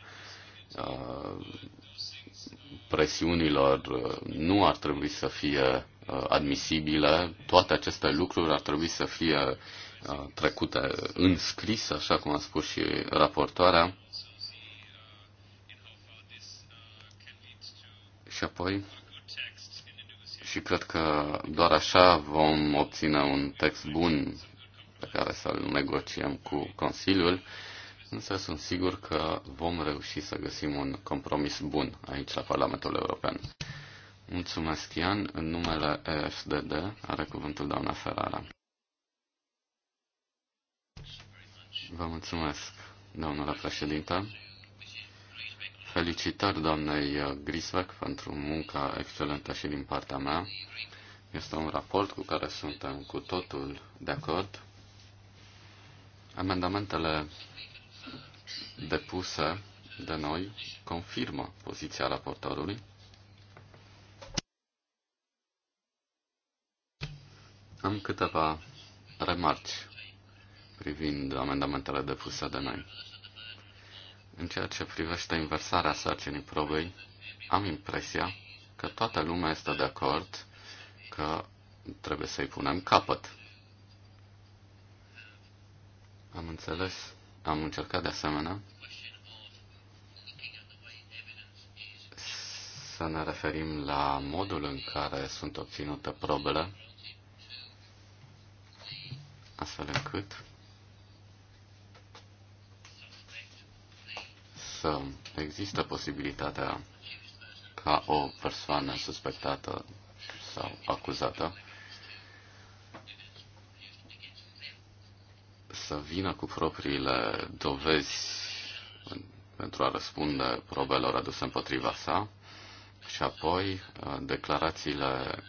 presiunilor nu ar trebui să fie Uh, admisibile, toate aceste lucruri ar trebui să fie uh, trecute în scris, așa cum a spus și raportoarea. Și apoi, și cred că doar așa vom obține un text bun pe care să-l negociem cu Consiliul, însă sunt sigur că vom reuși să găsim un compromis bun aici la Parlamentul European. Mulțumesc, Ian. În numele EFDD are cuvântul doamna Ferrara. Vă mulțumesc, domnule președinte. Felicitări doamnei Grisbeck pentru munca excelentă și din partea mea. Este un raport cu care suntem cu totul de acord. Amendamentele depuse de noi confirmă poziția raportorului Am câteva remarci privind amendamentele depuse de noi. În ceea ce privește inversarea sarcinii probei, am impresia că toată lumea este de acord că trebuie să-i punem capăt. Am înțeles, am încercat de asemenea să ne referim la modul în care sunt obținute probele astfel încât să există posibilitatea ca o persoană suspectată sau acuzată să vină cu propriile dovezi pentru a răspunde probelor aduse împotriva sa și apoi uh, declarațiile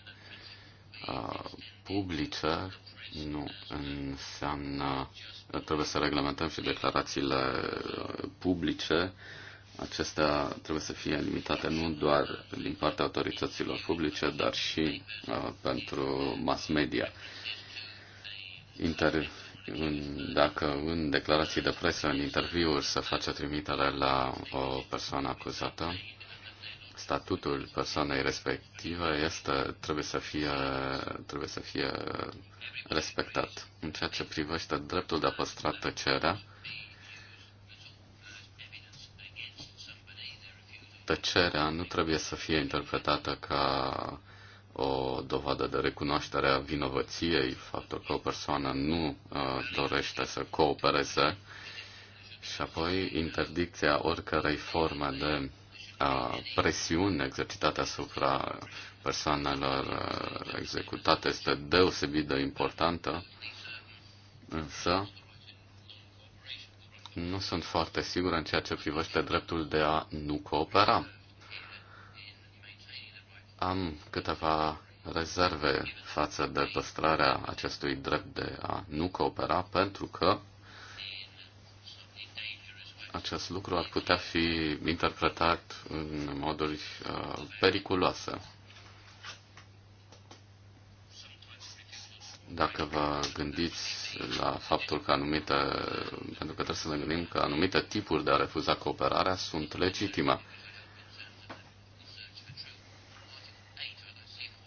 uh, publice nu înseamnă, trebuie să reglementăm și declarațiile uh, publice. Acestea trebuie să fie limitate nu doar din partea autorităților publice, dar și uh, pentru mass media. Inter, în, dacă în declarații de presă, în interviuri, se face trimitere la o persoană acuzată, statutul persoanei respective este, trebuie, să fie, trebuie să fie respectat. În ceea ce privește dreptul de a păstra tăcerea, tăcerea nu trebuie să fie interpretată ca o dovadă de recunoaștere a vinovăției, faptul că o persoană nu uh, dorește să coopereze și apoi interdicția oricărei forme de presiunea exercitată asupra persoanelor uh, executate este deosebit de importantă, însă nu sunt foarte sigur în ceea ce privește dreptul de a nu coopera. Am câteva rezerve față de păstrarea acestui drept de a nu coopera, pentru că acest lucru ar putea fi interpretat în moduri uh, periculoase. Dacă vă gândiți la faptul că anumite, pentru că trebuie să ne gândim că anumite tipuri de a refuza cooperarea sunt legitime.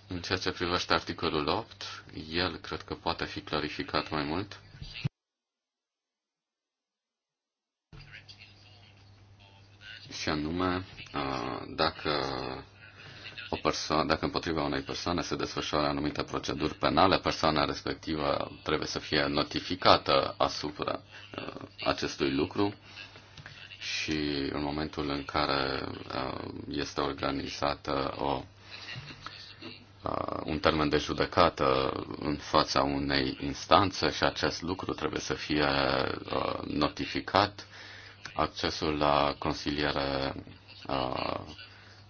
În ceea ce privește articolul 8, el cred că poate fi clarificat mai mult. și anume dacă o persoană, dacă împotriva unei persoane se desfășoară anumite proceduri penale, persoana respectivă trebuie să fie notificată asupra acestui lucru și în momentul în care este organizată o, un termen de judecată în fața unei instanțe și acest lucru trebuie să fie notificat accesul la consiliere uh,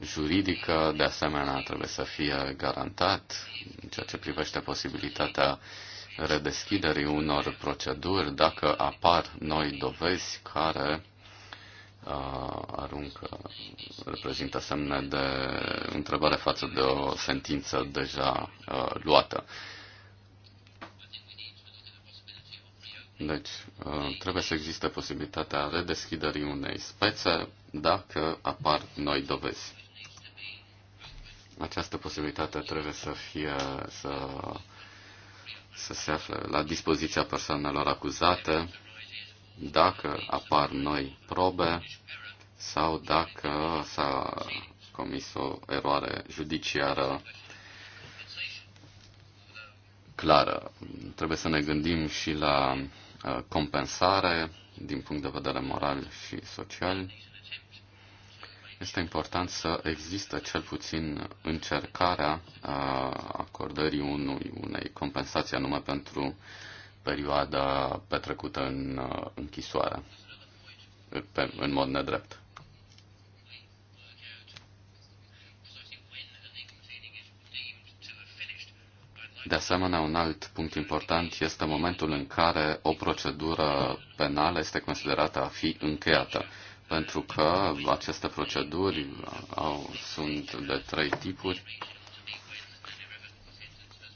juridică, de asemenea, trebuie să fie garantat în ceea ce privește posibilitatea redeschiderii unor proceduri dacă apar noi dovezi care uh, aruncă, reprezintă semne de întrebare față de o sentință deja uh, luată. Deci, uh, trebuie să existe posibilitatea redeschiderii unei spețe dacă apar noi dovezi. Această posibilitate trebuie să fie, să, să se afle la dispoziția persoanelor acuzate dacă apar noi probe sau dacă s-a comis o eroare judiciară clară. Trebuie să ne gândim și la Uh, compensare din punct de vedere moral și social, este important să există cel puțin încercarea uh, acordării unui, unei compensații anume pentru perioada petrecută în uh, închisoare, pe, în mod nedrept. De asemenea, un alt punct important este momentul în care o procedură penală este considerată a fi încheiată, pentru că aceste proceduri au, sunt de trei tipuri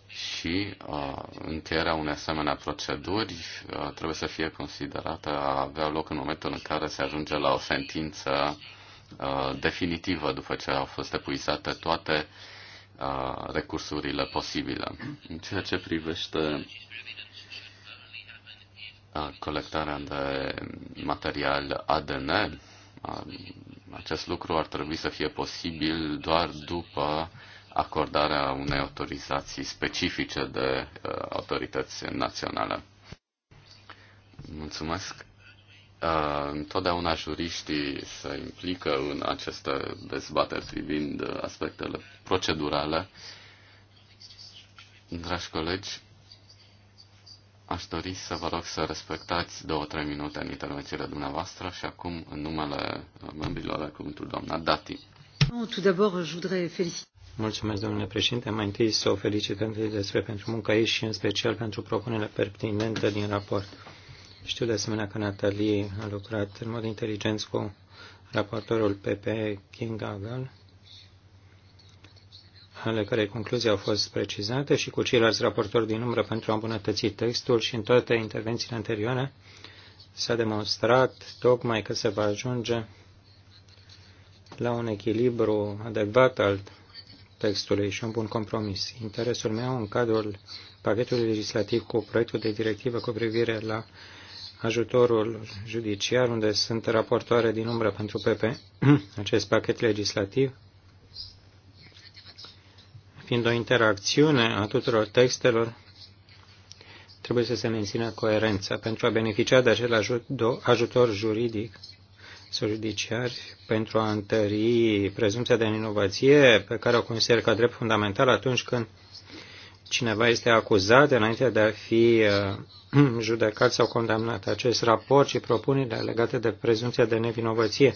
și uh, încheierea unei asemenea proceduri uh, trebuie să fie considerată a avea loc în momentul în care se ajunge la o sentință uh, definitivă după ce au fost epuizate toate uh, recursurile posibile. În ceea ce privește colectarea de material ADN, acest lucru ar trebui să fie posibil doar după acordarea unei autorizații specifice de autorități naționale. Mulțumesc. Uh, întotdeauna juriștii se implică în aceste dezbateri privind aspectele procedurale. Dragi colegi, aș dori să vă rog să respectați două-trei minute în intervențiile dumneavoastră și acum, în numele membrilor, de cuvântul doamna Dati. Mulțumesc, domnule președinte. Mai întâi să o felicităm despre pentru munca ei și în special pentru propunerea pertinentă din raport. Știu de asemenea că Natalie a lucrat în mod inteligent cu raportorul PP King Gagel, ale cărei concluzii au fost precizate și cu ceilalți raportori din umbră pentru a îmbunătăți textul și în toate intervențiile anterioare s-a demonstrat tocmai că se va ajunge la un echilibru adecvat al textului și un bun compromis. Interesul meu în cadrul pachetului legislativ cu proiectul de directivă cu privire la ajutorul judiciar, unde sunt raportoare din umbră pentru PP, acest pachet legislativ, fiind o interacțiune a tuturor textelor, trebuie să se mențină coerența pentru a beneficia de acel ajutor juridic sau judiciar pentru a întări prezumția de inovație pe care o consider ca drept fundamental atunci când cineva este acuzat înainte de a fi uh, judecat sau condamnat. Acest raport și propunerea legate de prezumția de nevinovăție,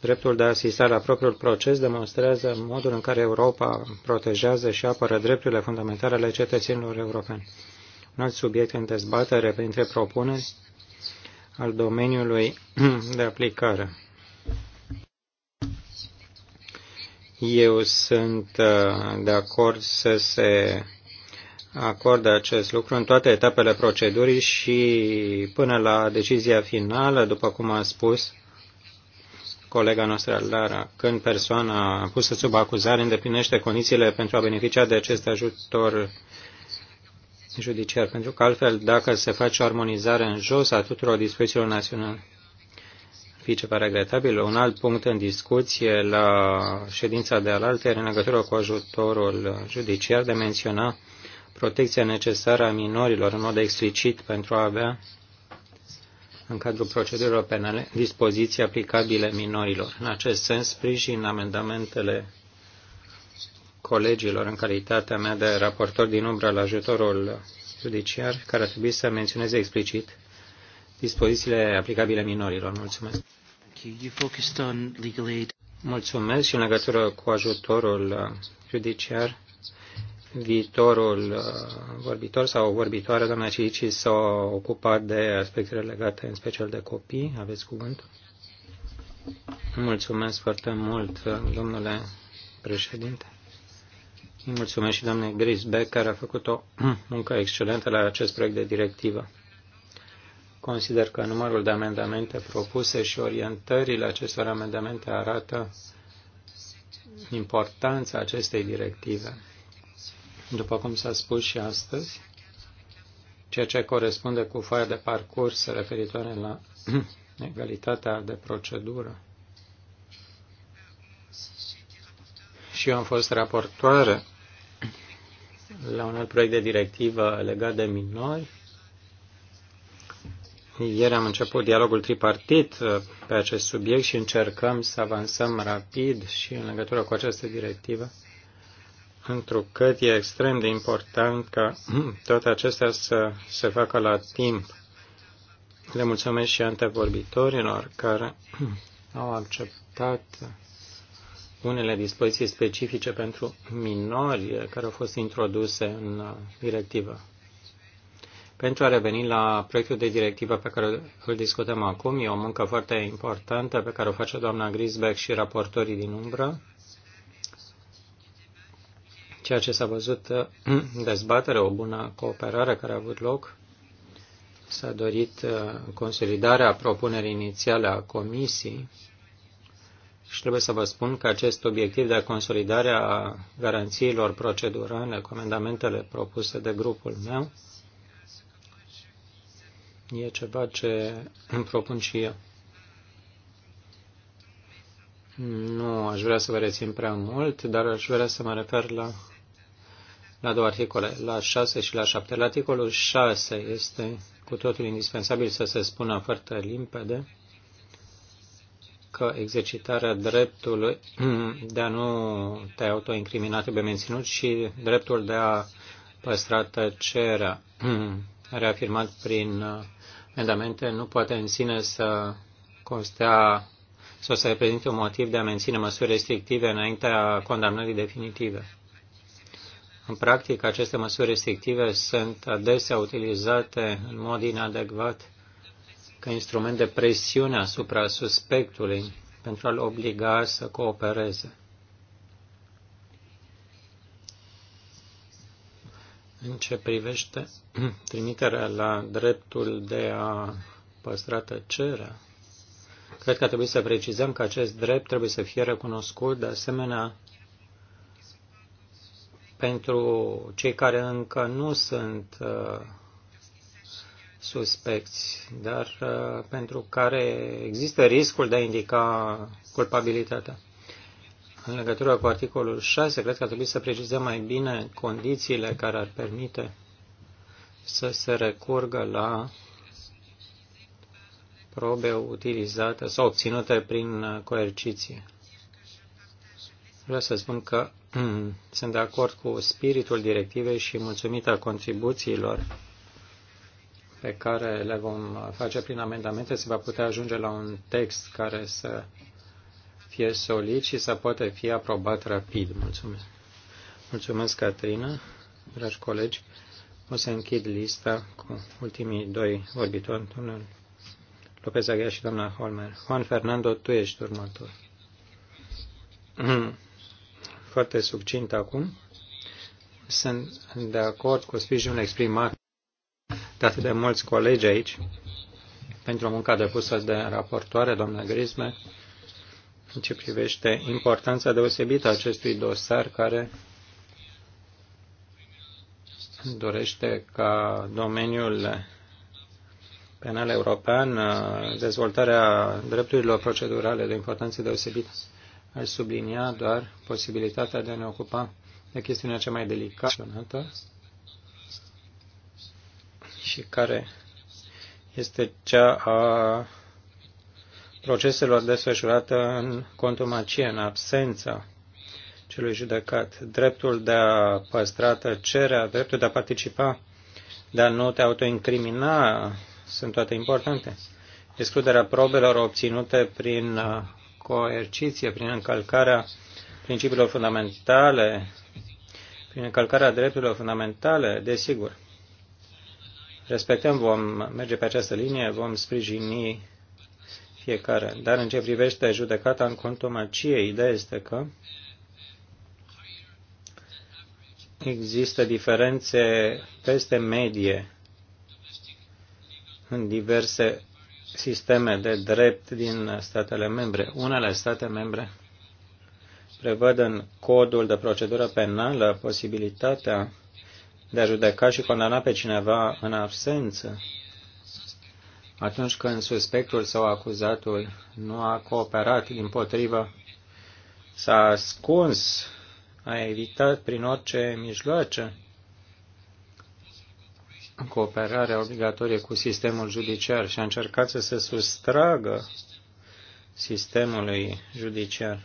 dreptul de a asista la propriul proces, demonstrează modul în care Europa protejează și apără drepturile fundamentale ale cetățenilor europeni. Un alt subiect în dezbatere printre propuneri al domeniului de aplicare. Eu sunt uh, de acord să se acordă acest lucru în toate etapele procedurii și până la decizia finală, după cum a spus colega noastră Lara, când persoana pusă sub acuzare îndeplinește condițiile pentru a beneficia de acest ajutor judiciar, pentru că altfel, dacă se face o armonizare în jos a tuturor dispozițiilor naționale, fi ceva regretabil. Un alt punct în discuție la ședința de alaltă era în legătură cu ajutorul judiciar de menționa protecția necesară a minorilor în mod explicit pentru a avea în cadrul procedurilor penale dispoziții aplicabile minorilor. În acest sens, sprijin amendamentele colegilor în calitatea mea de raportor din umbră la ajutorul judiciar, care ar trebui să menționeze explicit dispozițiile aplicabile minorilor. Mulțumesc. Mulțumesc și în legătură cu ajutorul judiciar viitorul uh, vorbitor sau vorbitoare, doamna Cici, s-a ocupat de aspectele legate în special de copii. Aveți cuvânt? Mulțumesc foarte mult, domnule președinte. mulțumesc și doamnei Grisbeck, care a făcut o muncă excelentă la acest proiect de directivă. Consider că numărul de amendamente propuse și orientările acestor amendamente arată importanța acestei directive după cum s-a spus și astăzi, ceea ce corespunde cu foaia de parcurs referitoare la egalitatea de procedură. Și eu am fost raportoare la un alt proiect de directivă legat de minori. Ieri am început dialogul tripartit uh, pe acest subiect și încercăm să avansăm rapid și în legătură cu această directivă întrucât e extrem de important ca toate acestea să se facă la timp. Le mulțumesc și antevorbitorilor care au acceptat unele dispoziții specifice pentru minori care au fost introduse în directivă. Pentru a reveni la proiectul de directivă pe care îl discutăm acum, e o muncă foarte importantă pe care o face doamna Grisbeck și raportorii din umbră ceea ce s-a văzut dezbatere, o bună cooperare care a avut loc. S-a dorit uh, consolidarea propunerii inițiale a comisiei și trebuie să vă spun că acest obiectiv de consolidare a garanțiilor procedurale, comandamentele propuse de grupul meu, e ceva ce îmi propun și eu. Nu aș vrea să vă rețin prea mult, dar aș vrea să mă refer la la două articole, la 6 și la 7. La articolul 6 este cu totul indispensabil să se spună foarte limpede că exercitarea dreptului de a nu te autoincrimina trebuie menținut și dreptul de a păstra tăcerea, reafirmat prin amendamente, nu poate în sine să constea sau să reprezinte un motiv de a menține măsuri restrictive înaintea condamnării definitive. În practică, aceste măsuri restrictive sunt adesea utilizate în mod inadecvat ca instrument de presiune asupra suspectului pentru a-l obliga să coopereze. În ce privește trimiterea la dreptul de a păstra tăcerea, cred că trebuie să precizăm că acest drept trebuie să fie recunoscut de asemenea pentru cei care încă nu sunt uh, suspecți, dar uh, pentru care există riscul de a indica culpabilitatea. În legătură cu articolul 6, cred că ar trebui să precizăm mai bine condițiile care ar permite să se recurgă la probe utilizate sau obținute prin coerciție. Vreau să spun că Mm, sunt de acord cu spiritul directivei și mulțumită contribuțiilor pe care le vom face prin amendamente, se va putea ajunge la un text care să fie solid și să poate fi aprobat rapid. Mulțumesc. Mulțumesc, Caterina. Dragi colegi, o să închid lista cu ultimii doi vorbitori, domnul Lopez Aguiar și doamna Holmer. Juan Fernando, tu ești următor. foarte succint acum. Sunt de acord cu sprijinul exprimat de atât de mulți colegi aici pentru munca depusă de raportoare, doamna Grisme, în ce privește importanța deosebită a acestui dosar care dorește ca domeniul penal european, dezvoltarea drepturilor procedurale de importanță deosebită Aș sublinia doar posibilitatea de a ne ocupa de chestiunea cea mai delicată și care este cea a proceselor desfășurată în contumacie, în absența celui judecat, dreptul de a păstra tăcerea, dreptul de a participa, de a nu te autoincrimina, sunt toate importante. Excluderea probelor obținute prin uh, coerciție prin încălcarea principiilor fundamentale, prin încălcarea drepturilor fundamentale, desigur. Respectăm, vom merge pe această linie, vom sprijini fiecare. Dar în ce privește judecata în contumacie, ideea este că există diferențe peste medie în diverse sisteme de drept din statele membre. Unele state membre prevăd în codul de procedură penală posibilitatea de a judeca și condamna pe cineva în absență atunci când suspectul sau acuzatul nu a cooperat, din potrivă, s-a ascuns, a evitat prin orice mijloace cooperarea obligatorie cu sistemul judiciar și a încercat să se sustragă sistemului judiciar,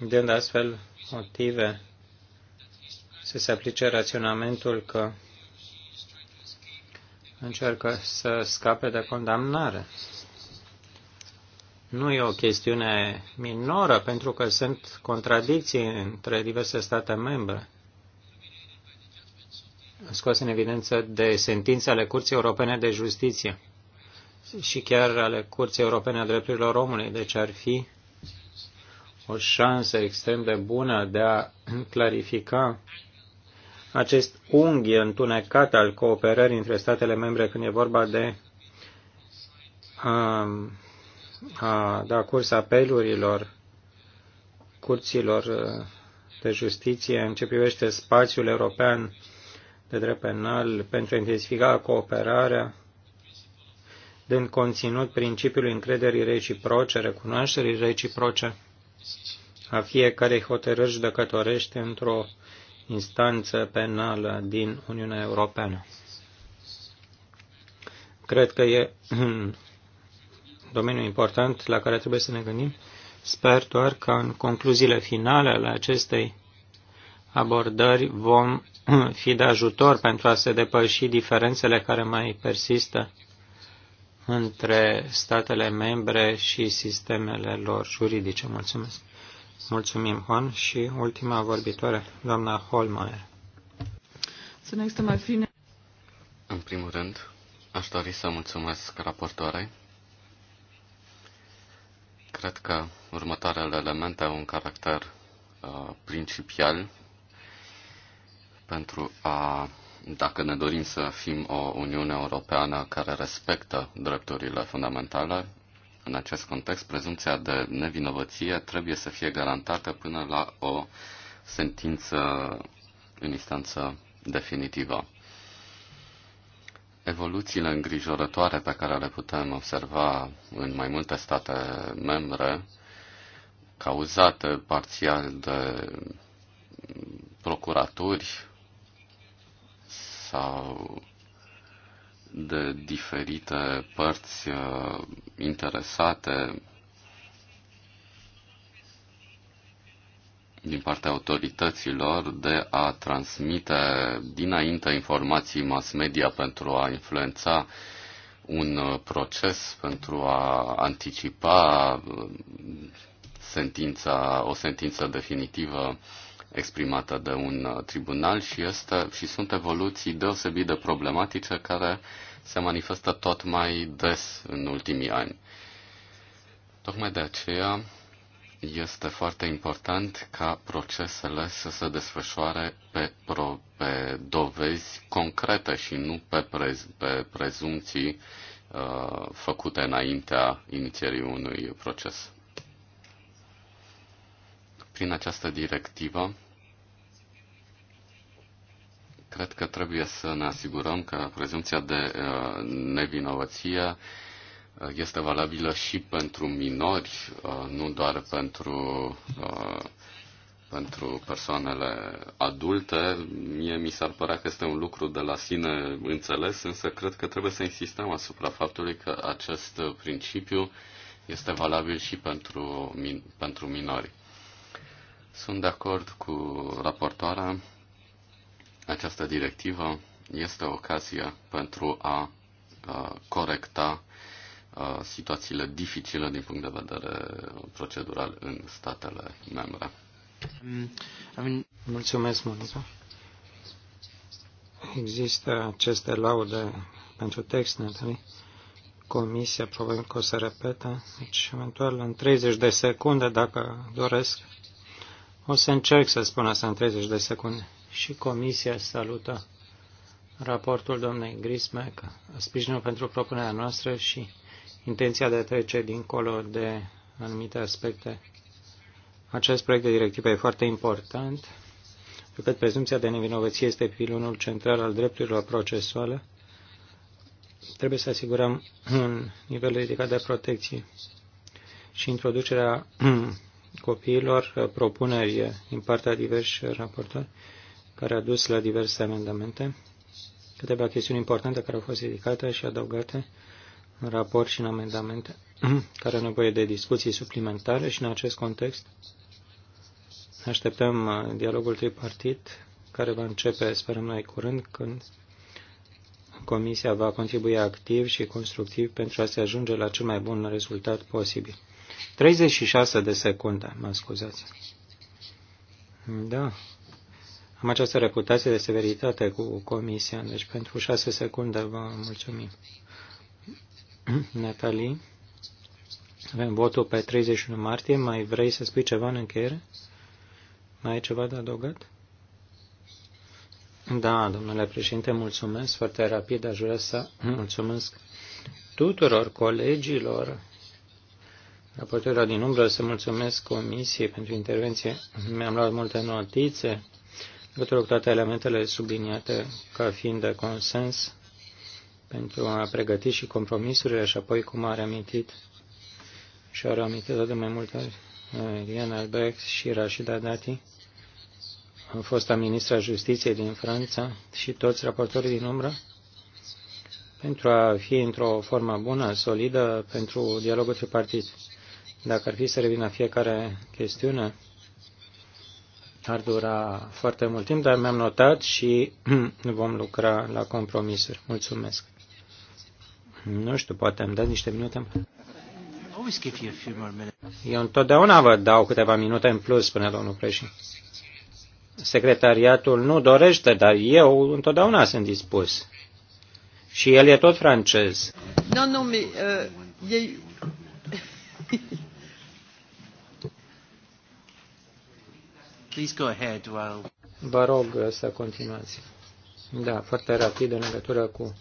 dând astfel motive să se aplice raționamentul că încearcă să scape de condamnare. Nu e o chestiune minoră, pentru că sunt contradicții între diverse state membre scos în evidență de sentințe ale Curții Europene de Justiție și chiar ale Curții Europene a Drepturilor Omului. Deci ar fi o șansă extrem de bună de a clarifica acest unghi întunecat al cooperării între statele membre când e vorba de a, um, a da curs apelurilor curților de justiție în ce privește spațiul european de drept penal pentru a intensifica cooperarea dând conținut principiului încrederii reciproce, recunoașterii reciproce a fiecarei hotărâri judecătorești într-o instanță penală din Uniunea Europeană. Cred că e un domeniu important la care trebuie să ne gândim. Sper doar că în concluziile finale ale acestei abordări vom fi de ajutor pentru a se depăși diferențele care mai persistă între statele membre și sistemele lor juridice. Mulțumesc! Mulțumim, Juan, și ultima vorbitoare, doamna Holmeier. În primul rând, aș dori să mulțumesc raportoarei. Cred că următoarele elemente au un caracter uh, principial pentru a, dacă ne dorim să fim o Uniune Europeană care respectă drepturile fundamentale, în acest context, prezumția de nevinovăție trebuie să fie garantată până la o sentință în instanță definitivă. Evoluțiile îngrijorătoare pe care le putem observa în mai multe state membre, cauzate parțial de procuraturi sau de diferite părți uh, interesate din partea autorităților de a transmite dinainte informații mass media pentru a influența un uh, proces, pentru a anticipa uh, sentința, o sentință definitivă exprimată de un uh, tribunal și, este, și sunt evoluții deosebit de problematice care se manifestă tot mai des în ultimii ani. Tocmai de aceea este foarte important ca procesele să se desfășoare pe, pro, pe dovezi concrete și nu pe, prez, pe prezumții uh, făcute înaintea inițierii unui proces. Prin această directivă Cred că trebuie să ne asigurăm că prezumția de uh, nevinovăție uh, este valabilă și pentru minori, uh, nu doar pentru, pentru persoanele adulte. Mie mi s-ar părea că este un lucru de la sine înțeles, însă cred că trebuie să insistăm asupra faptului că acest principiu este valabil și pentru, pentru minori. Sunt de acord cu raportoarea această directivă este ocazia pentru a corecta situațiile dificile din punct de vedere procedural în statele membre. Mm, Mulțumesc, Monica. Există aceste laude pentru text, Natalie. Comisia probabil că o să repete. deci eventual în 30 de secunde, dacă doresc. O să încerc să spun asta în 30 de secunde și Comisia salută raportul domnei Grismec, sprijinul pentru propunerea noastră și intenția de a trece dincolo de anumite aspecte. Acest proiect de directivă e foarte important. Repet, prezumția de nevinovăție este pilonul central al drepturilor procesuale. Trebuie să asigurăm un nivel ridicat de protecție și introducerea copiilor propuneri din partea diversi raportori care a dus la diverse amendamente, câteva chestiuni importante care au fost ridicate și adăugate în raport și în amendamente, care au nevoie de discuții suplimentare și în acest context așteptăm uh, dialogul tripartit care va începe, sperăm noi, curând, când Comisia va contribui activ și constructiv pentru a se ajunge la cel mai bun rezultat posibil. 36 de secunde, mă scuzați. Da, am această reputație de severitate cu Comisia, deci pentru șase secunde vă mulțumim. Natalie, avem votul pe 31 martie. Mai vrei să spui ceva în încheiere? Mai ai ceva de adăugat? Da, domnule președinte, mulțumesc foarte rapid. Aș vrea să mulțumesc tuturor colegilor, raportorilor din umbră, să mulțumesc comisiei pentru intervenție. Mi-am luat multe notițe Vă rog toate elementele subliniate ca fiind de consens pentru a pregăti și compromisurile și apoi, cum a reamintit și a reamintit de mai multe ori, eh, Ian Albrecht și Rashida Dati, am fost a ministra justiției din Franța și toți raportorii din umbră, pentru a fi într-o formă bună, solidă, pentru dialogul tripartit. Dacă ar fi să revină fiecare chestiune, ar dura foarte mult timp, dar mi-am notat și vom lucra la compromisuri. Mulțumesc. Nu știu, poate am dat niște minute. Eu întotdeauna vă dau câteva minute în plus, spune domnul președinte. Secretariatul nu dorește, dar eu întotdeauna sunt dispus. Și el e tot francez. Nu, no, nu, no, mais, uh, Please go ahead while... Vă rog să continuați. Da, foarte rapid în legătură cu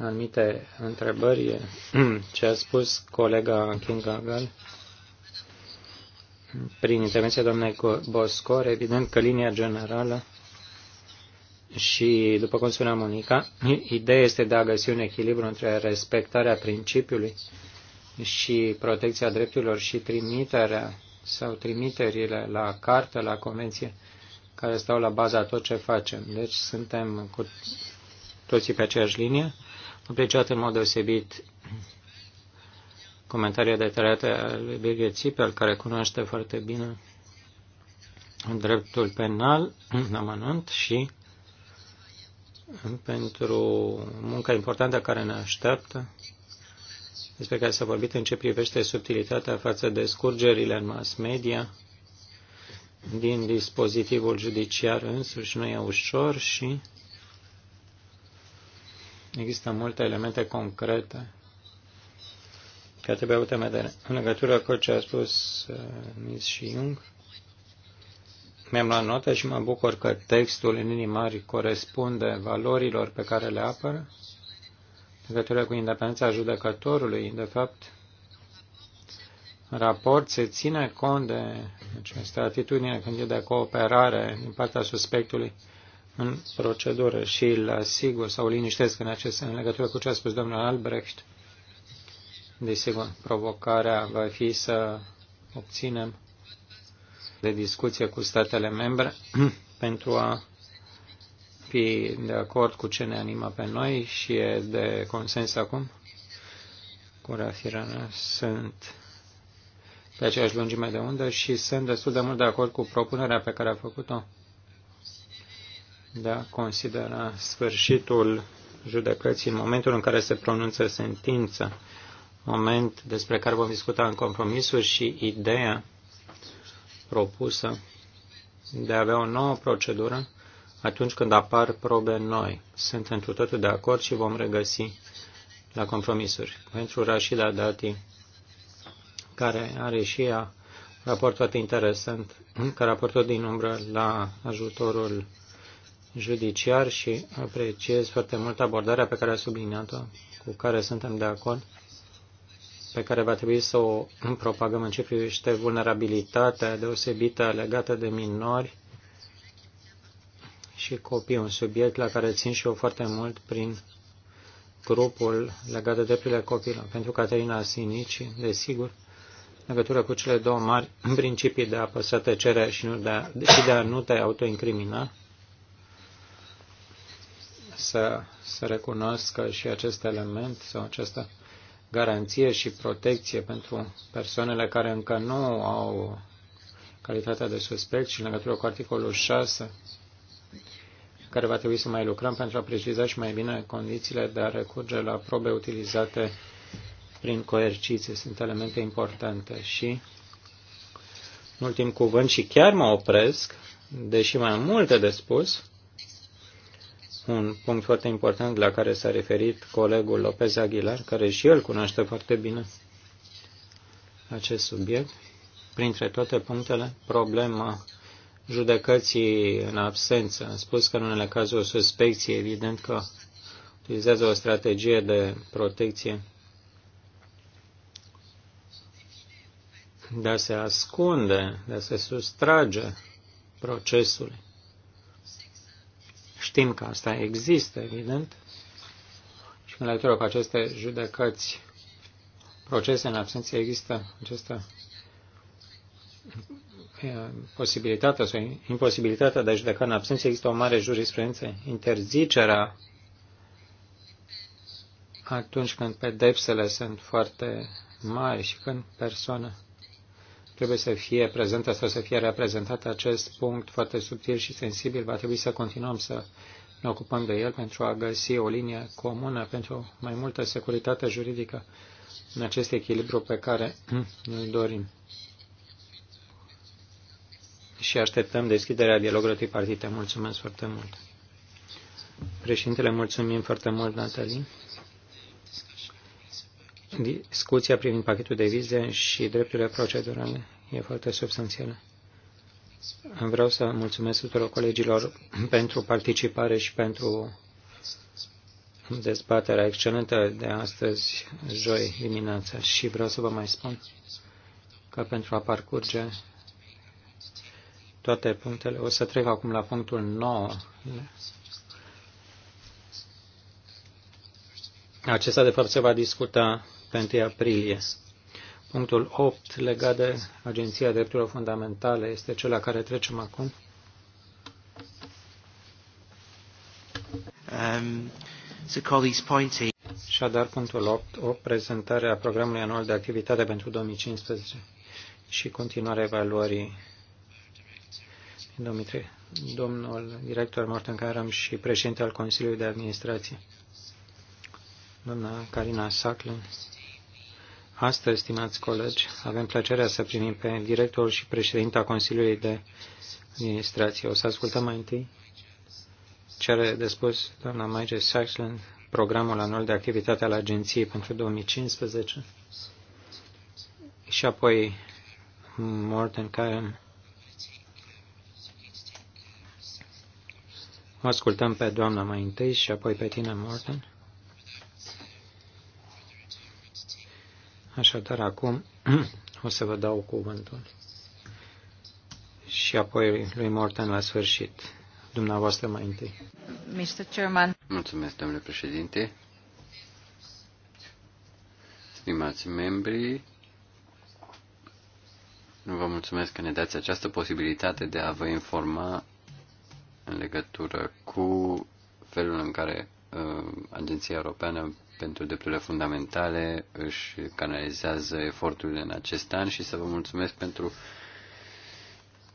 anumite întrebări. Ce a spus colega Kinga Gal prin intervenția doamnei Boscor, evident că linia generală și, după cum spunea Monica, ideea este de a găsi un echilibru între respectarea principiului și protecția drepturilor și trimiterea sau trimiterile la carte, la convenție, care stau la baza tot ce facem. Deci suntem cu toții pe aceeași linie. Apreciat în mod deosebit comentariile detaliate ale Birgit Sipel, care cunoaște foarte bine dreptul penal în amănunt și pentru munca importantă care ne așteaptă despre care s-a vorbit în ce privește subtilitatea față de scurgerile în mass media din dispozitivul judiciar însuși nu e ușor și există multe elemente concrete care trebuie avute în legătură cu ce a spus uh, Miss și Jung, mi-am luat notă și mă bucur că textul în inimari mari corespunde valorilor pe care le apără legătură cu independența judecătorului. De fapt, raport se ține cont de această atitudine când e de cooperare din partea suspectului în procedură și îl asigur sau liniștesc în, acest, în legătură cu ce a spus domnul Albrecht. Desigur, provocarea va fi să obținem de discuție cu statele membre pentru a fi de acord cu ce ne animă pe noi și e de consens acum cu Rafirana. Sunt pe aceeași lungime de undă și sunt destul de mult de acord cu propunerea pe care a făcut-o de a considera sfârșitul judecății în momentul în care se pronunță sentința, moment despre care vom discuta în compromisuri și ideea propusă de a avea o nouă procedură atunci când apar probe noi. Sunt întru totul de acord și vom regăsi la compromisuri. Pentru Rashida Dati, care are și ea raport foarte interesant, că raportul din umbră la ajutorul judiciar și apreciez foarte mult abordarea pe care a subliniat-o, cu care suntem de acord, pe care va trebui să o propagăm în ce privește vulnerabilitatea deosebită legată de minori, și copii, un subiect la care țin și eu foarte mult prin grupul legat de drepturile copilor. Pentru Caterina Sinici, desigur, în legătură cu cele două mari principii de a păsa tăcerea și, nu de a, și de a nu te autoincrimina, să, să recunoască și acest element sau această garanție și protecție pentru persoanele care încă nu au calitatea de suspect și în legătură cu articolul 6 care va trebui să mai lucrăm pentru a preciza și mai bine condițiile de a recurge la probe utilizate prin coerciție. Sunt elemente importante și în ultim cuvânt și chiar mă opresc, deși mai am multe de spus, un punct foarte important la care s-a referit colegul Lopez Aguilar, care și el cunoaște foarte bine acest subiect. Printre toate punctele, problema judecății în absență. Am spus că în unele cazuri o suspecție, evident că utilizează o strategie de protecție de a se ascunde, de a se sustrage procesului. Știm că asta există, evident, și în legătură cu aceste judecăți, procese în absență există această posibilitatea sau imposibilitatea de a judeca în absență, există o mare jurisprudență, interzicerea atunci când pedepsele sunt foarte mari și când persoana trebuie să fie prezentă sau să fie reprezentată acest punct foarte subtil și sensibil, va trebui să continuăm să ne ocupăm de el pentru a găsi o linie comună pentru mai multă securitate juridică în acest echilibru pe care îl dorim și așteptăm deschiderea dialogului tripartit. Mulțumesc foarte mult. Președintele, mulțumim foarte mult, Natalie. Discuția privind pachetul de vize și drepturile procedurale e foarte substanțială. Vreau să mulțumesc tuturor colegilor pentru participare și pentru dezbaterea excelentă de astăzi, joi dimineața. Și vreau să vă mai spun că pentru a parcurge toate punctele. O să trec acum la punctul 9. Acesta, de fapt, se va discuta pe 1 aprilie. Punctul 8, legat de Agenția Drepturilor Fundamentale, este cel la care trecem acum. Um, so colleagues point Și adar punctul 8, o prezentare a programului anual de activitate pentru 2015 și continuarea evaluării Dumitri, domnul director Morten Karam și președinte al Consiliului de Administrație, doamna Carina Saclin. Astăzi, stimați colegi, avem plăcerea să primim pe directorul și președinta Consiliului de Administrație. O să ascultăm mai întâi ce are de spus doamna Maige Saclin, programul anual de activitate al agenției pentru 2015 și apoi Morten Karam O ascultăm pe doamna mai întâi și apoi pe tine, Morten. Așadar, acum o să vă dau cuvântul. Și apoi lui Morten la sfârșit. Dumneavoastră mai întâi. Mr. Chairman. Mulțumesc, domnule președinte. Stimați membri, vă mulțumesc că ne dați această posibilitate de a vă informa în legătură cu felul în care uh, Agenția Europeană pentru Drepturile Fundamentale își canalizează eforturile în acest an și să vă mulțumesc pentru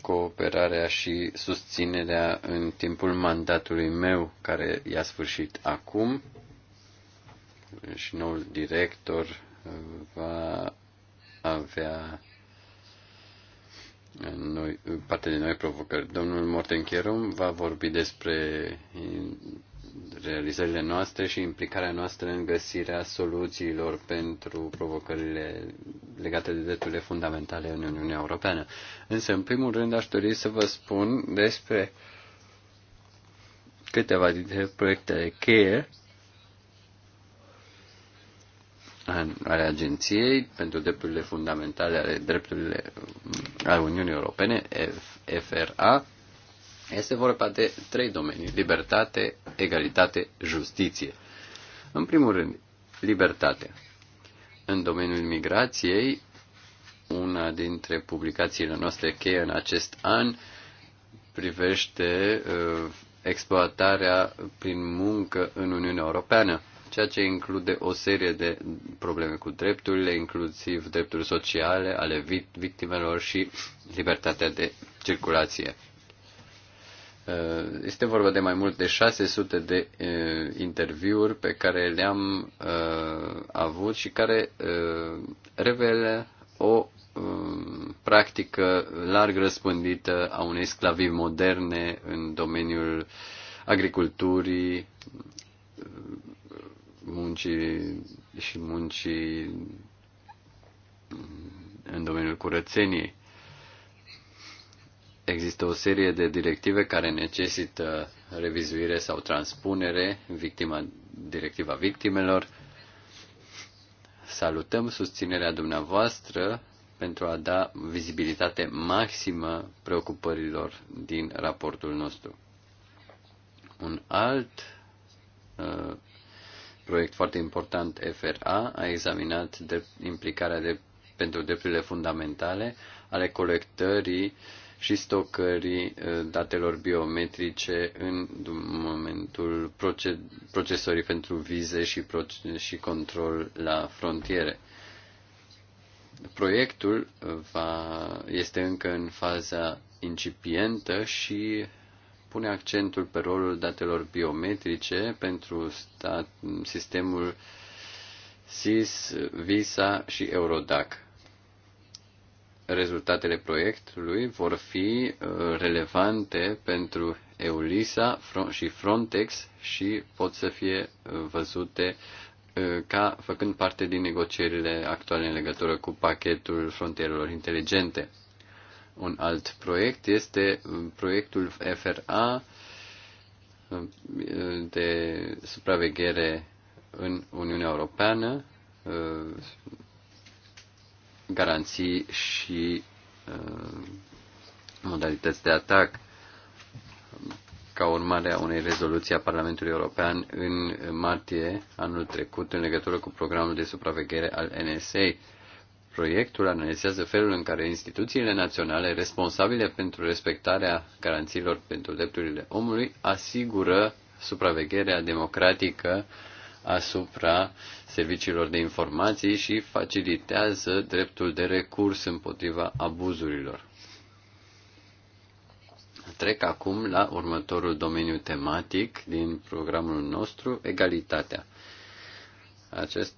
cooperarea și susținerea în timpul mandatului meu, care i-a sfârșit acum. Și noul director uh, va avea noi, parte din noi provocări. Domnul Morten va vorbi despre realizările noastre și implicarea noastră în găsirea soluțiilor pentru provocările legate de drepturile fundamentale în Uniunea Europeană. Însă, în primul rând, aș dori să vă spun despre câteva dintre proiectele cheie ale Agenției pentru Drepturile Fundamentale ale Drepturile mm, ale Uniunii Europene, FRA, este vorba de trei domenii, libertate, egalitate, justiție. În primul rând, libertate. În domeniul migrației, una dintre publicațiile noastre cheie în acest an privește uh, exploatarea prin muncă în Uniunea Europeană ceea ce include o serie de probleme cu drepturile, inclusiv drepturi sociale ale victimelor și libertatea de circulație. Uh, este vorba de mai mult de 600 de uh, interviuri pe care le-am uh, avut și care revelă o um, practică larg răspândită a unei sclavii moderne în domeniul agriculturii, muncii și muncii în domeniul curățeniei. Există o serie de directive care necesită revizuire sau transpunere, victima, directiva victimelor. Salutăm susținerea dumneavoastră pentru a da vizibilitate maximă preocupărilor din raportul nostru. Un alt uh, proiect foarte important, FRA, a examinat de implicarea de, pentru drepturile fundamentale ale colectării și stocării uh, datelor biometrice în momentul procesorii pentru vize și, și control la frontiere. Proiectul uh, va, este încă în faza incipientă și pune accentul pe rolul datelor biometrice pentru stat, sistemul SIS, VISA și Eurodac. Rezultatele proiectului vor fi uh, relevante pentru EULISA și Frontex și pot să fie uh, văzute uh, ca făcând parte din negocierile actuale în legătură cu pachetul frontierelor inteligente. Un alt proiect este um, proiectul FRA um, de supraveghere în Uniunea Europeană, uh, garanții și uh, modalități de atac ca urmare a unei rezoluții a Parlamentului European în martie anul trecut în legătură cu programul de supraveghere al NSA Proiectul analizează felul în care instituțiile naționale responsabile pentru respectarea garanțiilor pentru drepturile omului asigură supravegherea democratică asupra serviciilor de informații și facilitează dreptul de recurs împotriva abuzurilor. Trec acum la următorul domeniu tematic din programul nostru, egalitatea. Acest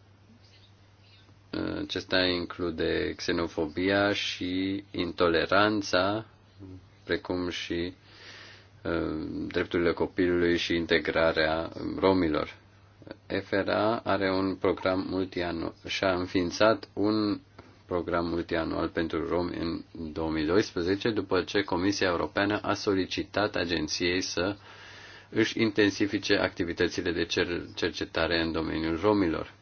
acesta include xenofobia și intoleranța, precum și uh, drepturile copilului și integrarea romilor. FRA are un program multianual și a înființat un program multianual pentru romi în 2012, după ce Comisia Europeană a solicitat agenției să își intensifice activitățile de cercetare în domeniul romilor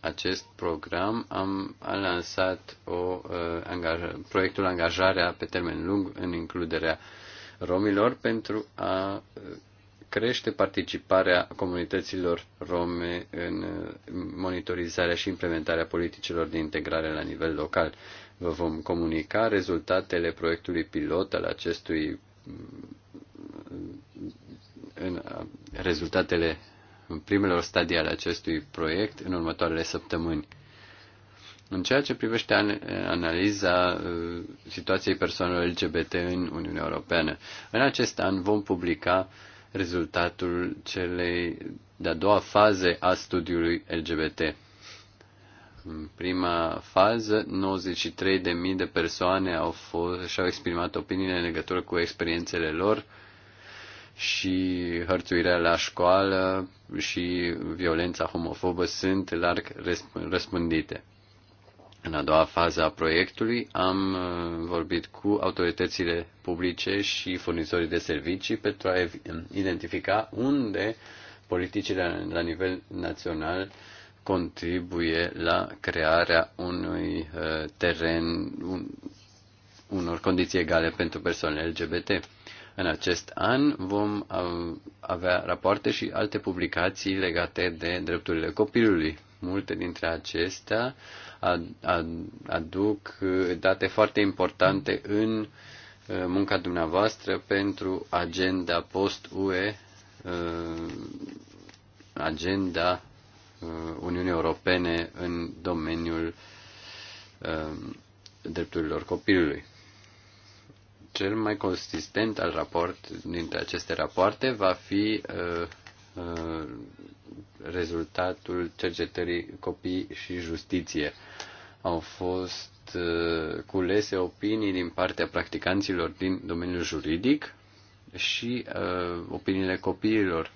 acest program am lansat o, uh, angaj, proiectul Angajarea pe termen lung în includerea romilor pentru a uh, crește participarea comunităților rome în uh, monitorizarea și implementarea politicilor de integrare la nivel local. Vă vom comunica rezultatele proiectului pilot al acestui mm, în rezultatele primelor stadii ale acestui proiect în următoarele săptămâni. În ceea ce privește analiza uh, situației persoanelor LGBT în Uniunea Europeană, în acest an vom publica rezultatul celei de-a doua faze a studiului LGBT. În prima fază, 93.000 de persoane au fost și-au exprimat opiniile în legătură cu experiențele lor și hărțuirea la școală și violența homofobă sunt larg răspândite. În a doua fază a proiectului am uh, vorbit cu autoritățile publice și furnizorii de servicii pentru a identifica unde politicile la nivel național contribuie la crearea unui uh, teren, un, unor condiții egale pentru persoanele LGBT în acest an vom avea rapoarte și alte publicații legate de drepturile copilului. Multe dintre acestea aduc date foarte importante în uh, munca dumneavoastră pentru agenda post-UE, uh, agenda uh, Uniunii Europene în domeniul drepturilor copilului cel mai consistent al raport dintre aceste rapoarte va fi uh, uh, rezultatul cercetării copii și justiție. Au fost uh, culese opinii din partea practicanților din domeniul juridic și uh, opiniile copiilor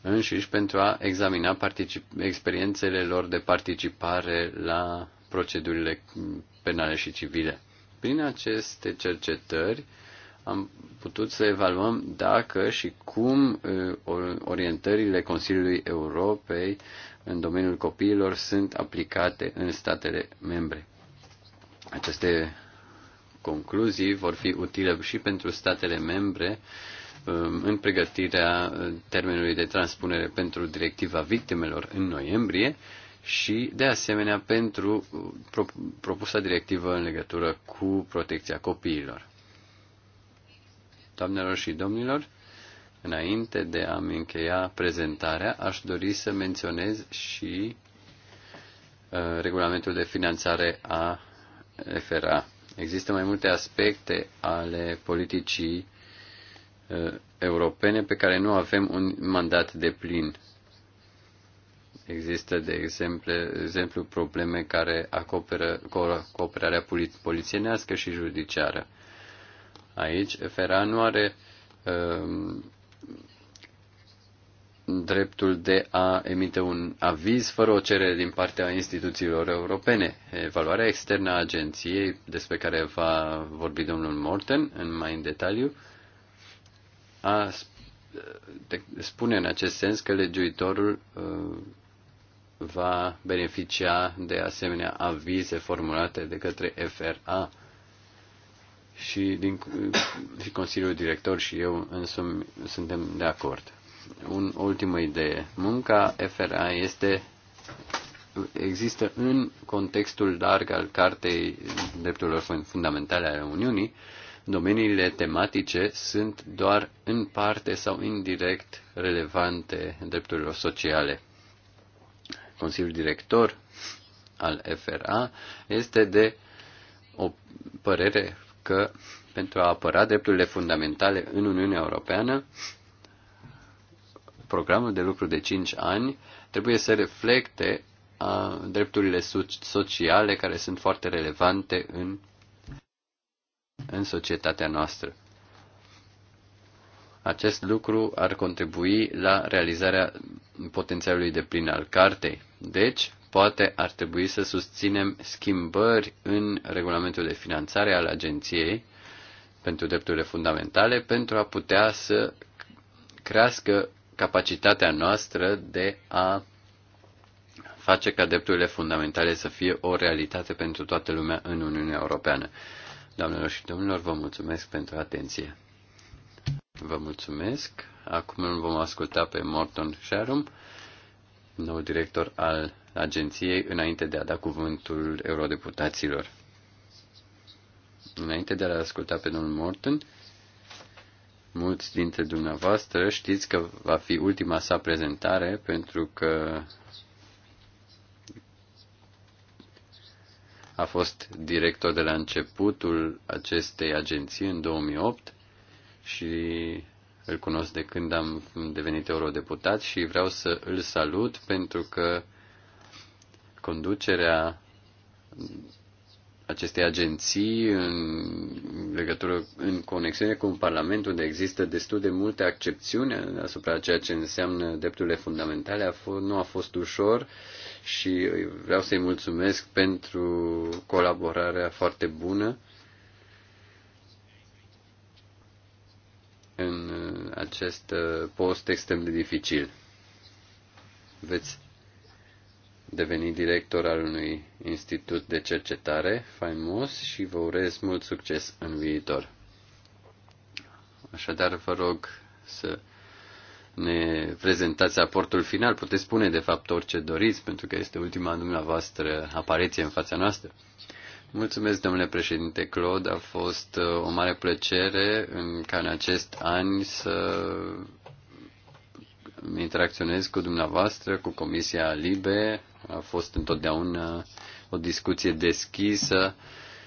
înșiși pentru a examina particip- experiențele lor de participare la procedurile penale și civile. Prin aceste cercetări am putut să evaluăm dacă și cum uh, orientările Consiliului Europei în domeniul copiilor sunt aplicate în statele membre. Aceste concluzii vor fi utile și pentru statele membre um, în pregătirea uh, termenului de transpunere pentru directiva victimelor în noiembrie și, de asemenea, pentru uh, propusa directivă în legătură cu protecția copiilor. Doamnelor și domnilor, înainte de a-mi încheia prezentarea, aș dori să menționez și uh, regulamentul de finanțare a FRA. Există mai multe aspecte ale politicii uh, europene pe care nu avem un mandat de plin Există, de exemplu, exemplu probleme care acoperă cooperarea polițienească și judiciară. Aici, FRA nu are uh, dreptul de a emite un aviz fără o cerere din partea instituțiilor europene. Evaluarea externă a agenției, despre care va vorbi domnul Morten în mai în detaliu, a spune în acest sens că legiuitorul uh, va beneficia de asemenea avize formulate de către FRA și, din, și Consiliul Director și eu însumi suntem de acord. Un ultimă idee. Munca FRA este există în contextul larg al Cartei Drepturilor Fundamentale ale Uniunii, domeniile tematice sunt doar în parte sau indirect relevante drepturilor sociale. Consiliul Director al FRA este de o părere că pentru a apăra drepturile fundamentale în Uniunea Europeană, programul de lucru de 5 ani trebuie să reflecte a, drepturile sociale care sunt foarte relevante în, în societatea noastră. Acest lucru ar contribui la realizarea potențialului de plin al cartei. Deci, poate ar trebui să susținem schimbări în regulamentul de finanțare al agenției pentru drepturile fundamentale pentru a putea să crească capacitatea noastră de a face ca drepturile fundamentale să fie o realitate pentru toată lumea în Uniunea Europeană. Doamnelor și domnilor, vă mulțumesc pentru atenție. Vă mulțumesc. Acum îl vom asculta pe Morton Sharum nou director al agenției înainte de a da cuvântul eurodeputaților. Înainte de a asculta pe domnul Morton, mulți dintre dumneavoastră știți că va fi ultima sa prezentare pentru că a fost director de la începutul acestei agenții în 2008 și îl cunosc de când am devenit eurodeputat și vreau să îl salut pentru că conducerea acestei agenții în legătură, în conexiune cu Parlament, unde există destul de multe accepțiuni asupra ceea ce înseamnă drepturile fundamentale, a fost, nu a fost ușor și vreau să-i mulțumesc pentru colaborarea foarte bună în uh, acest uh, post extrem de dificil. Veți deveni director al unui institut de cercetare faimos și vă urez mult succes în viitor. Așadar, vă rog să ne prezentați aportul final. Puteți spune, de fapt, orice doriți, pentru că este ultima dumneavoastră apariție în fața noastră. Mulțumesc, domnule președinte Claude. A fost uh, o mare plăcere în, ca în acest an să interacționez cu dumneavoastră, cu Comisia Libe. A fost întotdeauna o discuție deschisă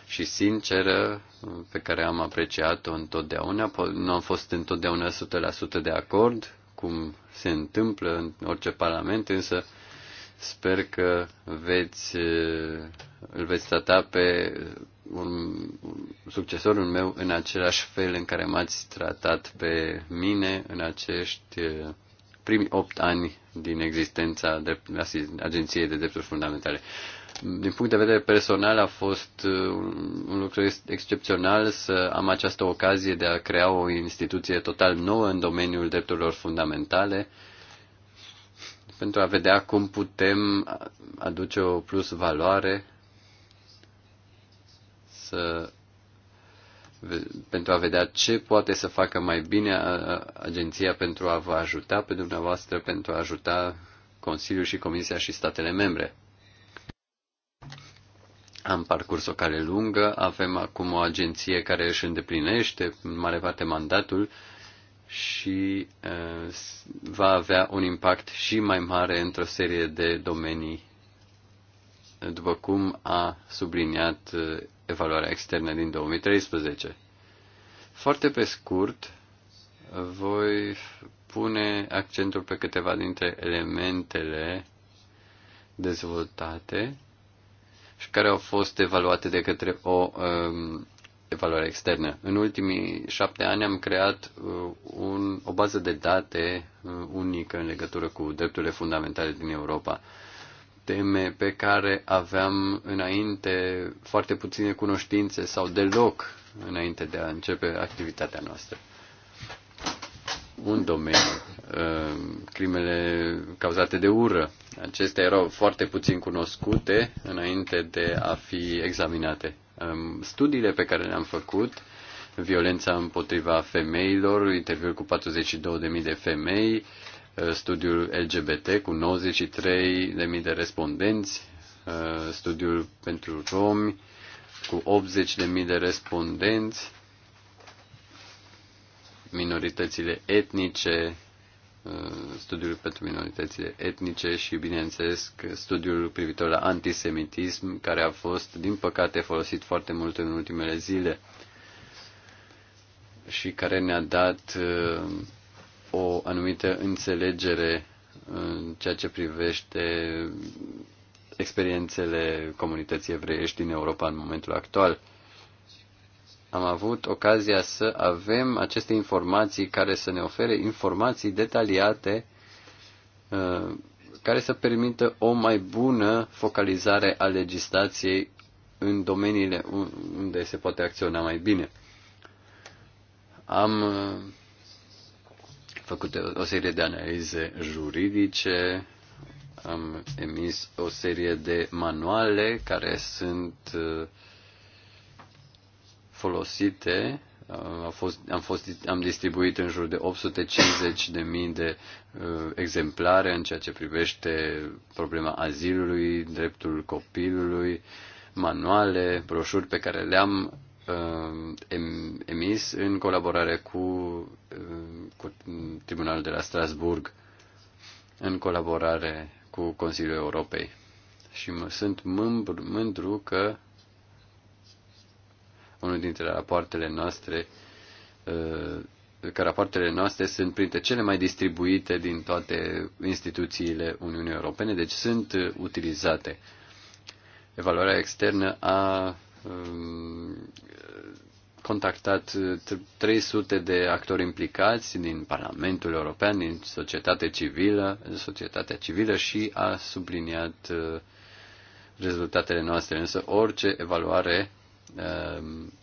și sinceră pe care am apreciat-o întotdeauna. Nu am fost întotdeauna 100% de acord, cum se întâmplă în orice parlament, însă Sper că veți, eh, îl veți trata pe un, succesorul meu în același fel în care m-ați tratat pe mine în acești eh, primii opt ani din existența de, Agenției de Drepturi Fundamentale. Din punct de vedere personal a fost eh, un lucru excepțional să am această ocazie de a crea o instituție total nouă în domeniul drepturilor fundamentale, pentru a vedea cum putem aduce o plus valoare să, pentru a vedea ce poate să facă mai bine agenția pentru a vă ajuta pe dumneavoastră, pentru a ajuta Consiliul și Comisia și statele membre. Am parcurs o cale lungă, avem acum o agenție care își îndeplinește în mare parte mandatul, și eh, va avea un impact și mai mare într-o serie de domenii, după cum a subliniat eh, evaluarea externă din 2013. Foarte pe scurt, voi pune accentul pe câteva dintre elementele dezvoltate și care au fost evaluate de către o uh, valoare externă. În ultimii șapte ani am creat uh, un, o bază de date uh, unică în legătură cu drepturile fundamentale din Europa. Teme pe care aveam înainte foarte puține cunoștințe sau deloc înainte de a începe activitatea noastră. Un domeniu, uh, crimele cauzate de ură. Acestea erau foarte puțin cunoscute înainte de a fi examinate studiile pe care le-am făcut, violența împotriva femeilor, interviul cu 42.000 de femei, uh, studiul LGBT cu 93.000 de respondenți, uh, studiul pentru romi cu 80.000 de respondenți, minoritățile etnice Uh, studiul pentru minoritățile etnice și, bineînțeles, studiul privitor la antisemitism, care a fost, din păcate, folosit foarte mult în ultimele zile și care ne-a dat uh, o anumită înțelegere în ceea ce privește experiențele comunității evreiești din Europa în momentul actual am avut ocazia să avem aceste informații care să ne ofere informații detaliate uh, care să permită o mai bună focalizare a legislației în domeniile unde se poate acționa mai bine. Am uh, făcut o serie de analize juridice, am emis o serie de manuale care sunt uh, folosite uh, a fost, am, fost, am distribuit în jur de 850 de mii de uh, exemplare în ceea ce privește problema azilului, dreptul copilului, manuale, broșuri pe care le-am uh, emis în colaborare cu, uh, cu Tribunalul de la Strasburg, în colaborare cu Consiliul Europei. Și mă, sunt mândru, mândru că unul dintre rapoartele noastre uh, că rapoartele noastre sunt printre cele mai distribuite din toate instituțiile Uniunii Europene, deci sunt uh, utilizate. Evaluarea externă a um, contactat 300 uh, de actori implicați din Parlamentul European, din societatea civilă, societatea civilă și a subliniat rezultatele noastre. Însă orice evaluare Um,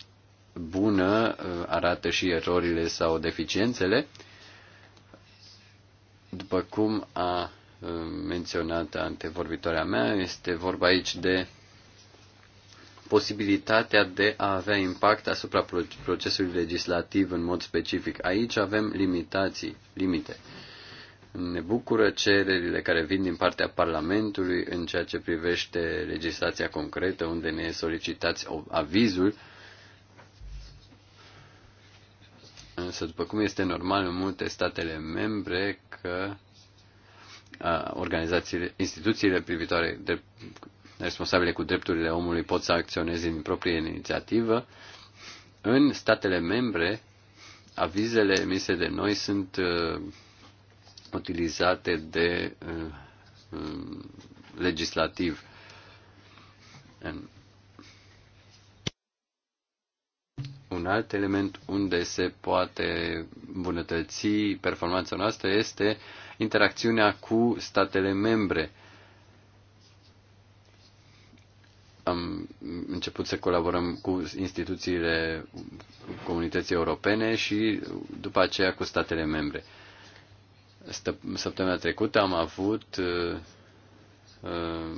bună uh, arată și erorile sau deficiențele. După cum a uh, menționat antevorbitoarea mea, este vorba aici de posibilitatea de a avea impact asupra procesului legislativ în mod specific. Aici avem limitații, limite. Uh, ne bucură cererile care vin din partea Parlamentului în ceea ce privește legislația concretă, unde ne solicitați avizul. Însă, după cum este normal în multe statele membre, că organizațiile, instituțiile privitoare de, responsabile cu drepturile omului pot să acționeze din proprie inițiativă, în statele membre avizele emise de noi sunt uh, utilizate de uh, um, legislativ. Un alt element unde se poate îmbunătăți performanța noastră este interacțiunea cu statele membre. Am început să colaborăm cu instituțiile comunității europene și după aceea cu statele membre. Săptămâna trecută am avut, uh, uh,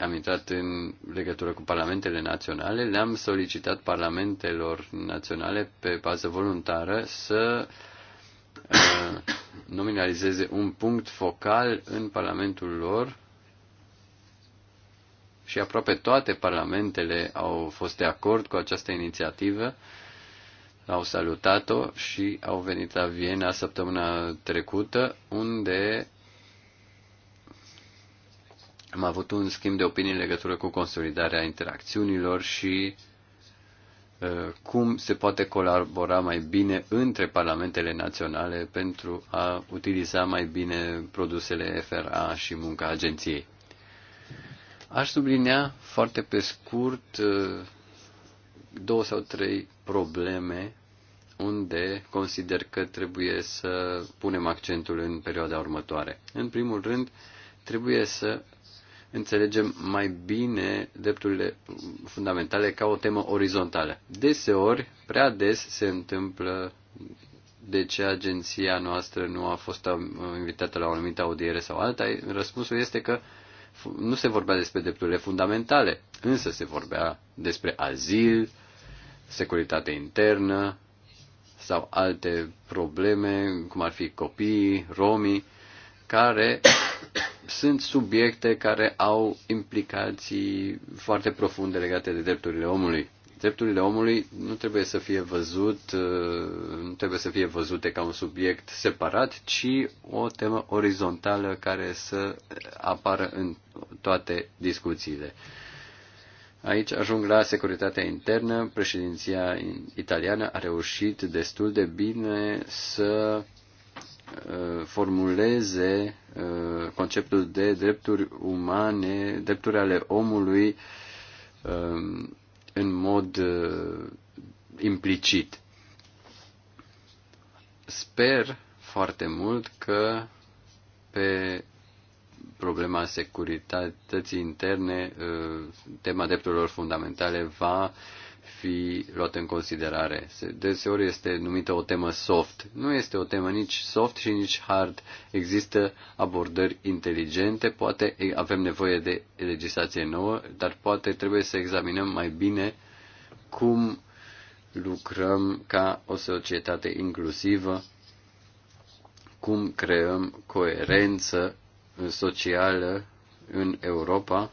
am intrat în legătură cu parlamentele naționale, le-am solicitat parlamentelor naționale pe bază voluntară să uh, nominalizeze un punct focal în parlamentul lor și aproape toate parlamentele au fost de acord cu această inițiativă au salutat-o și au venit la Viena săptămâna trecută, unde am avut un schimb de opinii în legătură cu consolidarea interacțiunilor și uh, cum se poate colabora mai bine între parlamentele naționale pentru a utiliza mai bine produsele FRA și munca agenției. Aș sublinea foarte pe scurt uh, două sau trei probleme unde consider că trebuie să punem accentul în perioada următoare. În primul rând, trebuie să înțelegem mai bine drepturile fundamentale ca o temă orizontală. Deseori, prea des se întâmplă de ce agenția noastră nu a fost invitată la o anumită audiere sau alta, răspunsul este că nu se vorbea despre drepturile fundamentale, însă se vorbea despre azil, securitate internă, sau alte probleme, cum ar fi copiii, romii, care sunt subiecte care au implicații foarte profunde legate de drepturile omului. Drepturile omului nu trebuie să fie văzut, uh, nu trebuie să fie văzute ca un subiect separat, ci o temă orizontală care să apară în toate discuțiile. Aici ajung la securitatea internă. Președinția italiană a reușit destul de bine să uh, formuleze uh, conceptul de drepturi umane, drepturi ale omului um, în mod uh, implicit. Sper foarte mult că pe problema securității interne, uh, tema drepturilor fundamentale va fi luată în considerare. Deseori este numită o temă soft. Nu este o temă nici soft și nici hard. Există abordări inteligente, poate avem nevoie de legislație nouă, dar poate trebuie să examinăm mai bine cum lucrăm ca o societate inclusivă, cum creăm coerență socială în Europa.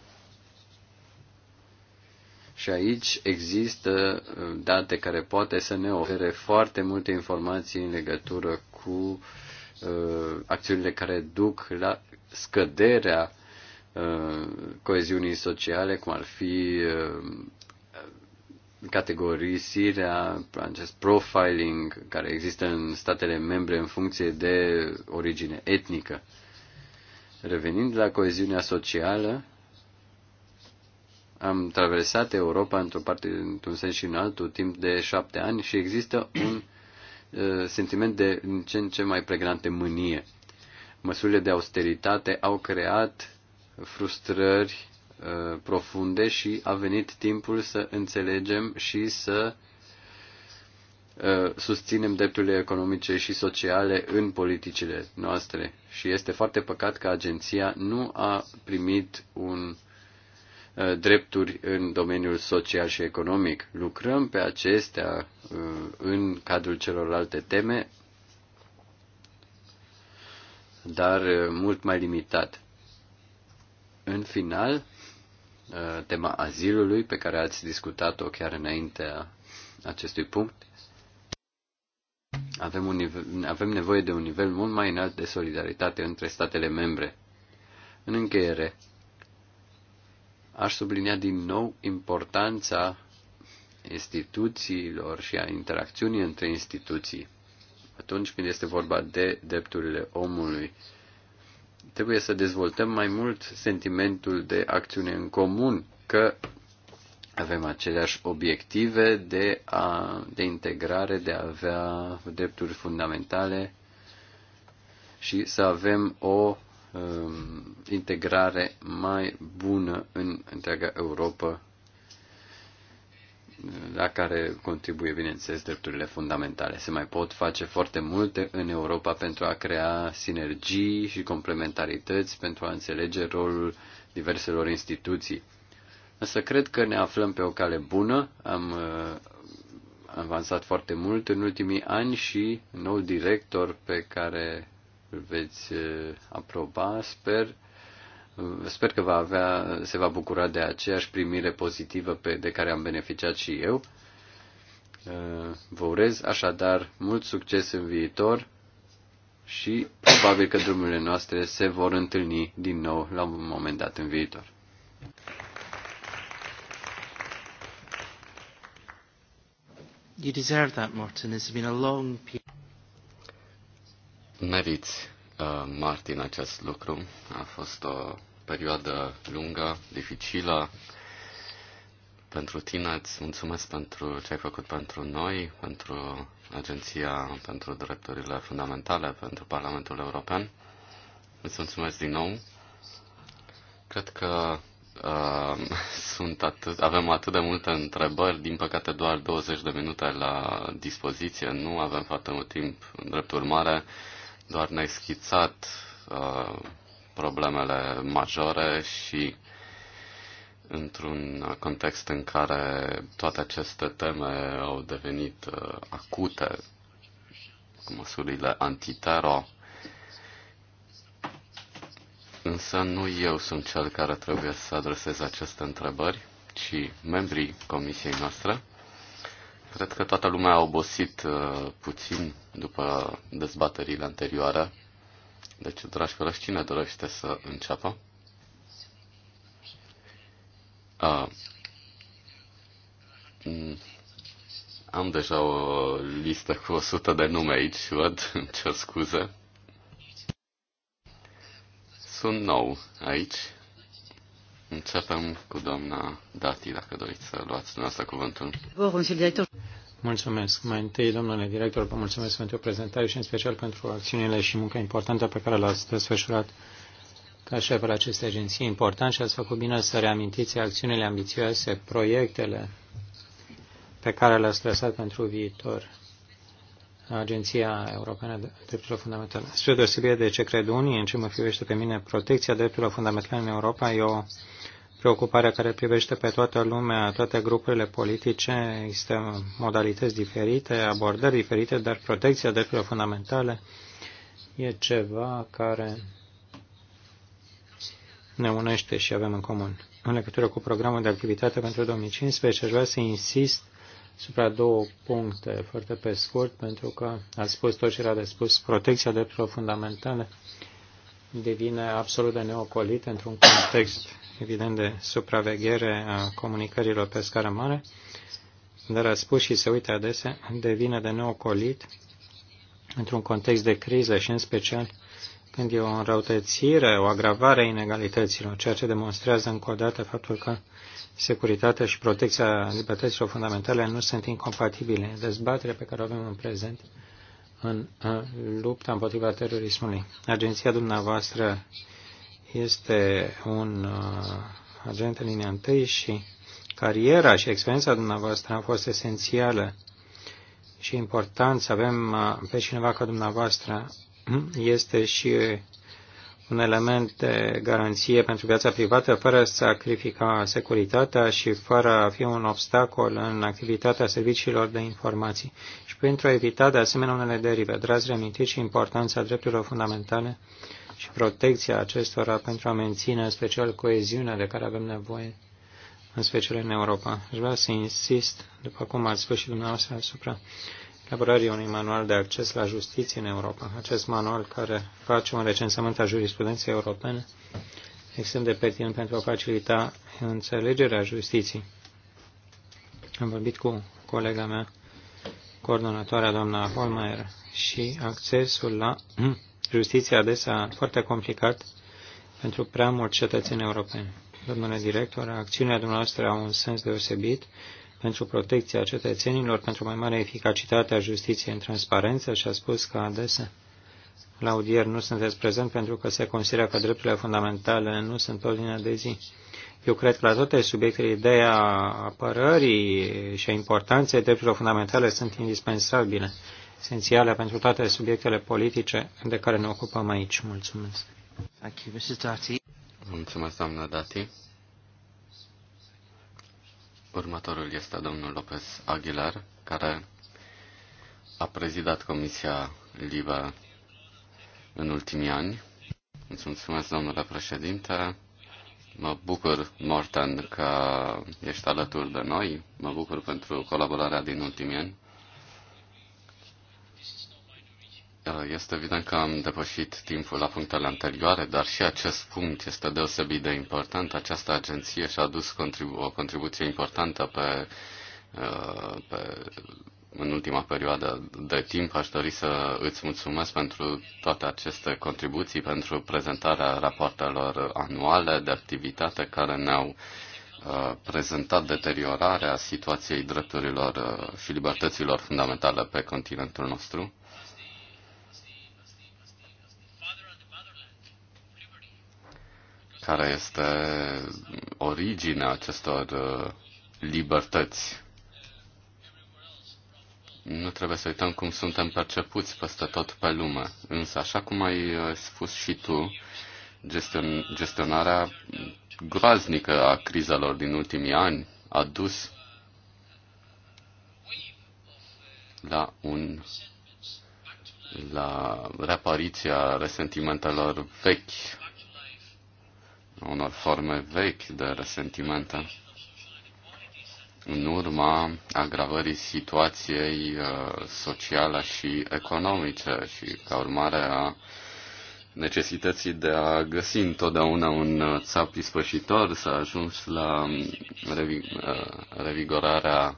Și aici există uh, date care poate să ne ofere foarte multe informații în legătură cu uh, acțiunile care duc la scăderea uh, coeziunii sociale, cum ar fi uh, categorisirea, acest profiling care există în statele membre în funcție de origine etnică. Revenind la coeziunea socială, am traversat Europa într-o parte, într-un sens și în altul, timp de șapte ani și există un uh, sentiment de în ce în ce mai pregnante mânie. Măsurile de austeritate au creat frustrări uh, profunde și a venit timpul să înțelegem și să Uh, susținem drepturile economice și sociale în politicile noastre și este foarte păcat că agenția nu a primit un uh, drepturi în domeniul social și economic. Lucrăm pe acestea uh, în cadrul celorlalte teme, dar mult mai limitat. În final, tema azilului, pe care ați discutat-o chiar înaintea acestui punct, avem, un nivel, avem nevoie de un nivel mult mai înalt de solidaritate între statele membre. În încheiere, aș sublinia din nou importanța instituțiilor și a interacțiunii între instituții. Atunci când este vorba de drepturile omului, trebuie să dezvoltăm mai mult sentimentul de acțiune în comun, că avem aceleași obiective de, a, de integrare, de a avea drepturi fundamentale și să avem o um, integrare mai bună în întreaga Europa, la care contribuie, bineînțeles, drepturile fundamentale. Se mai pot face foarte multe în Europa pentru a crea sinergii și complementarități, pentru a înțelege rolul diverselor instituții Însă cred că ne aflăm pe o cale bună, am uh, avansat foarte mult în ultimii ani și nou director pe care îl veți uh, aproba, sper, uh, sper că va avea, se va bucura de aceeași primire pozitivă pe, de care am beneficiat și eu. Vă urez așadar mult succes în viitor și probabil că drumurile noastre se vor întâlni din nou la un moment dat în viitor. You deserve that, Martin. It's been a long period. Meriți, uh, Martin, acest lucru. A fost o perioadă lungă, dificilă pentru tine. Îți mulțumesc pentru ce ai făcut pentru noi, pentru Agenția pentru Drepturile Fundamentale, pentru Parlamentul European. Îți mulțumesc din nou. Cred că sunt atât, avem atât de multe întrebări, din păcate doar 20 de minute la dispoziție, nu avem foarte mult timp. În drept urmare, doar ne-ai schițat uh, problemele majore și într-un context în care toate aceste teme au devenit uh, acute, măsurile antitero, Însă nu eu sunt cel care trebuie să adresez aceste întrebări, ci membrii comisiei noastre. Cred că toată lumea a obosit uh, puțin după dezbaterile anterioare. Deci, dragi colegi, cine dorește să înceapă? Uh, mm, am deja o listă cu 100 de nume aici, văd, ce cer scuze. Sunt nou aici. Începem cu doamna Dati, dacă doriți să luați dumneavoastră cuvântul. Mulțumesc. Mai întâi, domnule director, vă mulțumesc pentru prezentare și în special pentru acțiunile și munca importantă pe care l-ați desfășurat ca șef al acestei agenții. Important și ați făcut bine să reamintiți acțiunile ambițioase, proiectele pe care le-ați lăsat pentru viitor. Agenția Europeană de Drepturilor Fundamentale. Spre deosebire de ce cred unii, în ce mă privește pe mine, protecția drepturilor fundamentale în Europa e o preocupare care privește pe toată lumea, toate grupurile politice. Există modalități diferite, abordări diferite, dar protecția drepturilor fundamentale e ceva care ne unește și avem în comun. În legătură cu programul de activitate pentru 2015, aș vrea să insist supra două puncte foarte pe scurt, pentru că a spus tot ce era de spus. Protecția drepturilor fundamentale devine absolut de neocolit într-un context evident de supraveghere a comunicărilor pe scară mare, dar a spus și se uite adesea, devine de neocolit într-un context de criză și în special când e o înrăutățire, o agravare a inegalităților, ceea ce demonstrează încă o dată faptul că securitatea și protecția libertăților fundamentale nu sunt incompatibile. Dezbaterea pe care o avem în prezent în lupta împotriva terorismului. Agenția dumneavoastră este un uh, agent în linia întâi și cariera și experiența dumneavoastră a fost esențială și important să avem uh, pe cineva ca dumneavoastră. Este și un element de garanție pentru viața privată fără să sacrifica securitatea și fără a fi un obstacol în activitatea serviciilor de informații și pentru a evita de asemenea unele derive. Dragi reamintiți și importanța drepturilor fundamentale și protecția acestora pentru a menține în special coeziunea de care avem nevoie, în special în Europa. Aș vrea să insist, după cum ați spus și dumneavoastră, asupra elaborării unui manual de acces la justiție în Europa. Acest manual care face un recensământ a jurisprudenței europene extrem de pertinent pentru a facilita înțelegerea justiției. Am vorbit cu colega mea, coordonatoarea doamna Holmeier, și accesul la justiție adesea foarte complicat pentru prea mulți cetățeni europeni. Domnule director, acțiunea dumneavoastră au un sens deosebit pentru protecția cetățenilor, pentru mai mare eficacitate a justiției în transparență și a spus că adesea la audier nu sunteți prezent pentru că se consideră că drepturile fundamentale nu sunt ordinea de zi. Eu cred că la toate subiectele ideea apărării și a importanței drepturilor fundamentale sunt indispensabile, esențiale pentru toate subiectele politice de care ne ocupăm aici. Mulțumesc. Mulțumesc, doamna Dati. Următorul este domnul Lopez Aguilar, care a prezidat Comisia liva în ultimii ani. Îți mulțumesc, domnule președinte. Mă bucur, Morten, că ești alături de noi. Mă bucur pentru colaborarea din ultimii ani. Eh, este evident că am depășit timpul la punctele anterioare, dar și acest punct este deosebit de important. Această agenție și-a adus contribu- o contribuție importantă pe, eh, pe, în ultima perioadă de timp. Aș dori să îți mulțumesc pentru toate aceste contribuții, pentru prezentarea rapoartelor anuale de activitate care ne-au eh, prezentat deteriorarea situației drepturilor și libertăților fundamentale pe continentul nostru. care este originea acestor uh, libertăți. Nu trebuie să uităm cum suntem percepuți peste tot pe lume. Însă, așa cum ai uh, spus și tu, gestion- gestionarea groaznică a crizelor din ultimii ani a dus la un la reapariția resentimentelor vechi unor forme vechi de resentimente în urma agravării situației uh, sociale și economice și ca urmare a necesității de a găsi întotdeauna un uh, țap ispășitor s-a ajuns la um, uh, revigorarea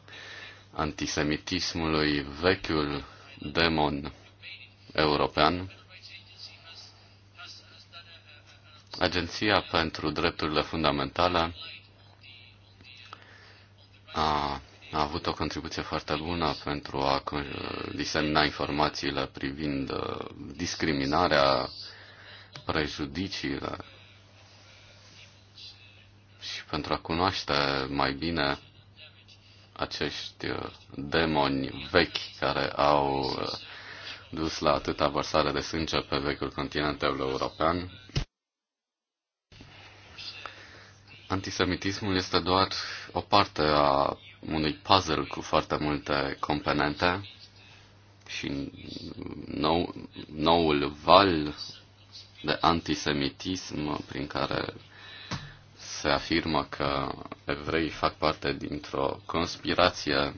antisemitismului vechiul demon european Agenția pentru Drepturile Fundamentale a, a avut o contribuție foarte bună pentru a uh, disemina informațiile privind uh, discriminarea, prejudiciile și pentru a cunoaște mai bine acești uh, demoni vechi care au dus la atâta vărsare de sânge pe vechiul continent european. Antisemitismul este doar o parte a unui puzzle cu foarte multe componente și nou, noul val de antisemitism prin care se afirmă că evrei fac parte dintr-o conspirație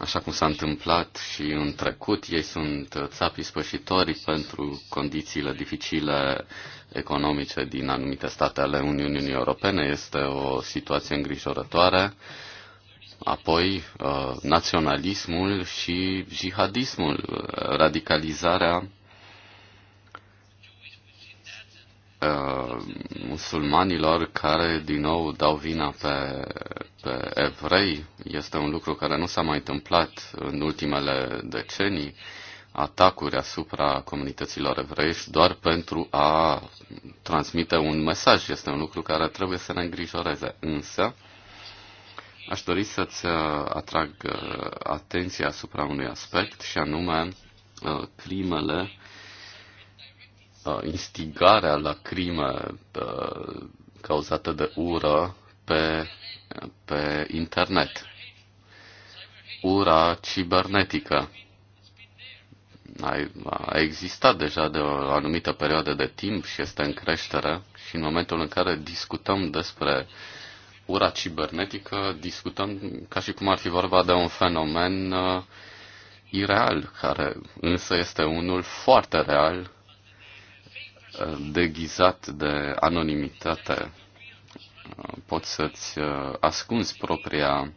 Așa cum s-a întâmplat și în trecut, ei sunt uh, țapii spășitori pentru condițiile dificile economice din anumite state ale Uniunii Europene. Este o situație îngrijorătoare. Apoi, uh, naționalismul și jihadismul, uh, radicalizarea Uh, musulmanilor care din nou dau vina pe, pe evrei. Este un lucru care nu s-a mai întâmplat în ultimele decenii. Atacuri asupra comunităților evreiești doar pentru a transmite un mesaj. Este un lucru care trebuie să ne îngrijoreze. Însă, aș dori să-ți uh, atrag uh, atenția asupra unui aspect și anume crimele Uh, instigarea la crime uh, cauzată de ură pe, pe internet. Ura cibernetică. A existat deja de o anumită perioadă de timp și este în creștere și în momentul în care discutăm despre ura cibernetică, discutăm ca și cum ar fi vorba de un fenomen uh, ireal, care însă este unul foarte real deghizat de anonimitate poți să-ți uh, ascunzi propria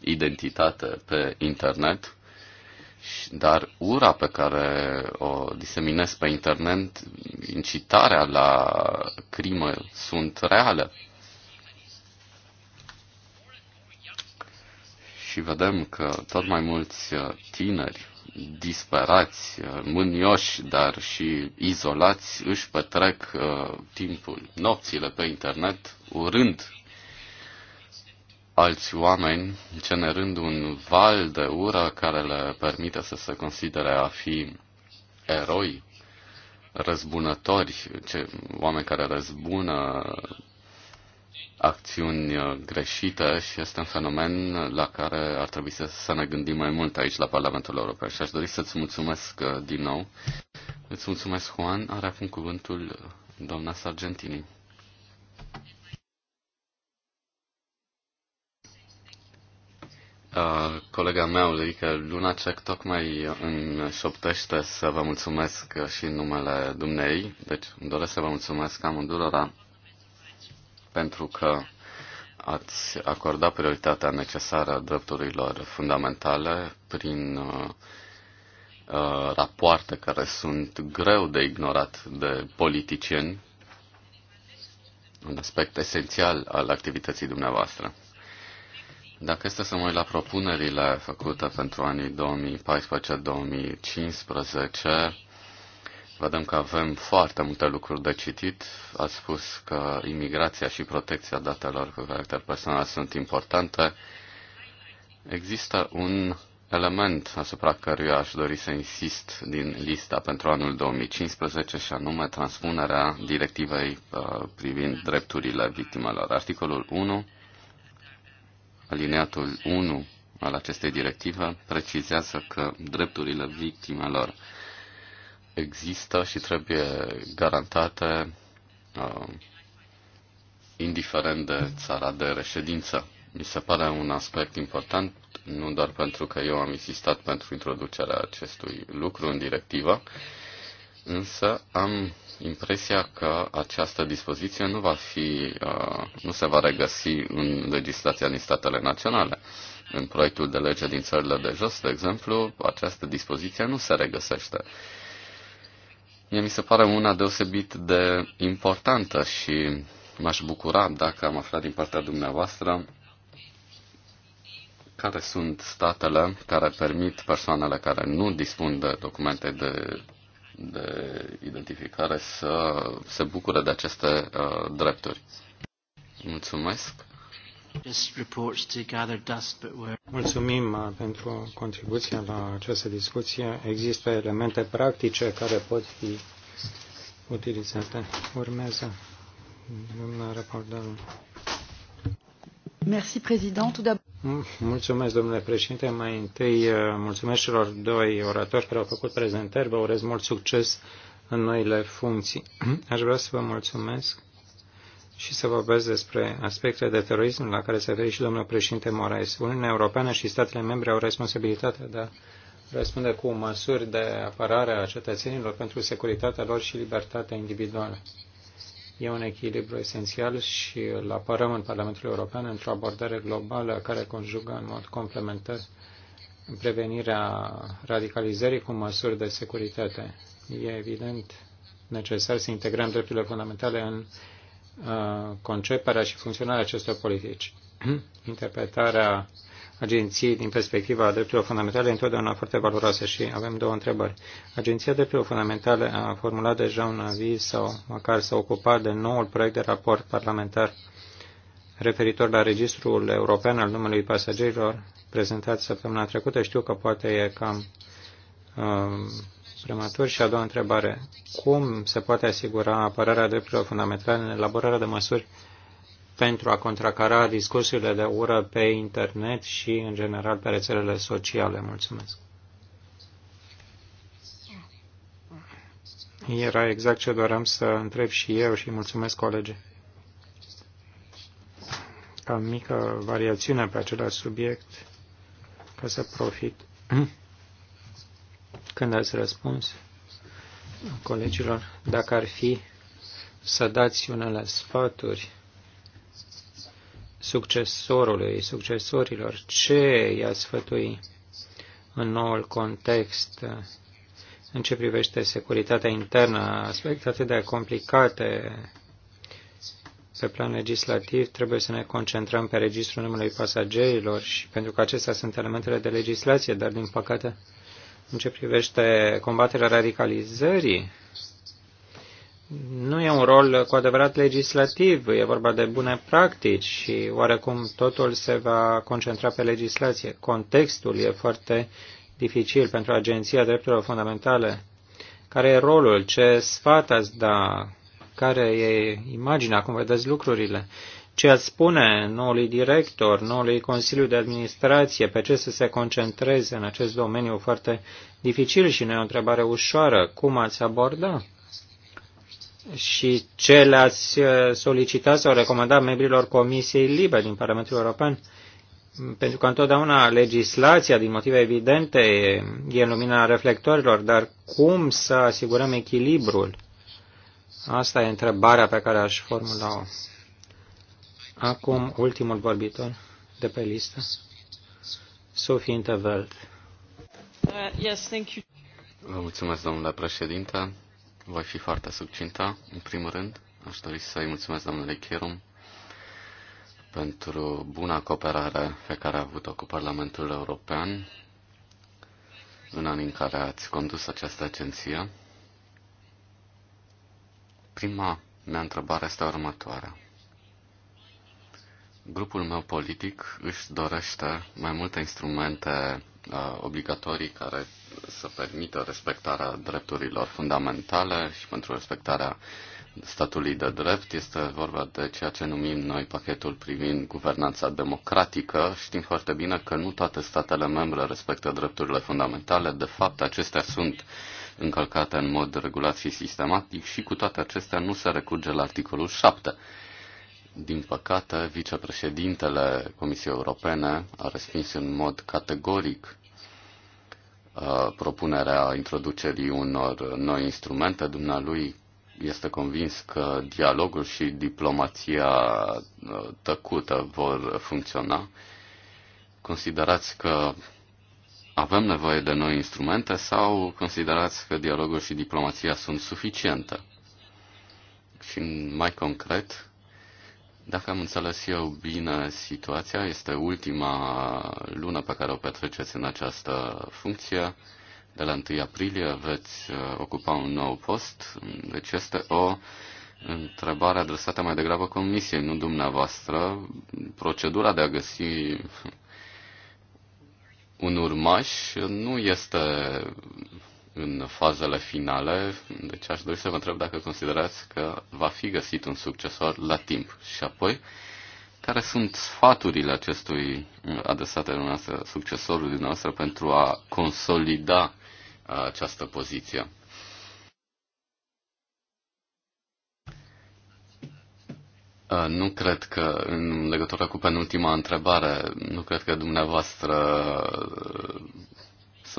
identitate pe internet, dar ura pe care o diseminezi pe internet, incitarea la crimă sunt reale. Și vedem că tot mai mulți uh, tineri disperați, mânioși, dar și izolați, își petrec uh, timpul, nopțile pe internet, urând alți oameni, generând un val de ură care le permite să se considere a fi eroi, răzbunători, ce, oameni care răzbună acțiuni uh, greșite și este un fenomen la care ar trebui să, să ne gândim mai mult aici la Parlamentul European. Și aș dori să-ți mulțumesc uh, din nou. Îți mulțumesc, Juan. Are acum cuvântul uh, doamna Sargentini. colega mea, Ulrike Lunacek, tocmai în șoptește să vă mulțumesc și în numele dumnei, deci îmi doresc să vă mulțumesc amândurora pentru că ați acordat prioritatea necesară drepturilor fundamentale prin uh, rapoarte care sunt greu de ignorat de politicieni, un aspect esențial al activității dumneavoastră. Dacă este să mă uit la propunerile făcute pentru anii 2014-2015, Vedem că avem foarte multe lucruri de citit. A spus că imigrația și protecția datelor cu caracter personal sunt importante. Există un element asupra căruia aș dori să insist din lista pentru anul 2015 și anume transpunerea directivei uh, privind drepturile victimelor. Articolul 1, alineatul 1 al acestei directive precizează că drepturile victimelor există și trebuie garantate uh, indiferent de țara de reședință. Mi se pare un aspect important, nu doar pentru că eu am insistat pentru introducerea acestui lucru în directivă, însă am impresia că această dispoziție nu va fi, uh, nu se va regăsi în legislația din statele naționale. În proiectul de lege din țările de jos, de exemplu, această dispoziție nu se regăsește. Mie mi se pare una deosebit de importantă și m-aș bucura dacă am aflat din partea dumneavoastră care sunt statele care permit persoanele care nu dispun de documente de, de identificare să se bucure de aceste uh, drepturi. Mulțumesc. Mulțumim uh, pentru contribuția la această discuție. Există elemente practice care pot fi utilizate. Urmează domnul raportorul. Merci, président. Mm, mulțumesc, domnule președinte. Mai întâi uh, mulțumesc celor doi oratori care au făcut prezentări. Vă urez mult succes în noile funcții. Aș vrea să vă mulțumesc și să vorbesc despre aspectele de terorism la care se referi și domnul președinte Moraes. Uniunea Europeană și statele membre au responsabilitatea de a răspunde cu măsuri de apărare a cetățenilor pentru securitatea lor și libertatea individuală. E un echilibru esențial și îl apărăm în Parlamentul European într-o abordare globală care conjugă în mod complementar prevenirea radicalizării cu măsuri de securitate. E evident necesar să integrăm drepturile fundamentale în Uh, conceperea și funcționarea acestor politici. Interpretarea agenției din perspectiva drepturilor fundamentale e întotdeauna foarte valoroasă și avem două întrebări. Agenția Drepturilor Fundamentale a formulat deja un aviz sau măcar s-a ocupat de noul proiect de raport parlamentar referitor la Registrul European al Numelui Pasagerilor prezentat săptămâna trecută. Știu că poate e cam uh, prematur? Și a doua întrebare, cum se poate asigura apărarea drepturilor fundamentale în elaborarea de măsuri pentru a contracara discursurile de ură pe internet și, în general, pe rețelele sociale? Mulțumesc. Era exact ce doream să întreb și eu și mulțumesc, colege. Ca mică variațiune pe același subiect, ca să profit când ați răspuns colegilor dacă ar fi să dați unele sfaturi succesorului, succesorilor, ce i-a sfătui în noul context în ce privește securitatea internă, aspecte atât de complicate pe plan legislativ, trebuie să ne concentrăm pe registrul numărului pasagerilor și pentru că acestea sunt elementele de legislație, dar din păcate în ce privește combaterea radicalizării, nu e un rol cu adevărat legislativ, e vorba de bune practici și oarecum totul se va concentra pe legislație. Contextul e foarte dificil pentru Agenția Drepturilor Fundamentale. Care e rolul? Ce sfat ați da? Care e imaginea? Cum vedeți lucrurile? ce ați spune noului director, noului Consiliu de Administrație, pe ce să se concentreze în acest domeniu foarte dificil și nu e o întrebare ușoară. Cum ați aborda? Și ce le-ați uh, solicitat sau recomandat membrilor Comisiei Libe din Parlamentul European? Pentru că întotdeauna legislația, din motive evidente, e în lumina reflectorilor, dar cum să asigurăm echilibrul? Asta e întrebarea pe care aș formula-o. Acum, ultimul vorbitor de pe listă, Sophie Interveld. Uh, yes, thank you. Vă mulțumesc, domnule președinte. Voi fi foarte succinta. În primul rând, aș dori să-i mulțumesc domnului Chirum pentru buna cooperare pe care a avut-o cu Parlamentul European în anii în care ați condus această agenție. Prima mea întrebare este următoarea. Grupul meu politic își dorește mai multe instrumente uh, obligatorii care să permită respectarea drepturilor fundamentale și pentru respectarea statului de drept. Este vorba de ceea ce numim noi pachetul privind guvernanța democratică. Știm foarte bine că nu toate statele membre respectă drepturile fundamentale. De fapt, acestea sunt încălcate în mod regulat și sistematic și cu toate acestea nu se recurge la articolul 7 din păcate, vicepreședintele Comisiei Europene a respins în mod categoric uh, propunerea introducerii unor noi instrumente. Dumnealui este convins că dialogul și diplomația uh, tăcută vor funcționa. Considerați că avem nevoie de noi instrumente sau considerați că dialogul și diplomația sunt suficiente? Și mai concret, dacă am înțeles eu bine situația, este ultima lună pe care o petreceți în această funcție. De la 1 aprilie veți uh, ocupa un nou post, deci este o întrebare adresată mai degrabă comisiei, nu dumneavoastră. Procedura de a găsi un urmaș nu este în fazele finale, deci aș dori să vă întreb dacă considerați că va fi găsit un succesor la timp. Și apoi, care sunt sfaturile acestui adresate succesorul din dumneavoastră pentru a consolida uh, această poziție? Uh, nu cred că, în legătură cu penultima întrebare, nu cred că dumneavoastră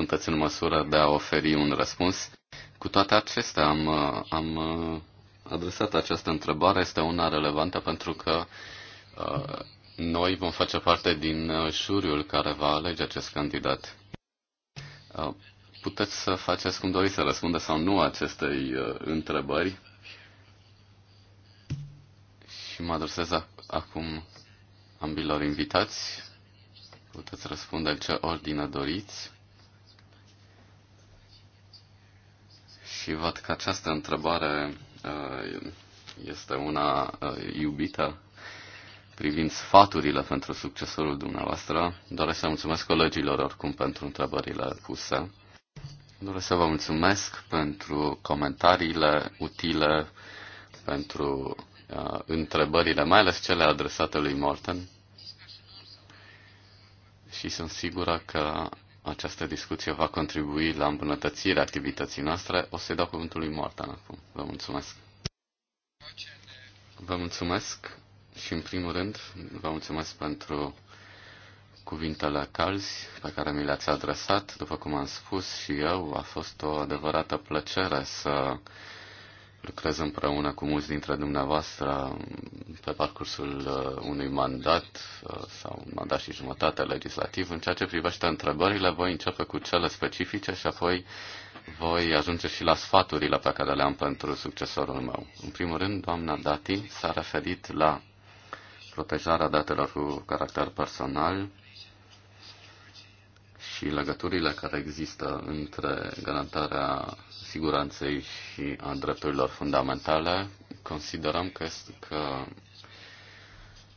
sunteți în măsură de a oferi un răspuns. Cu toate acestea, am, am adresat această întrebare. Este una relevantă pentru că uh, noi vom face parte din uh, juriul care va alege acest candidat. Uh, puteți să faceți cum doriți să răspundă sau nu acestei întrebări. Și mă adresez acum ambilor invitați. Puteți răspunde în ce ordine doriți. Și văd că această întrebare uh, este una uh, iubită privind sfaturile pentru succesorul dumneavoastră. Doresc să mulțumesc colegilor oricum pentru întrebările puse. Doresc să vă mulțumesc pentru comentariile utile, pentru uh, întrebările, mai ales cele adresate lui Morten. Și sunt sigură că această discuție va contribui la îmbunătățirea activității noastre. O să-i dau cuvântul lui Mortan acum. Vă mulțumesc. Vă mulțumesc și, în primul rând, vă mulțumesc pentru cuvintele calzi pe care mi le-ați adresat. După cum am spus și eu, a fost o adevărată plăcere să lucrez împreună cu mulți dintre dumneavoastră mm, pe parcursul uh, unui mandat uh, sau un mandat și jumătate legislativ. În ceea ce privește întrebările, voi începe cu cele specifice și apoi voi ajunge și la sfaturile pe care le am pentru succesorul meu. În primul rând, doamna Dati s-a referit la protejarea datelor cu caracter personal și legăturile care există între garantarea siguranței și a drepturilor fundamentale, considerăm că este, că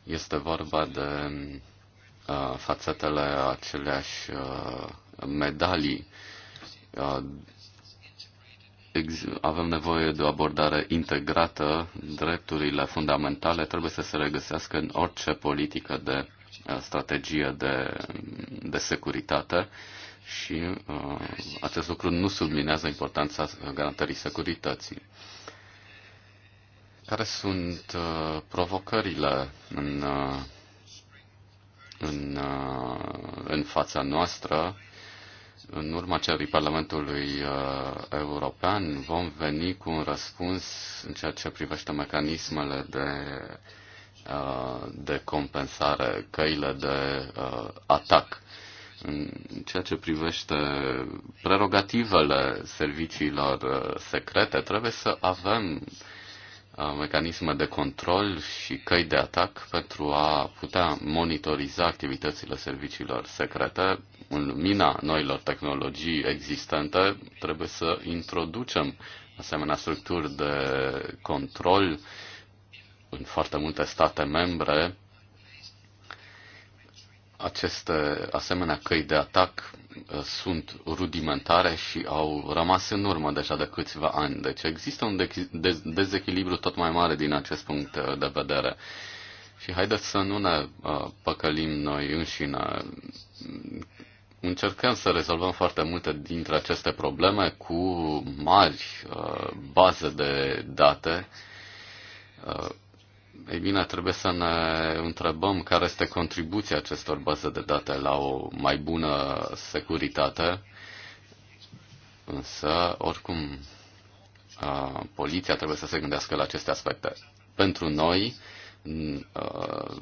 este vorba de uh, fațetele aceleași uh, medalii. Uh, avem nevoie de o abordare integrată, drepturile fundamentale trebuie să se regăsească în orice politică de strategie de, de securitate și uh, acest lucru nu subminează importanța garantării securității. Care sunt uh, provocările în, uh, în, uh, în fața noastră? În urma cererii Parlamentului uh, European vom veni cu un răspuns în ceea ce privește mecanismele de uh, Uh, de compensare, căile de uh, atac. În ceea ce privește prerogativele serviciilor uh, secrete, trebuie să avem mecanisme de control și căi de atac pentru a putea monitoriza activitățile serviciilor secrete. În lumina noilor tehnologii existente, trebuie să introducem asemenea structuri de control uh, în foarte multe state membre, aceste asemenea căi de atac uh, sunt rudimentare și au rămas în urmă deja de câțiva ani. Deci există un dezechilibru tot mai mare din acest punct uh, de vedere. Și haideți să nu ne uh, păcălim noi înșine. Încercăm să rezolvăm foarte multe dintre aceste probleme cu mari baze de date ei bine, trebuie să ne întrebăm care este contribuția acestor baze de date la o mai bună securitate, însă, oricum, poliția trebuie să se gândească la aceste aspecte. Pentru noi,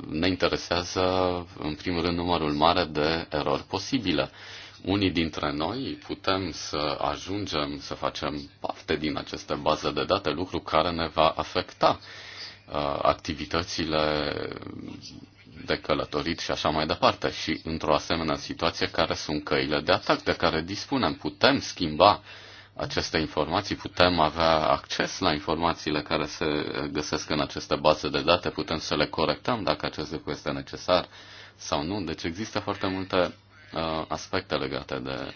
ne interesează, în primul rând, numărul mare de erori posibile. Unii dintre noi putem să ajungem să facem parte din aceste baze de date, lucru care ne va afecta uh, Uh, activitățile de călătorit și așa mai departe. Și într-o asemenea situație, care sunt căile de atac de care dispunem? Putem schimba aceste informații, putem avea acces la informațiile care se găsesc în aceste baze de date, putem să le corectăm dacă acest lucru este necesar sau nu. Deci există foarte multe uh, aspecte legate de,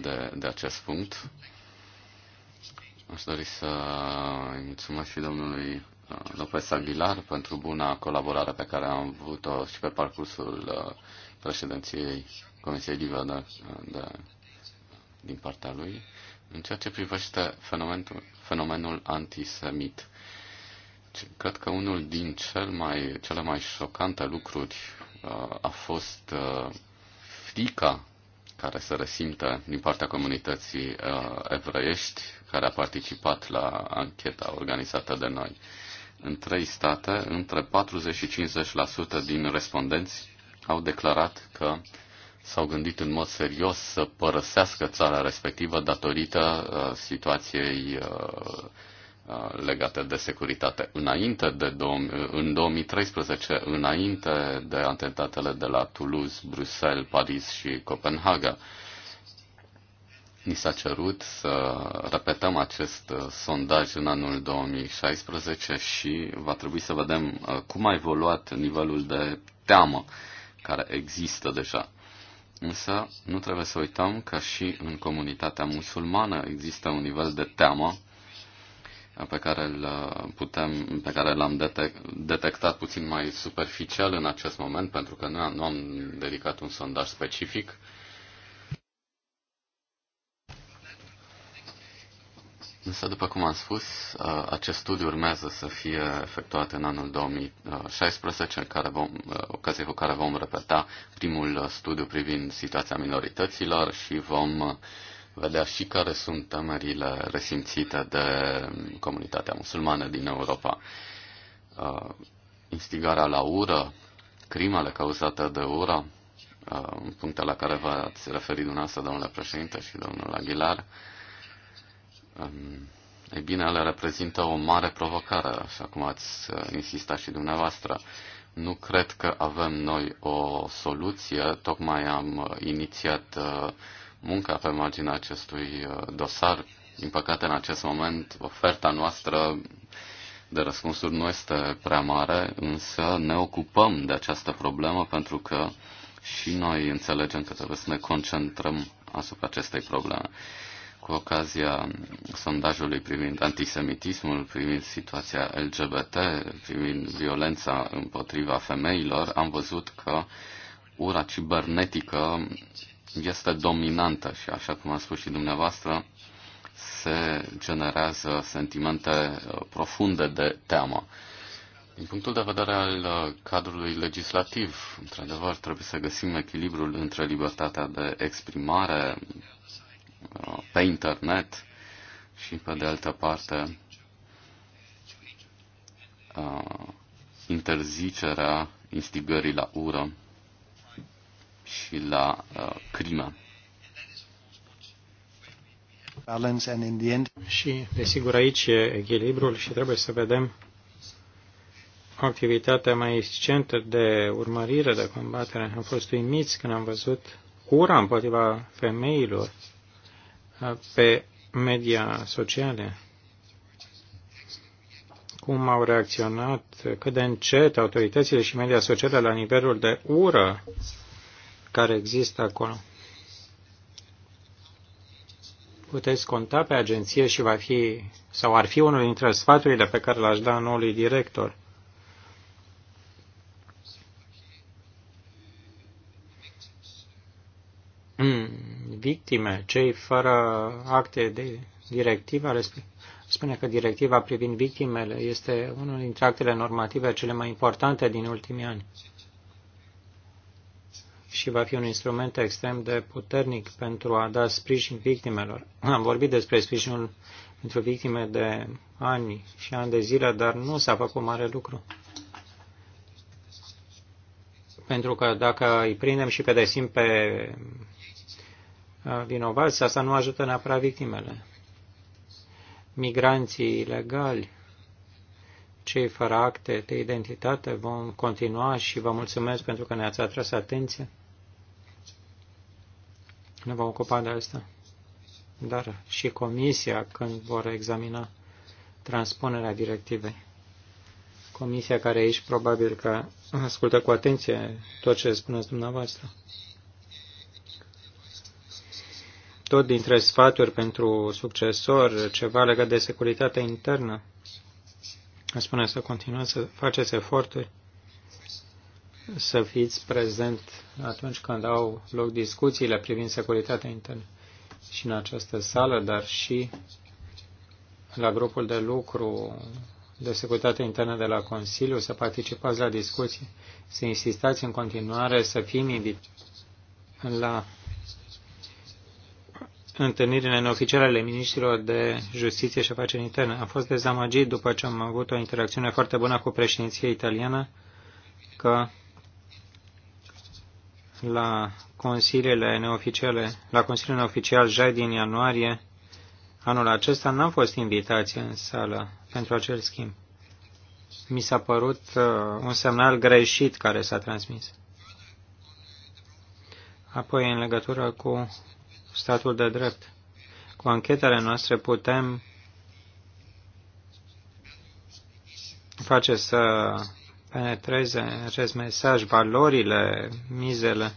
de, de acest punct. Aș dori să îi mulțumesc și domnului Lopez Aguilar pentru buna colaborare pe care am avut-o și pe parcursul uh, președinției Comisiei Live de, de, din partea lui în ceea ce privește fenomenul, fenomenul antisemit. Cred că unul din cel mai, cele mai șocante lucruri uh, a fost uh, frica care se resimte din partea comunității evreiești care a participat la ancheta organizată de noi. Uh, în trei state, între 40 și 50% din respondenți au declarat că s-au gândit în mod serios să părăsească țara respectivă datorită uh, situației uh, uh, legate de securitate. Înainte de în 2013, înainte de atentatele de la Toulouse, Bruxelles, Paris și Copenhaga, Ni s-a cerut să repetăm acest uh, sondaj în anul 2016 și va trebui să vedem uh, cum a evoluat nivelul de teamă care există deja. Însă nu trebuie să uităm că și în comunitatea musulmană există un nivel de teamă uh, pe care, îl putem, pe care l-am detectat puțin mai superficial în acest moment, pentru că nu am, nu am dedicat un sondaj specific, Însă, după cum am spus, acest studiu urmează să fie efectuat în anul 2016, în care vom, ocazie cu care vom repeta primul studiu privind situația minorităților și vom vedea și care sunt temerile resimțite de comunitatea musulmană din Europa. Instigarea la ură, crimele cauzate de ură, punctele la care v-ați referit dumneavoastră, domnule președinte și domnul Aguilar, ei bine, ele reprezintă o mare provocare, așa cum ați uh, insistat și dumneavoastră. Nu cred că avem noi o soluție. Tocmai am uh, inițiat uh, munca pe marginea acestui dosar. Din păcate, în acest moment, oferta noastră de răspunsuri nu este prea mare, însă ne ocupăm de această problemă pentru că și noi înțelegem că trebuie să ne concentrăm asupra acestei probleme cu ocazia sondajului privind antisemitismul, privind situația LGBT, privind violența împotriva femeilor, am văzut că ura cibernetică este dominantă și, așa cum a spus și dumneavoastră, se generează sentimente uh, profunde de teamă. Din punctul de vedere al uh, cadrului legislativ, într-adevăr, trebuie să găsim echilibrul între libertatea de exprimare, pe internet și pe de altă parte interzicerea instigării la ură și la uh, crimă. Și, desigur, aici e echilibrul și trebuie să vedem activitatea mai eficientă de urmărire, de combatere. Am fost uimiți când am văzut ura împotriva femeilor pe media sociale, cum au reacționat, cât de încet autoritățile și media sociale la nivelul de ură care există acolo. Puteți conta pe agenție și va fi, sau ar fi unul dintre sfaturile pe care l-aș da noului director. Mm victime, cei fără acte de directivă, spune că directiva privind victimele este unul dintre actele normative cele mai importante din ultimii ani și va fi un instrument extrem de puternic pentru a da sprijin victimelor. Am vorbit despre sprijinul pentru victime de ani și ani de zile, dar nu s-a făcut mare lucru. Pentru că dacă îi prindem și pedesim pe vinovați, asta nu ajută neapărat victimele. Migranții ilegali, cei fără acte de identitate, vom continua și vă mulțumesc pentru că ne-ați atras atenție. Ne vom ocupa de asta. Dar și comisia când vor examina transpunerea directivei. Comisia care aici probabil că ascultă cu atenție tot ce spuneți dumneavoastră tot dintre sfaturi pentru succesor, ceva legat de securitatea internă. Îmi spune să continuați să faceți eforturi, să fiți prezent atunci când au loc discuțiile privind securitatea internă și în această sală, dar și la grupul de lucru de securitate internă de la Consiliu, să participați la discuții, să insistați în continuare, să fim invitați la întâlnirile neoficiale ale ministrilor de justiție și afaceri interne. Am fost dezamăgit după ce am avut o interacțiune foarte bună cu președinția italiană că la consiliile neoficiale, la consiliul neoficial joi din ianuarie anul acesta n-am fost invitați în sală pentru acel schimb. Mi s-a părut uh, un semnal greșit care s-a transmis. Apoi, în legătură cu statul de drept. Cu anchetele noastre putem face să penetreze acest mesaj valorile, mizele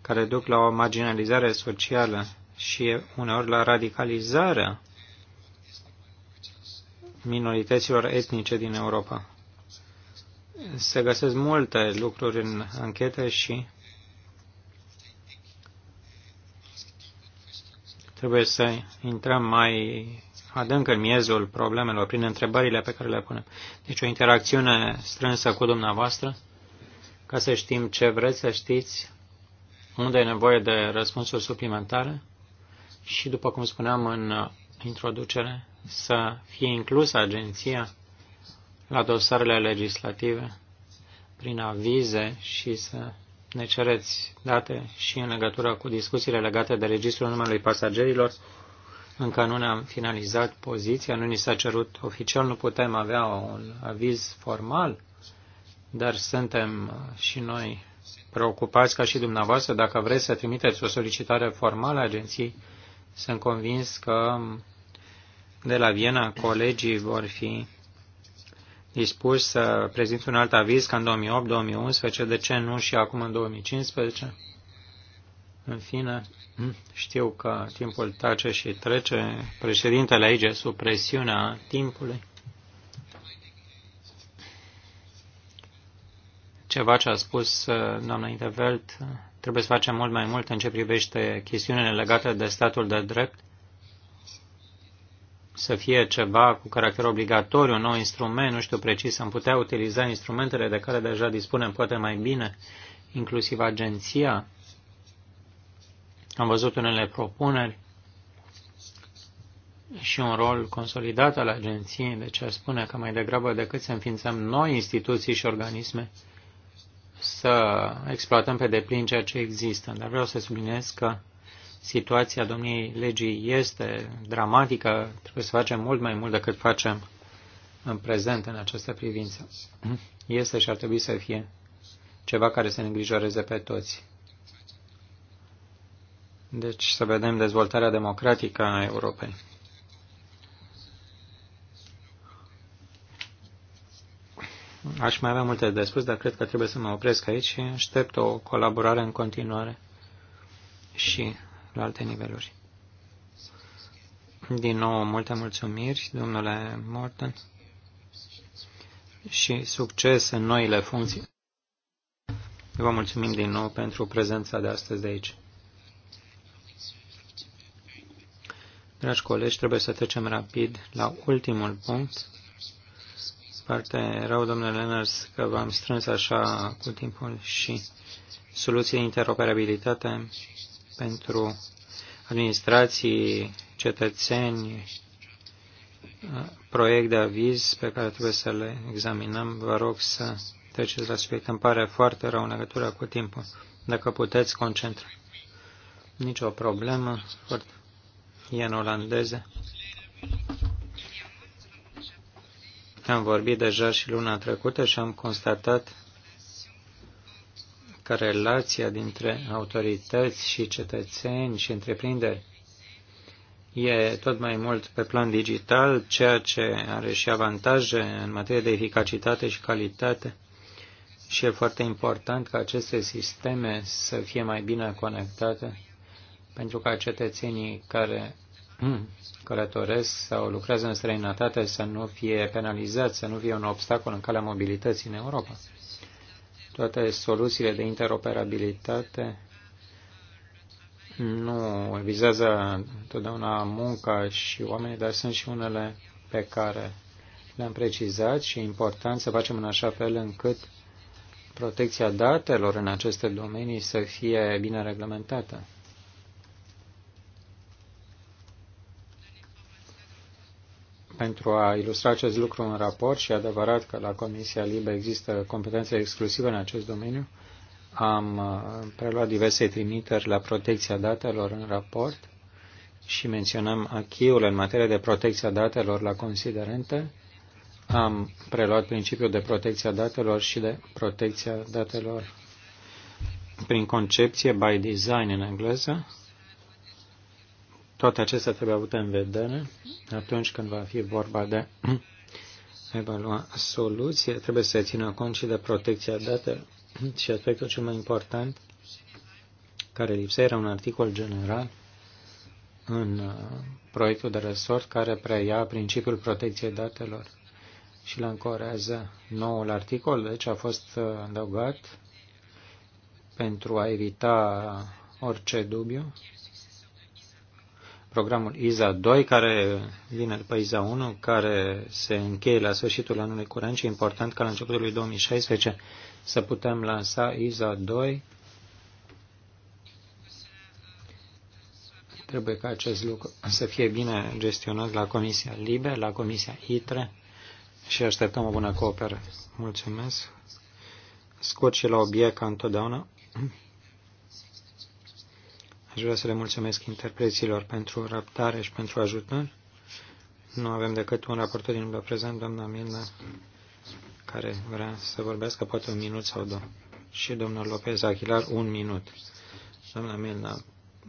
care duc la o marginalizare socială și uneori la radicalizarea minorităților etnice din Europa. Se găsesc multe lucruri în anchete și Trebuie să intrăm mai adânc în miezul problemelor prin întrebările pe care le punem. Deci o interacțiune strânsă cu dumneavoastră ca să știm ce vreți să știți, unde e nevoie de răspunsuri suplimentare și, după cum spuneam în introducere, să fie inclusă agenția la dosarele legislative prin avize și să ne cereți date și în legătură cu discuțiile legate de registrul numărului pasagerilor. Încă nu ne-am finalizat poziția, nu ni s-a cerut oficial, nu putem avea un aviz formal, dar suntem și noi preocupați ca și dumneavoastră. Dacă vreți să trimiteți o solicitare formală a agenției, sunt convins că de la Viena colegii vor fi dispuși să prezint un alt aviz ca în 2008-2011, de ce nu și acum în 2015? În fine, știu că timpul tace și trece. Președintele aici sub presiunea timpului. Ceva ce a spus uh, doamna Intervelt, uh, trebuie să facem mult mai mult în ce privește chestiunile legate de statul de drept să fie ceva cu caracter obligatoriu, un nou instrument, nu știu precis, am putea utiliza instrumentele de care deja dispunem poate mai bine, inclusiv agenția. Am văzut unele propuneri și un rol consolidat al agenției, deci ar spune că mai degrabă decât să înființăm noi instituții și organisme, să exploatăm pe deplin ceea ce există. Dar vreau să subliniez că situația domniei legii este dramatică, trebuie să facem mult mai mult decât facem în prezent în această privință. Este și ar trebui să fie ceva care să ne îngrijoreze pe toți. Deci să vedem dezvoltarea democratică a Europei. Aș mai avea multe de spus, dar cred că trebuie să mă opresc aici și aștept o colaborare în continuare și la alte niveluri. Din nou, multe mulțumiri, domnule Morton, și succes în noile funcții. Vă mulțumim din nou pentru prezența de astăzi de aici. Dragi colegi, trebuie să trecem rapid la ultimul punct. Parte rău, domnule Lenars, că v-am strâns așa cu timpul și soluții de interoperabilitate pentru administrații, cetățeni, proiect de aviz pe care trebuie să le examinăm. Vă rog să treceți la subiect. Îmi pare foarte rău în legătură cu timpul. Dacă puteți, concentra. Nicio problemă. Foarte. E în olandeze. Am vorbit deja și luna trecută și am constatat că relația dintre autorități și cetățeni și întreprinderi e tot mai mult pe plan digital, ceea ce are și avantaje în materie de eficacitate și calitate și e foarte important ca aceste sisteme să fie mai bine conectate pentru ca cetățenii care călătoresc sau lucrează în străinătate să nu fie penalizați, să nu fie un obstacol în calea mobilității în Europa. Toate soluțiile de interoperabilitate nu vizează întotdeauna munca și oamenii, dar sunt și unele pe care le-am precizat și e important să facem în așa fel încât protecția datelor în aceste domenii să fie bine reglementată. pentru a ilustra acest lucru în raport și adevărat că la Comisia Libe există competențe exclusive în acest domeniu. Am uh, preluat diverse trimiteri la protecția datelor în raport și menționăm achiul în materie de protecția datelor la considerente. Am preluat principiul de protecția datelor și de protecția datelor prin concepție by design în engleză toate acestea trebuie avute în vedere atunci când va fi vorba de evalua soluție, trebuie să țină cont și de protecția datelor și aspectul cel mai important care lipsea era un articol general în uh, proiectul de resort care preia principiul protecției datelor și îl încorează noul articol, deci a fost uh, adăugat pentru a evita orice dubiu programul ISA 2, care vine după ISA 1, care se încheie la sfârșitul anului curent și e important ca la începutul lui 2016 să putem lansa ISA 2. Trebuie ca acest lucru să fie bine gestionat la Comisia LIBE, la Comisia ITRE și așteptăm o bună cooperare. Mulțumesc! Scot și la obiect ca întotdeauna. Aș vrea să le mulțumesc interpreților pentru răbdare și pentru ajutor. Nu avem decât un raportor din lumea prezent, doamna Milna, care vrea să vorbească poate un minut sau două. Și domnul Lopez Achilar, un minut. Doamna Milna,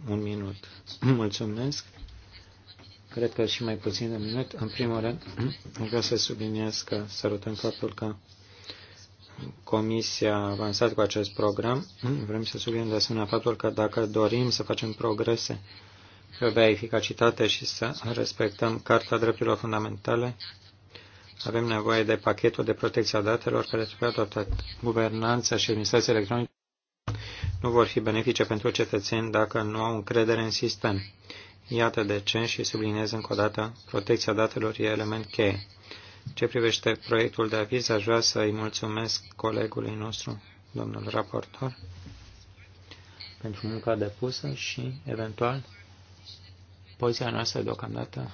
un minut. Mulțumesc. Cred că și mai puțin de minut. În primul rând, vreau să subliniez că sărutăm faptul că Comisia a avansat cu acest program. Vrem să subliniem de asemenea faptul că dacă dorim să facem progrese pe avea eficacitate și să respectăm Carta Drepturilor Fundamentale, avem nevoie de pachetul de protecție a datelor care trebuie toată Guvernanța și administrația electronică nu vor fi benefice pentru cetățeni dacă nu au încredere în sistem. Iată de ce și subliniez încă o dată, protecția datelor e element cheie ce privește proiectul de aviz, aș vrea să îi mulțumesc colegului nostru, domnul raportor, pentru munca depusă și, eventual, poziția noastră deocamdată,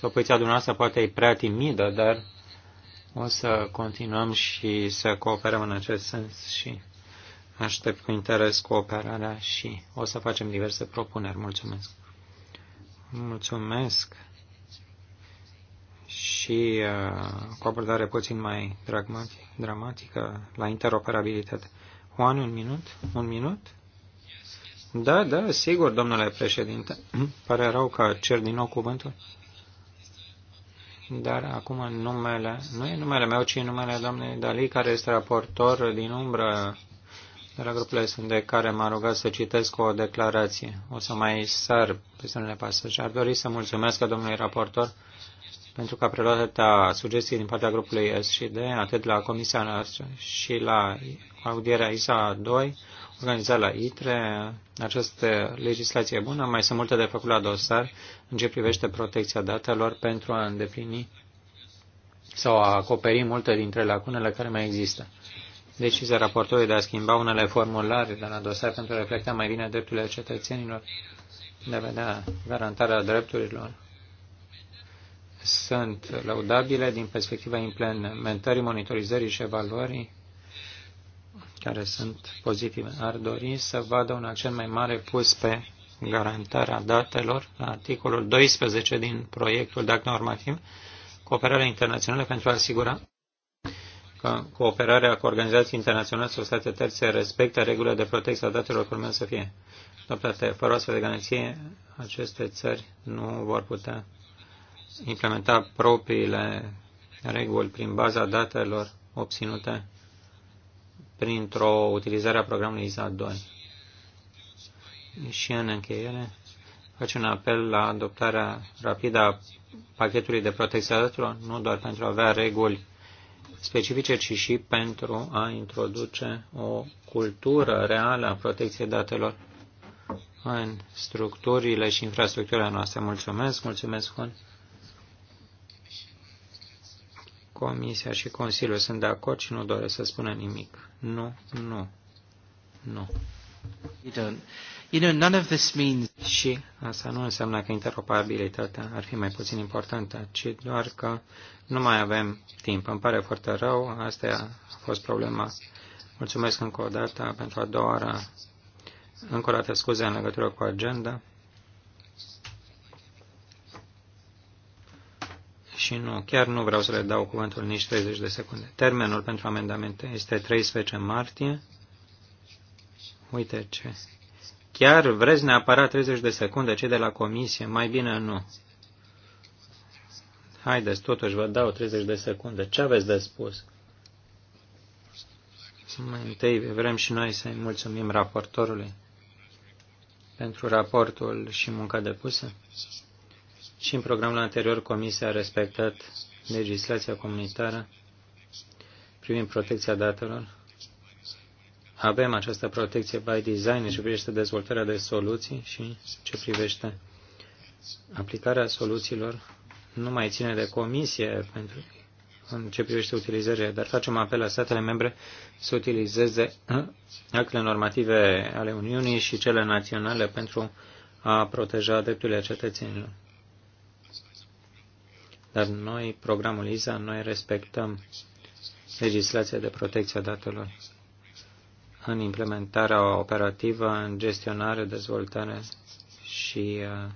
sau poziția dumneavoastră poate e prea timidă, dar o să continuăm și să cooperăm în acest sens și aștept cu interes cooperarea și o să facem diverse propuneri. Mulțumesc! Mulțumesc! și uh, cu abordare puțin mai dramatică la interoperabilitate. Juan, un minut? Un minut? Da, da, sigur, domnule președinte. Pare rău că cer din nou cuvântul. Dar acum numele, nu e numele meu, ci numele doamnei Dali, care este raportor din umbră de la grupul de care m-a rugat să citesc o declarație. O să mai sar pe semnele pasaj. Ar dori să mulțumesc domnului raportor pentru că a preluat atâtea sugestii din partea grupului S și D, atât la comisia noastră și la audierea ISA 2, organizat la ITRE. Această legislație bună, mai sunt multe de făcut la dosar în ce privește protecția datelor pentru a îndeplini sau a acoperi multe dintre lacunele care mai există. Decizia raportorului de a schimba unele formulare de la dosar pentru a reflecta mai bine drepturile cetățenilor, de a vedea garantarea drepturilor sunt laudabile din perspectiva implementării, monitorizării și evaluării, care sunt pozitive. Ar dori să vadă un accent mai mare pus pe garantarea datelor, la articolul 12 din proiectul DAC normativ, cooperarea internațională pentru a asigura că cooperarea cu organizații internaționale sau state terțe respectă regulile de protecție a datelor cum să fie. Doamne, fără astfel de garanție, aceste țări nu vor putea implementa propriile reguli prin baza datelor obținute printr-o utilizare a programului ISA 2. Și în încheiere, face un apel la adoptarea rapidă a pachetului de protecție a datelor, nu doar pentru a avea reguli specifice, ci și pentru a introduce o cultură reală a protecției datelor în structurile și infrastructura noastră. Mulțumesc, mulțumesc, Juan. Comisia și Consiliul sunt de acord și nu doresc să spună nimic. Nu, nu, nu. You don't. You know, none of this means... Și asta nu înseamnă că interoperabilitatea ar fi mai puțin importantă, ci doar că nu mai avem timp. Îmi pare foarte rău, asta a fost problema. Mulțumesc încă o dată pentru a doua oară. Încă o dată scuze în legătură cu agenda. și nu, chiar nu vreau să le dau cuvântul nici 30 de secunde. Termenul pentru amendamente este 13 martie. Uite ce. Chiar vreți neapărat 30 de secunde cei de la comisie? Mai bine nu. Haideți, totuși vă dau 30 de secunde. Ce aveți de spus? Mai întâi vrem și noi să-i mulțumim raportorului pentru raportul și munca depusă și în programul anterior Comisia a respectat legislația comunitară privind protecția datelor. Avem această protecție by design și privește dezvoltarea de soluții și ce privește aplicarea soluțiilor nu mai ține de comisie pentru în ce privește utilizările, dar facem apel la statele membre să utilizeze actele normative ale Uniunii și cele naționale pentru a proteja drepturile cetățenilor. Dar noi, programul ISA, noi respectăm legislația de protecție a datelor în implementarea operativă, în gestionare, dezvoltare și uh,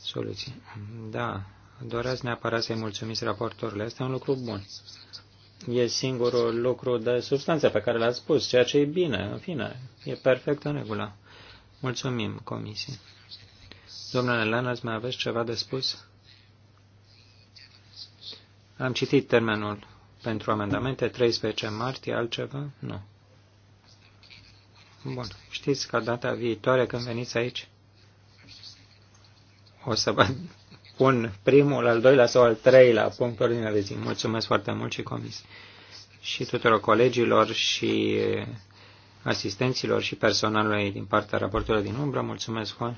soluții. Da, doresc neapărat să-i mulțumiți raportorile. Este un lucru bun. E singurul lucru de substanță pe care l-ați spus, ceea ce e bine, în fine, e perfect în regulă. Mulțumim, comisie. Domnule Lan, mai aveți ceva de spus? Am citit termenul pentru amendamente, 13 martie, altceva? Nu. Bun. Știți că data viitoare când veniți aici o să vă pun primul, al doilea sau al treilea punct pe ordinea de zi. Mulțumesc foarte mult și comis. Și tuturor colegilor și asistenților și personalului din partea raportului din umbră. Mulțumesc, Juan.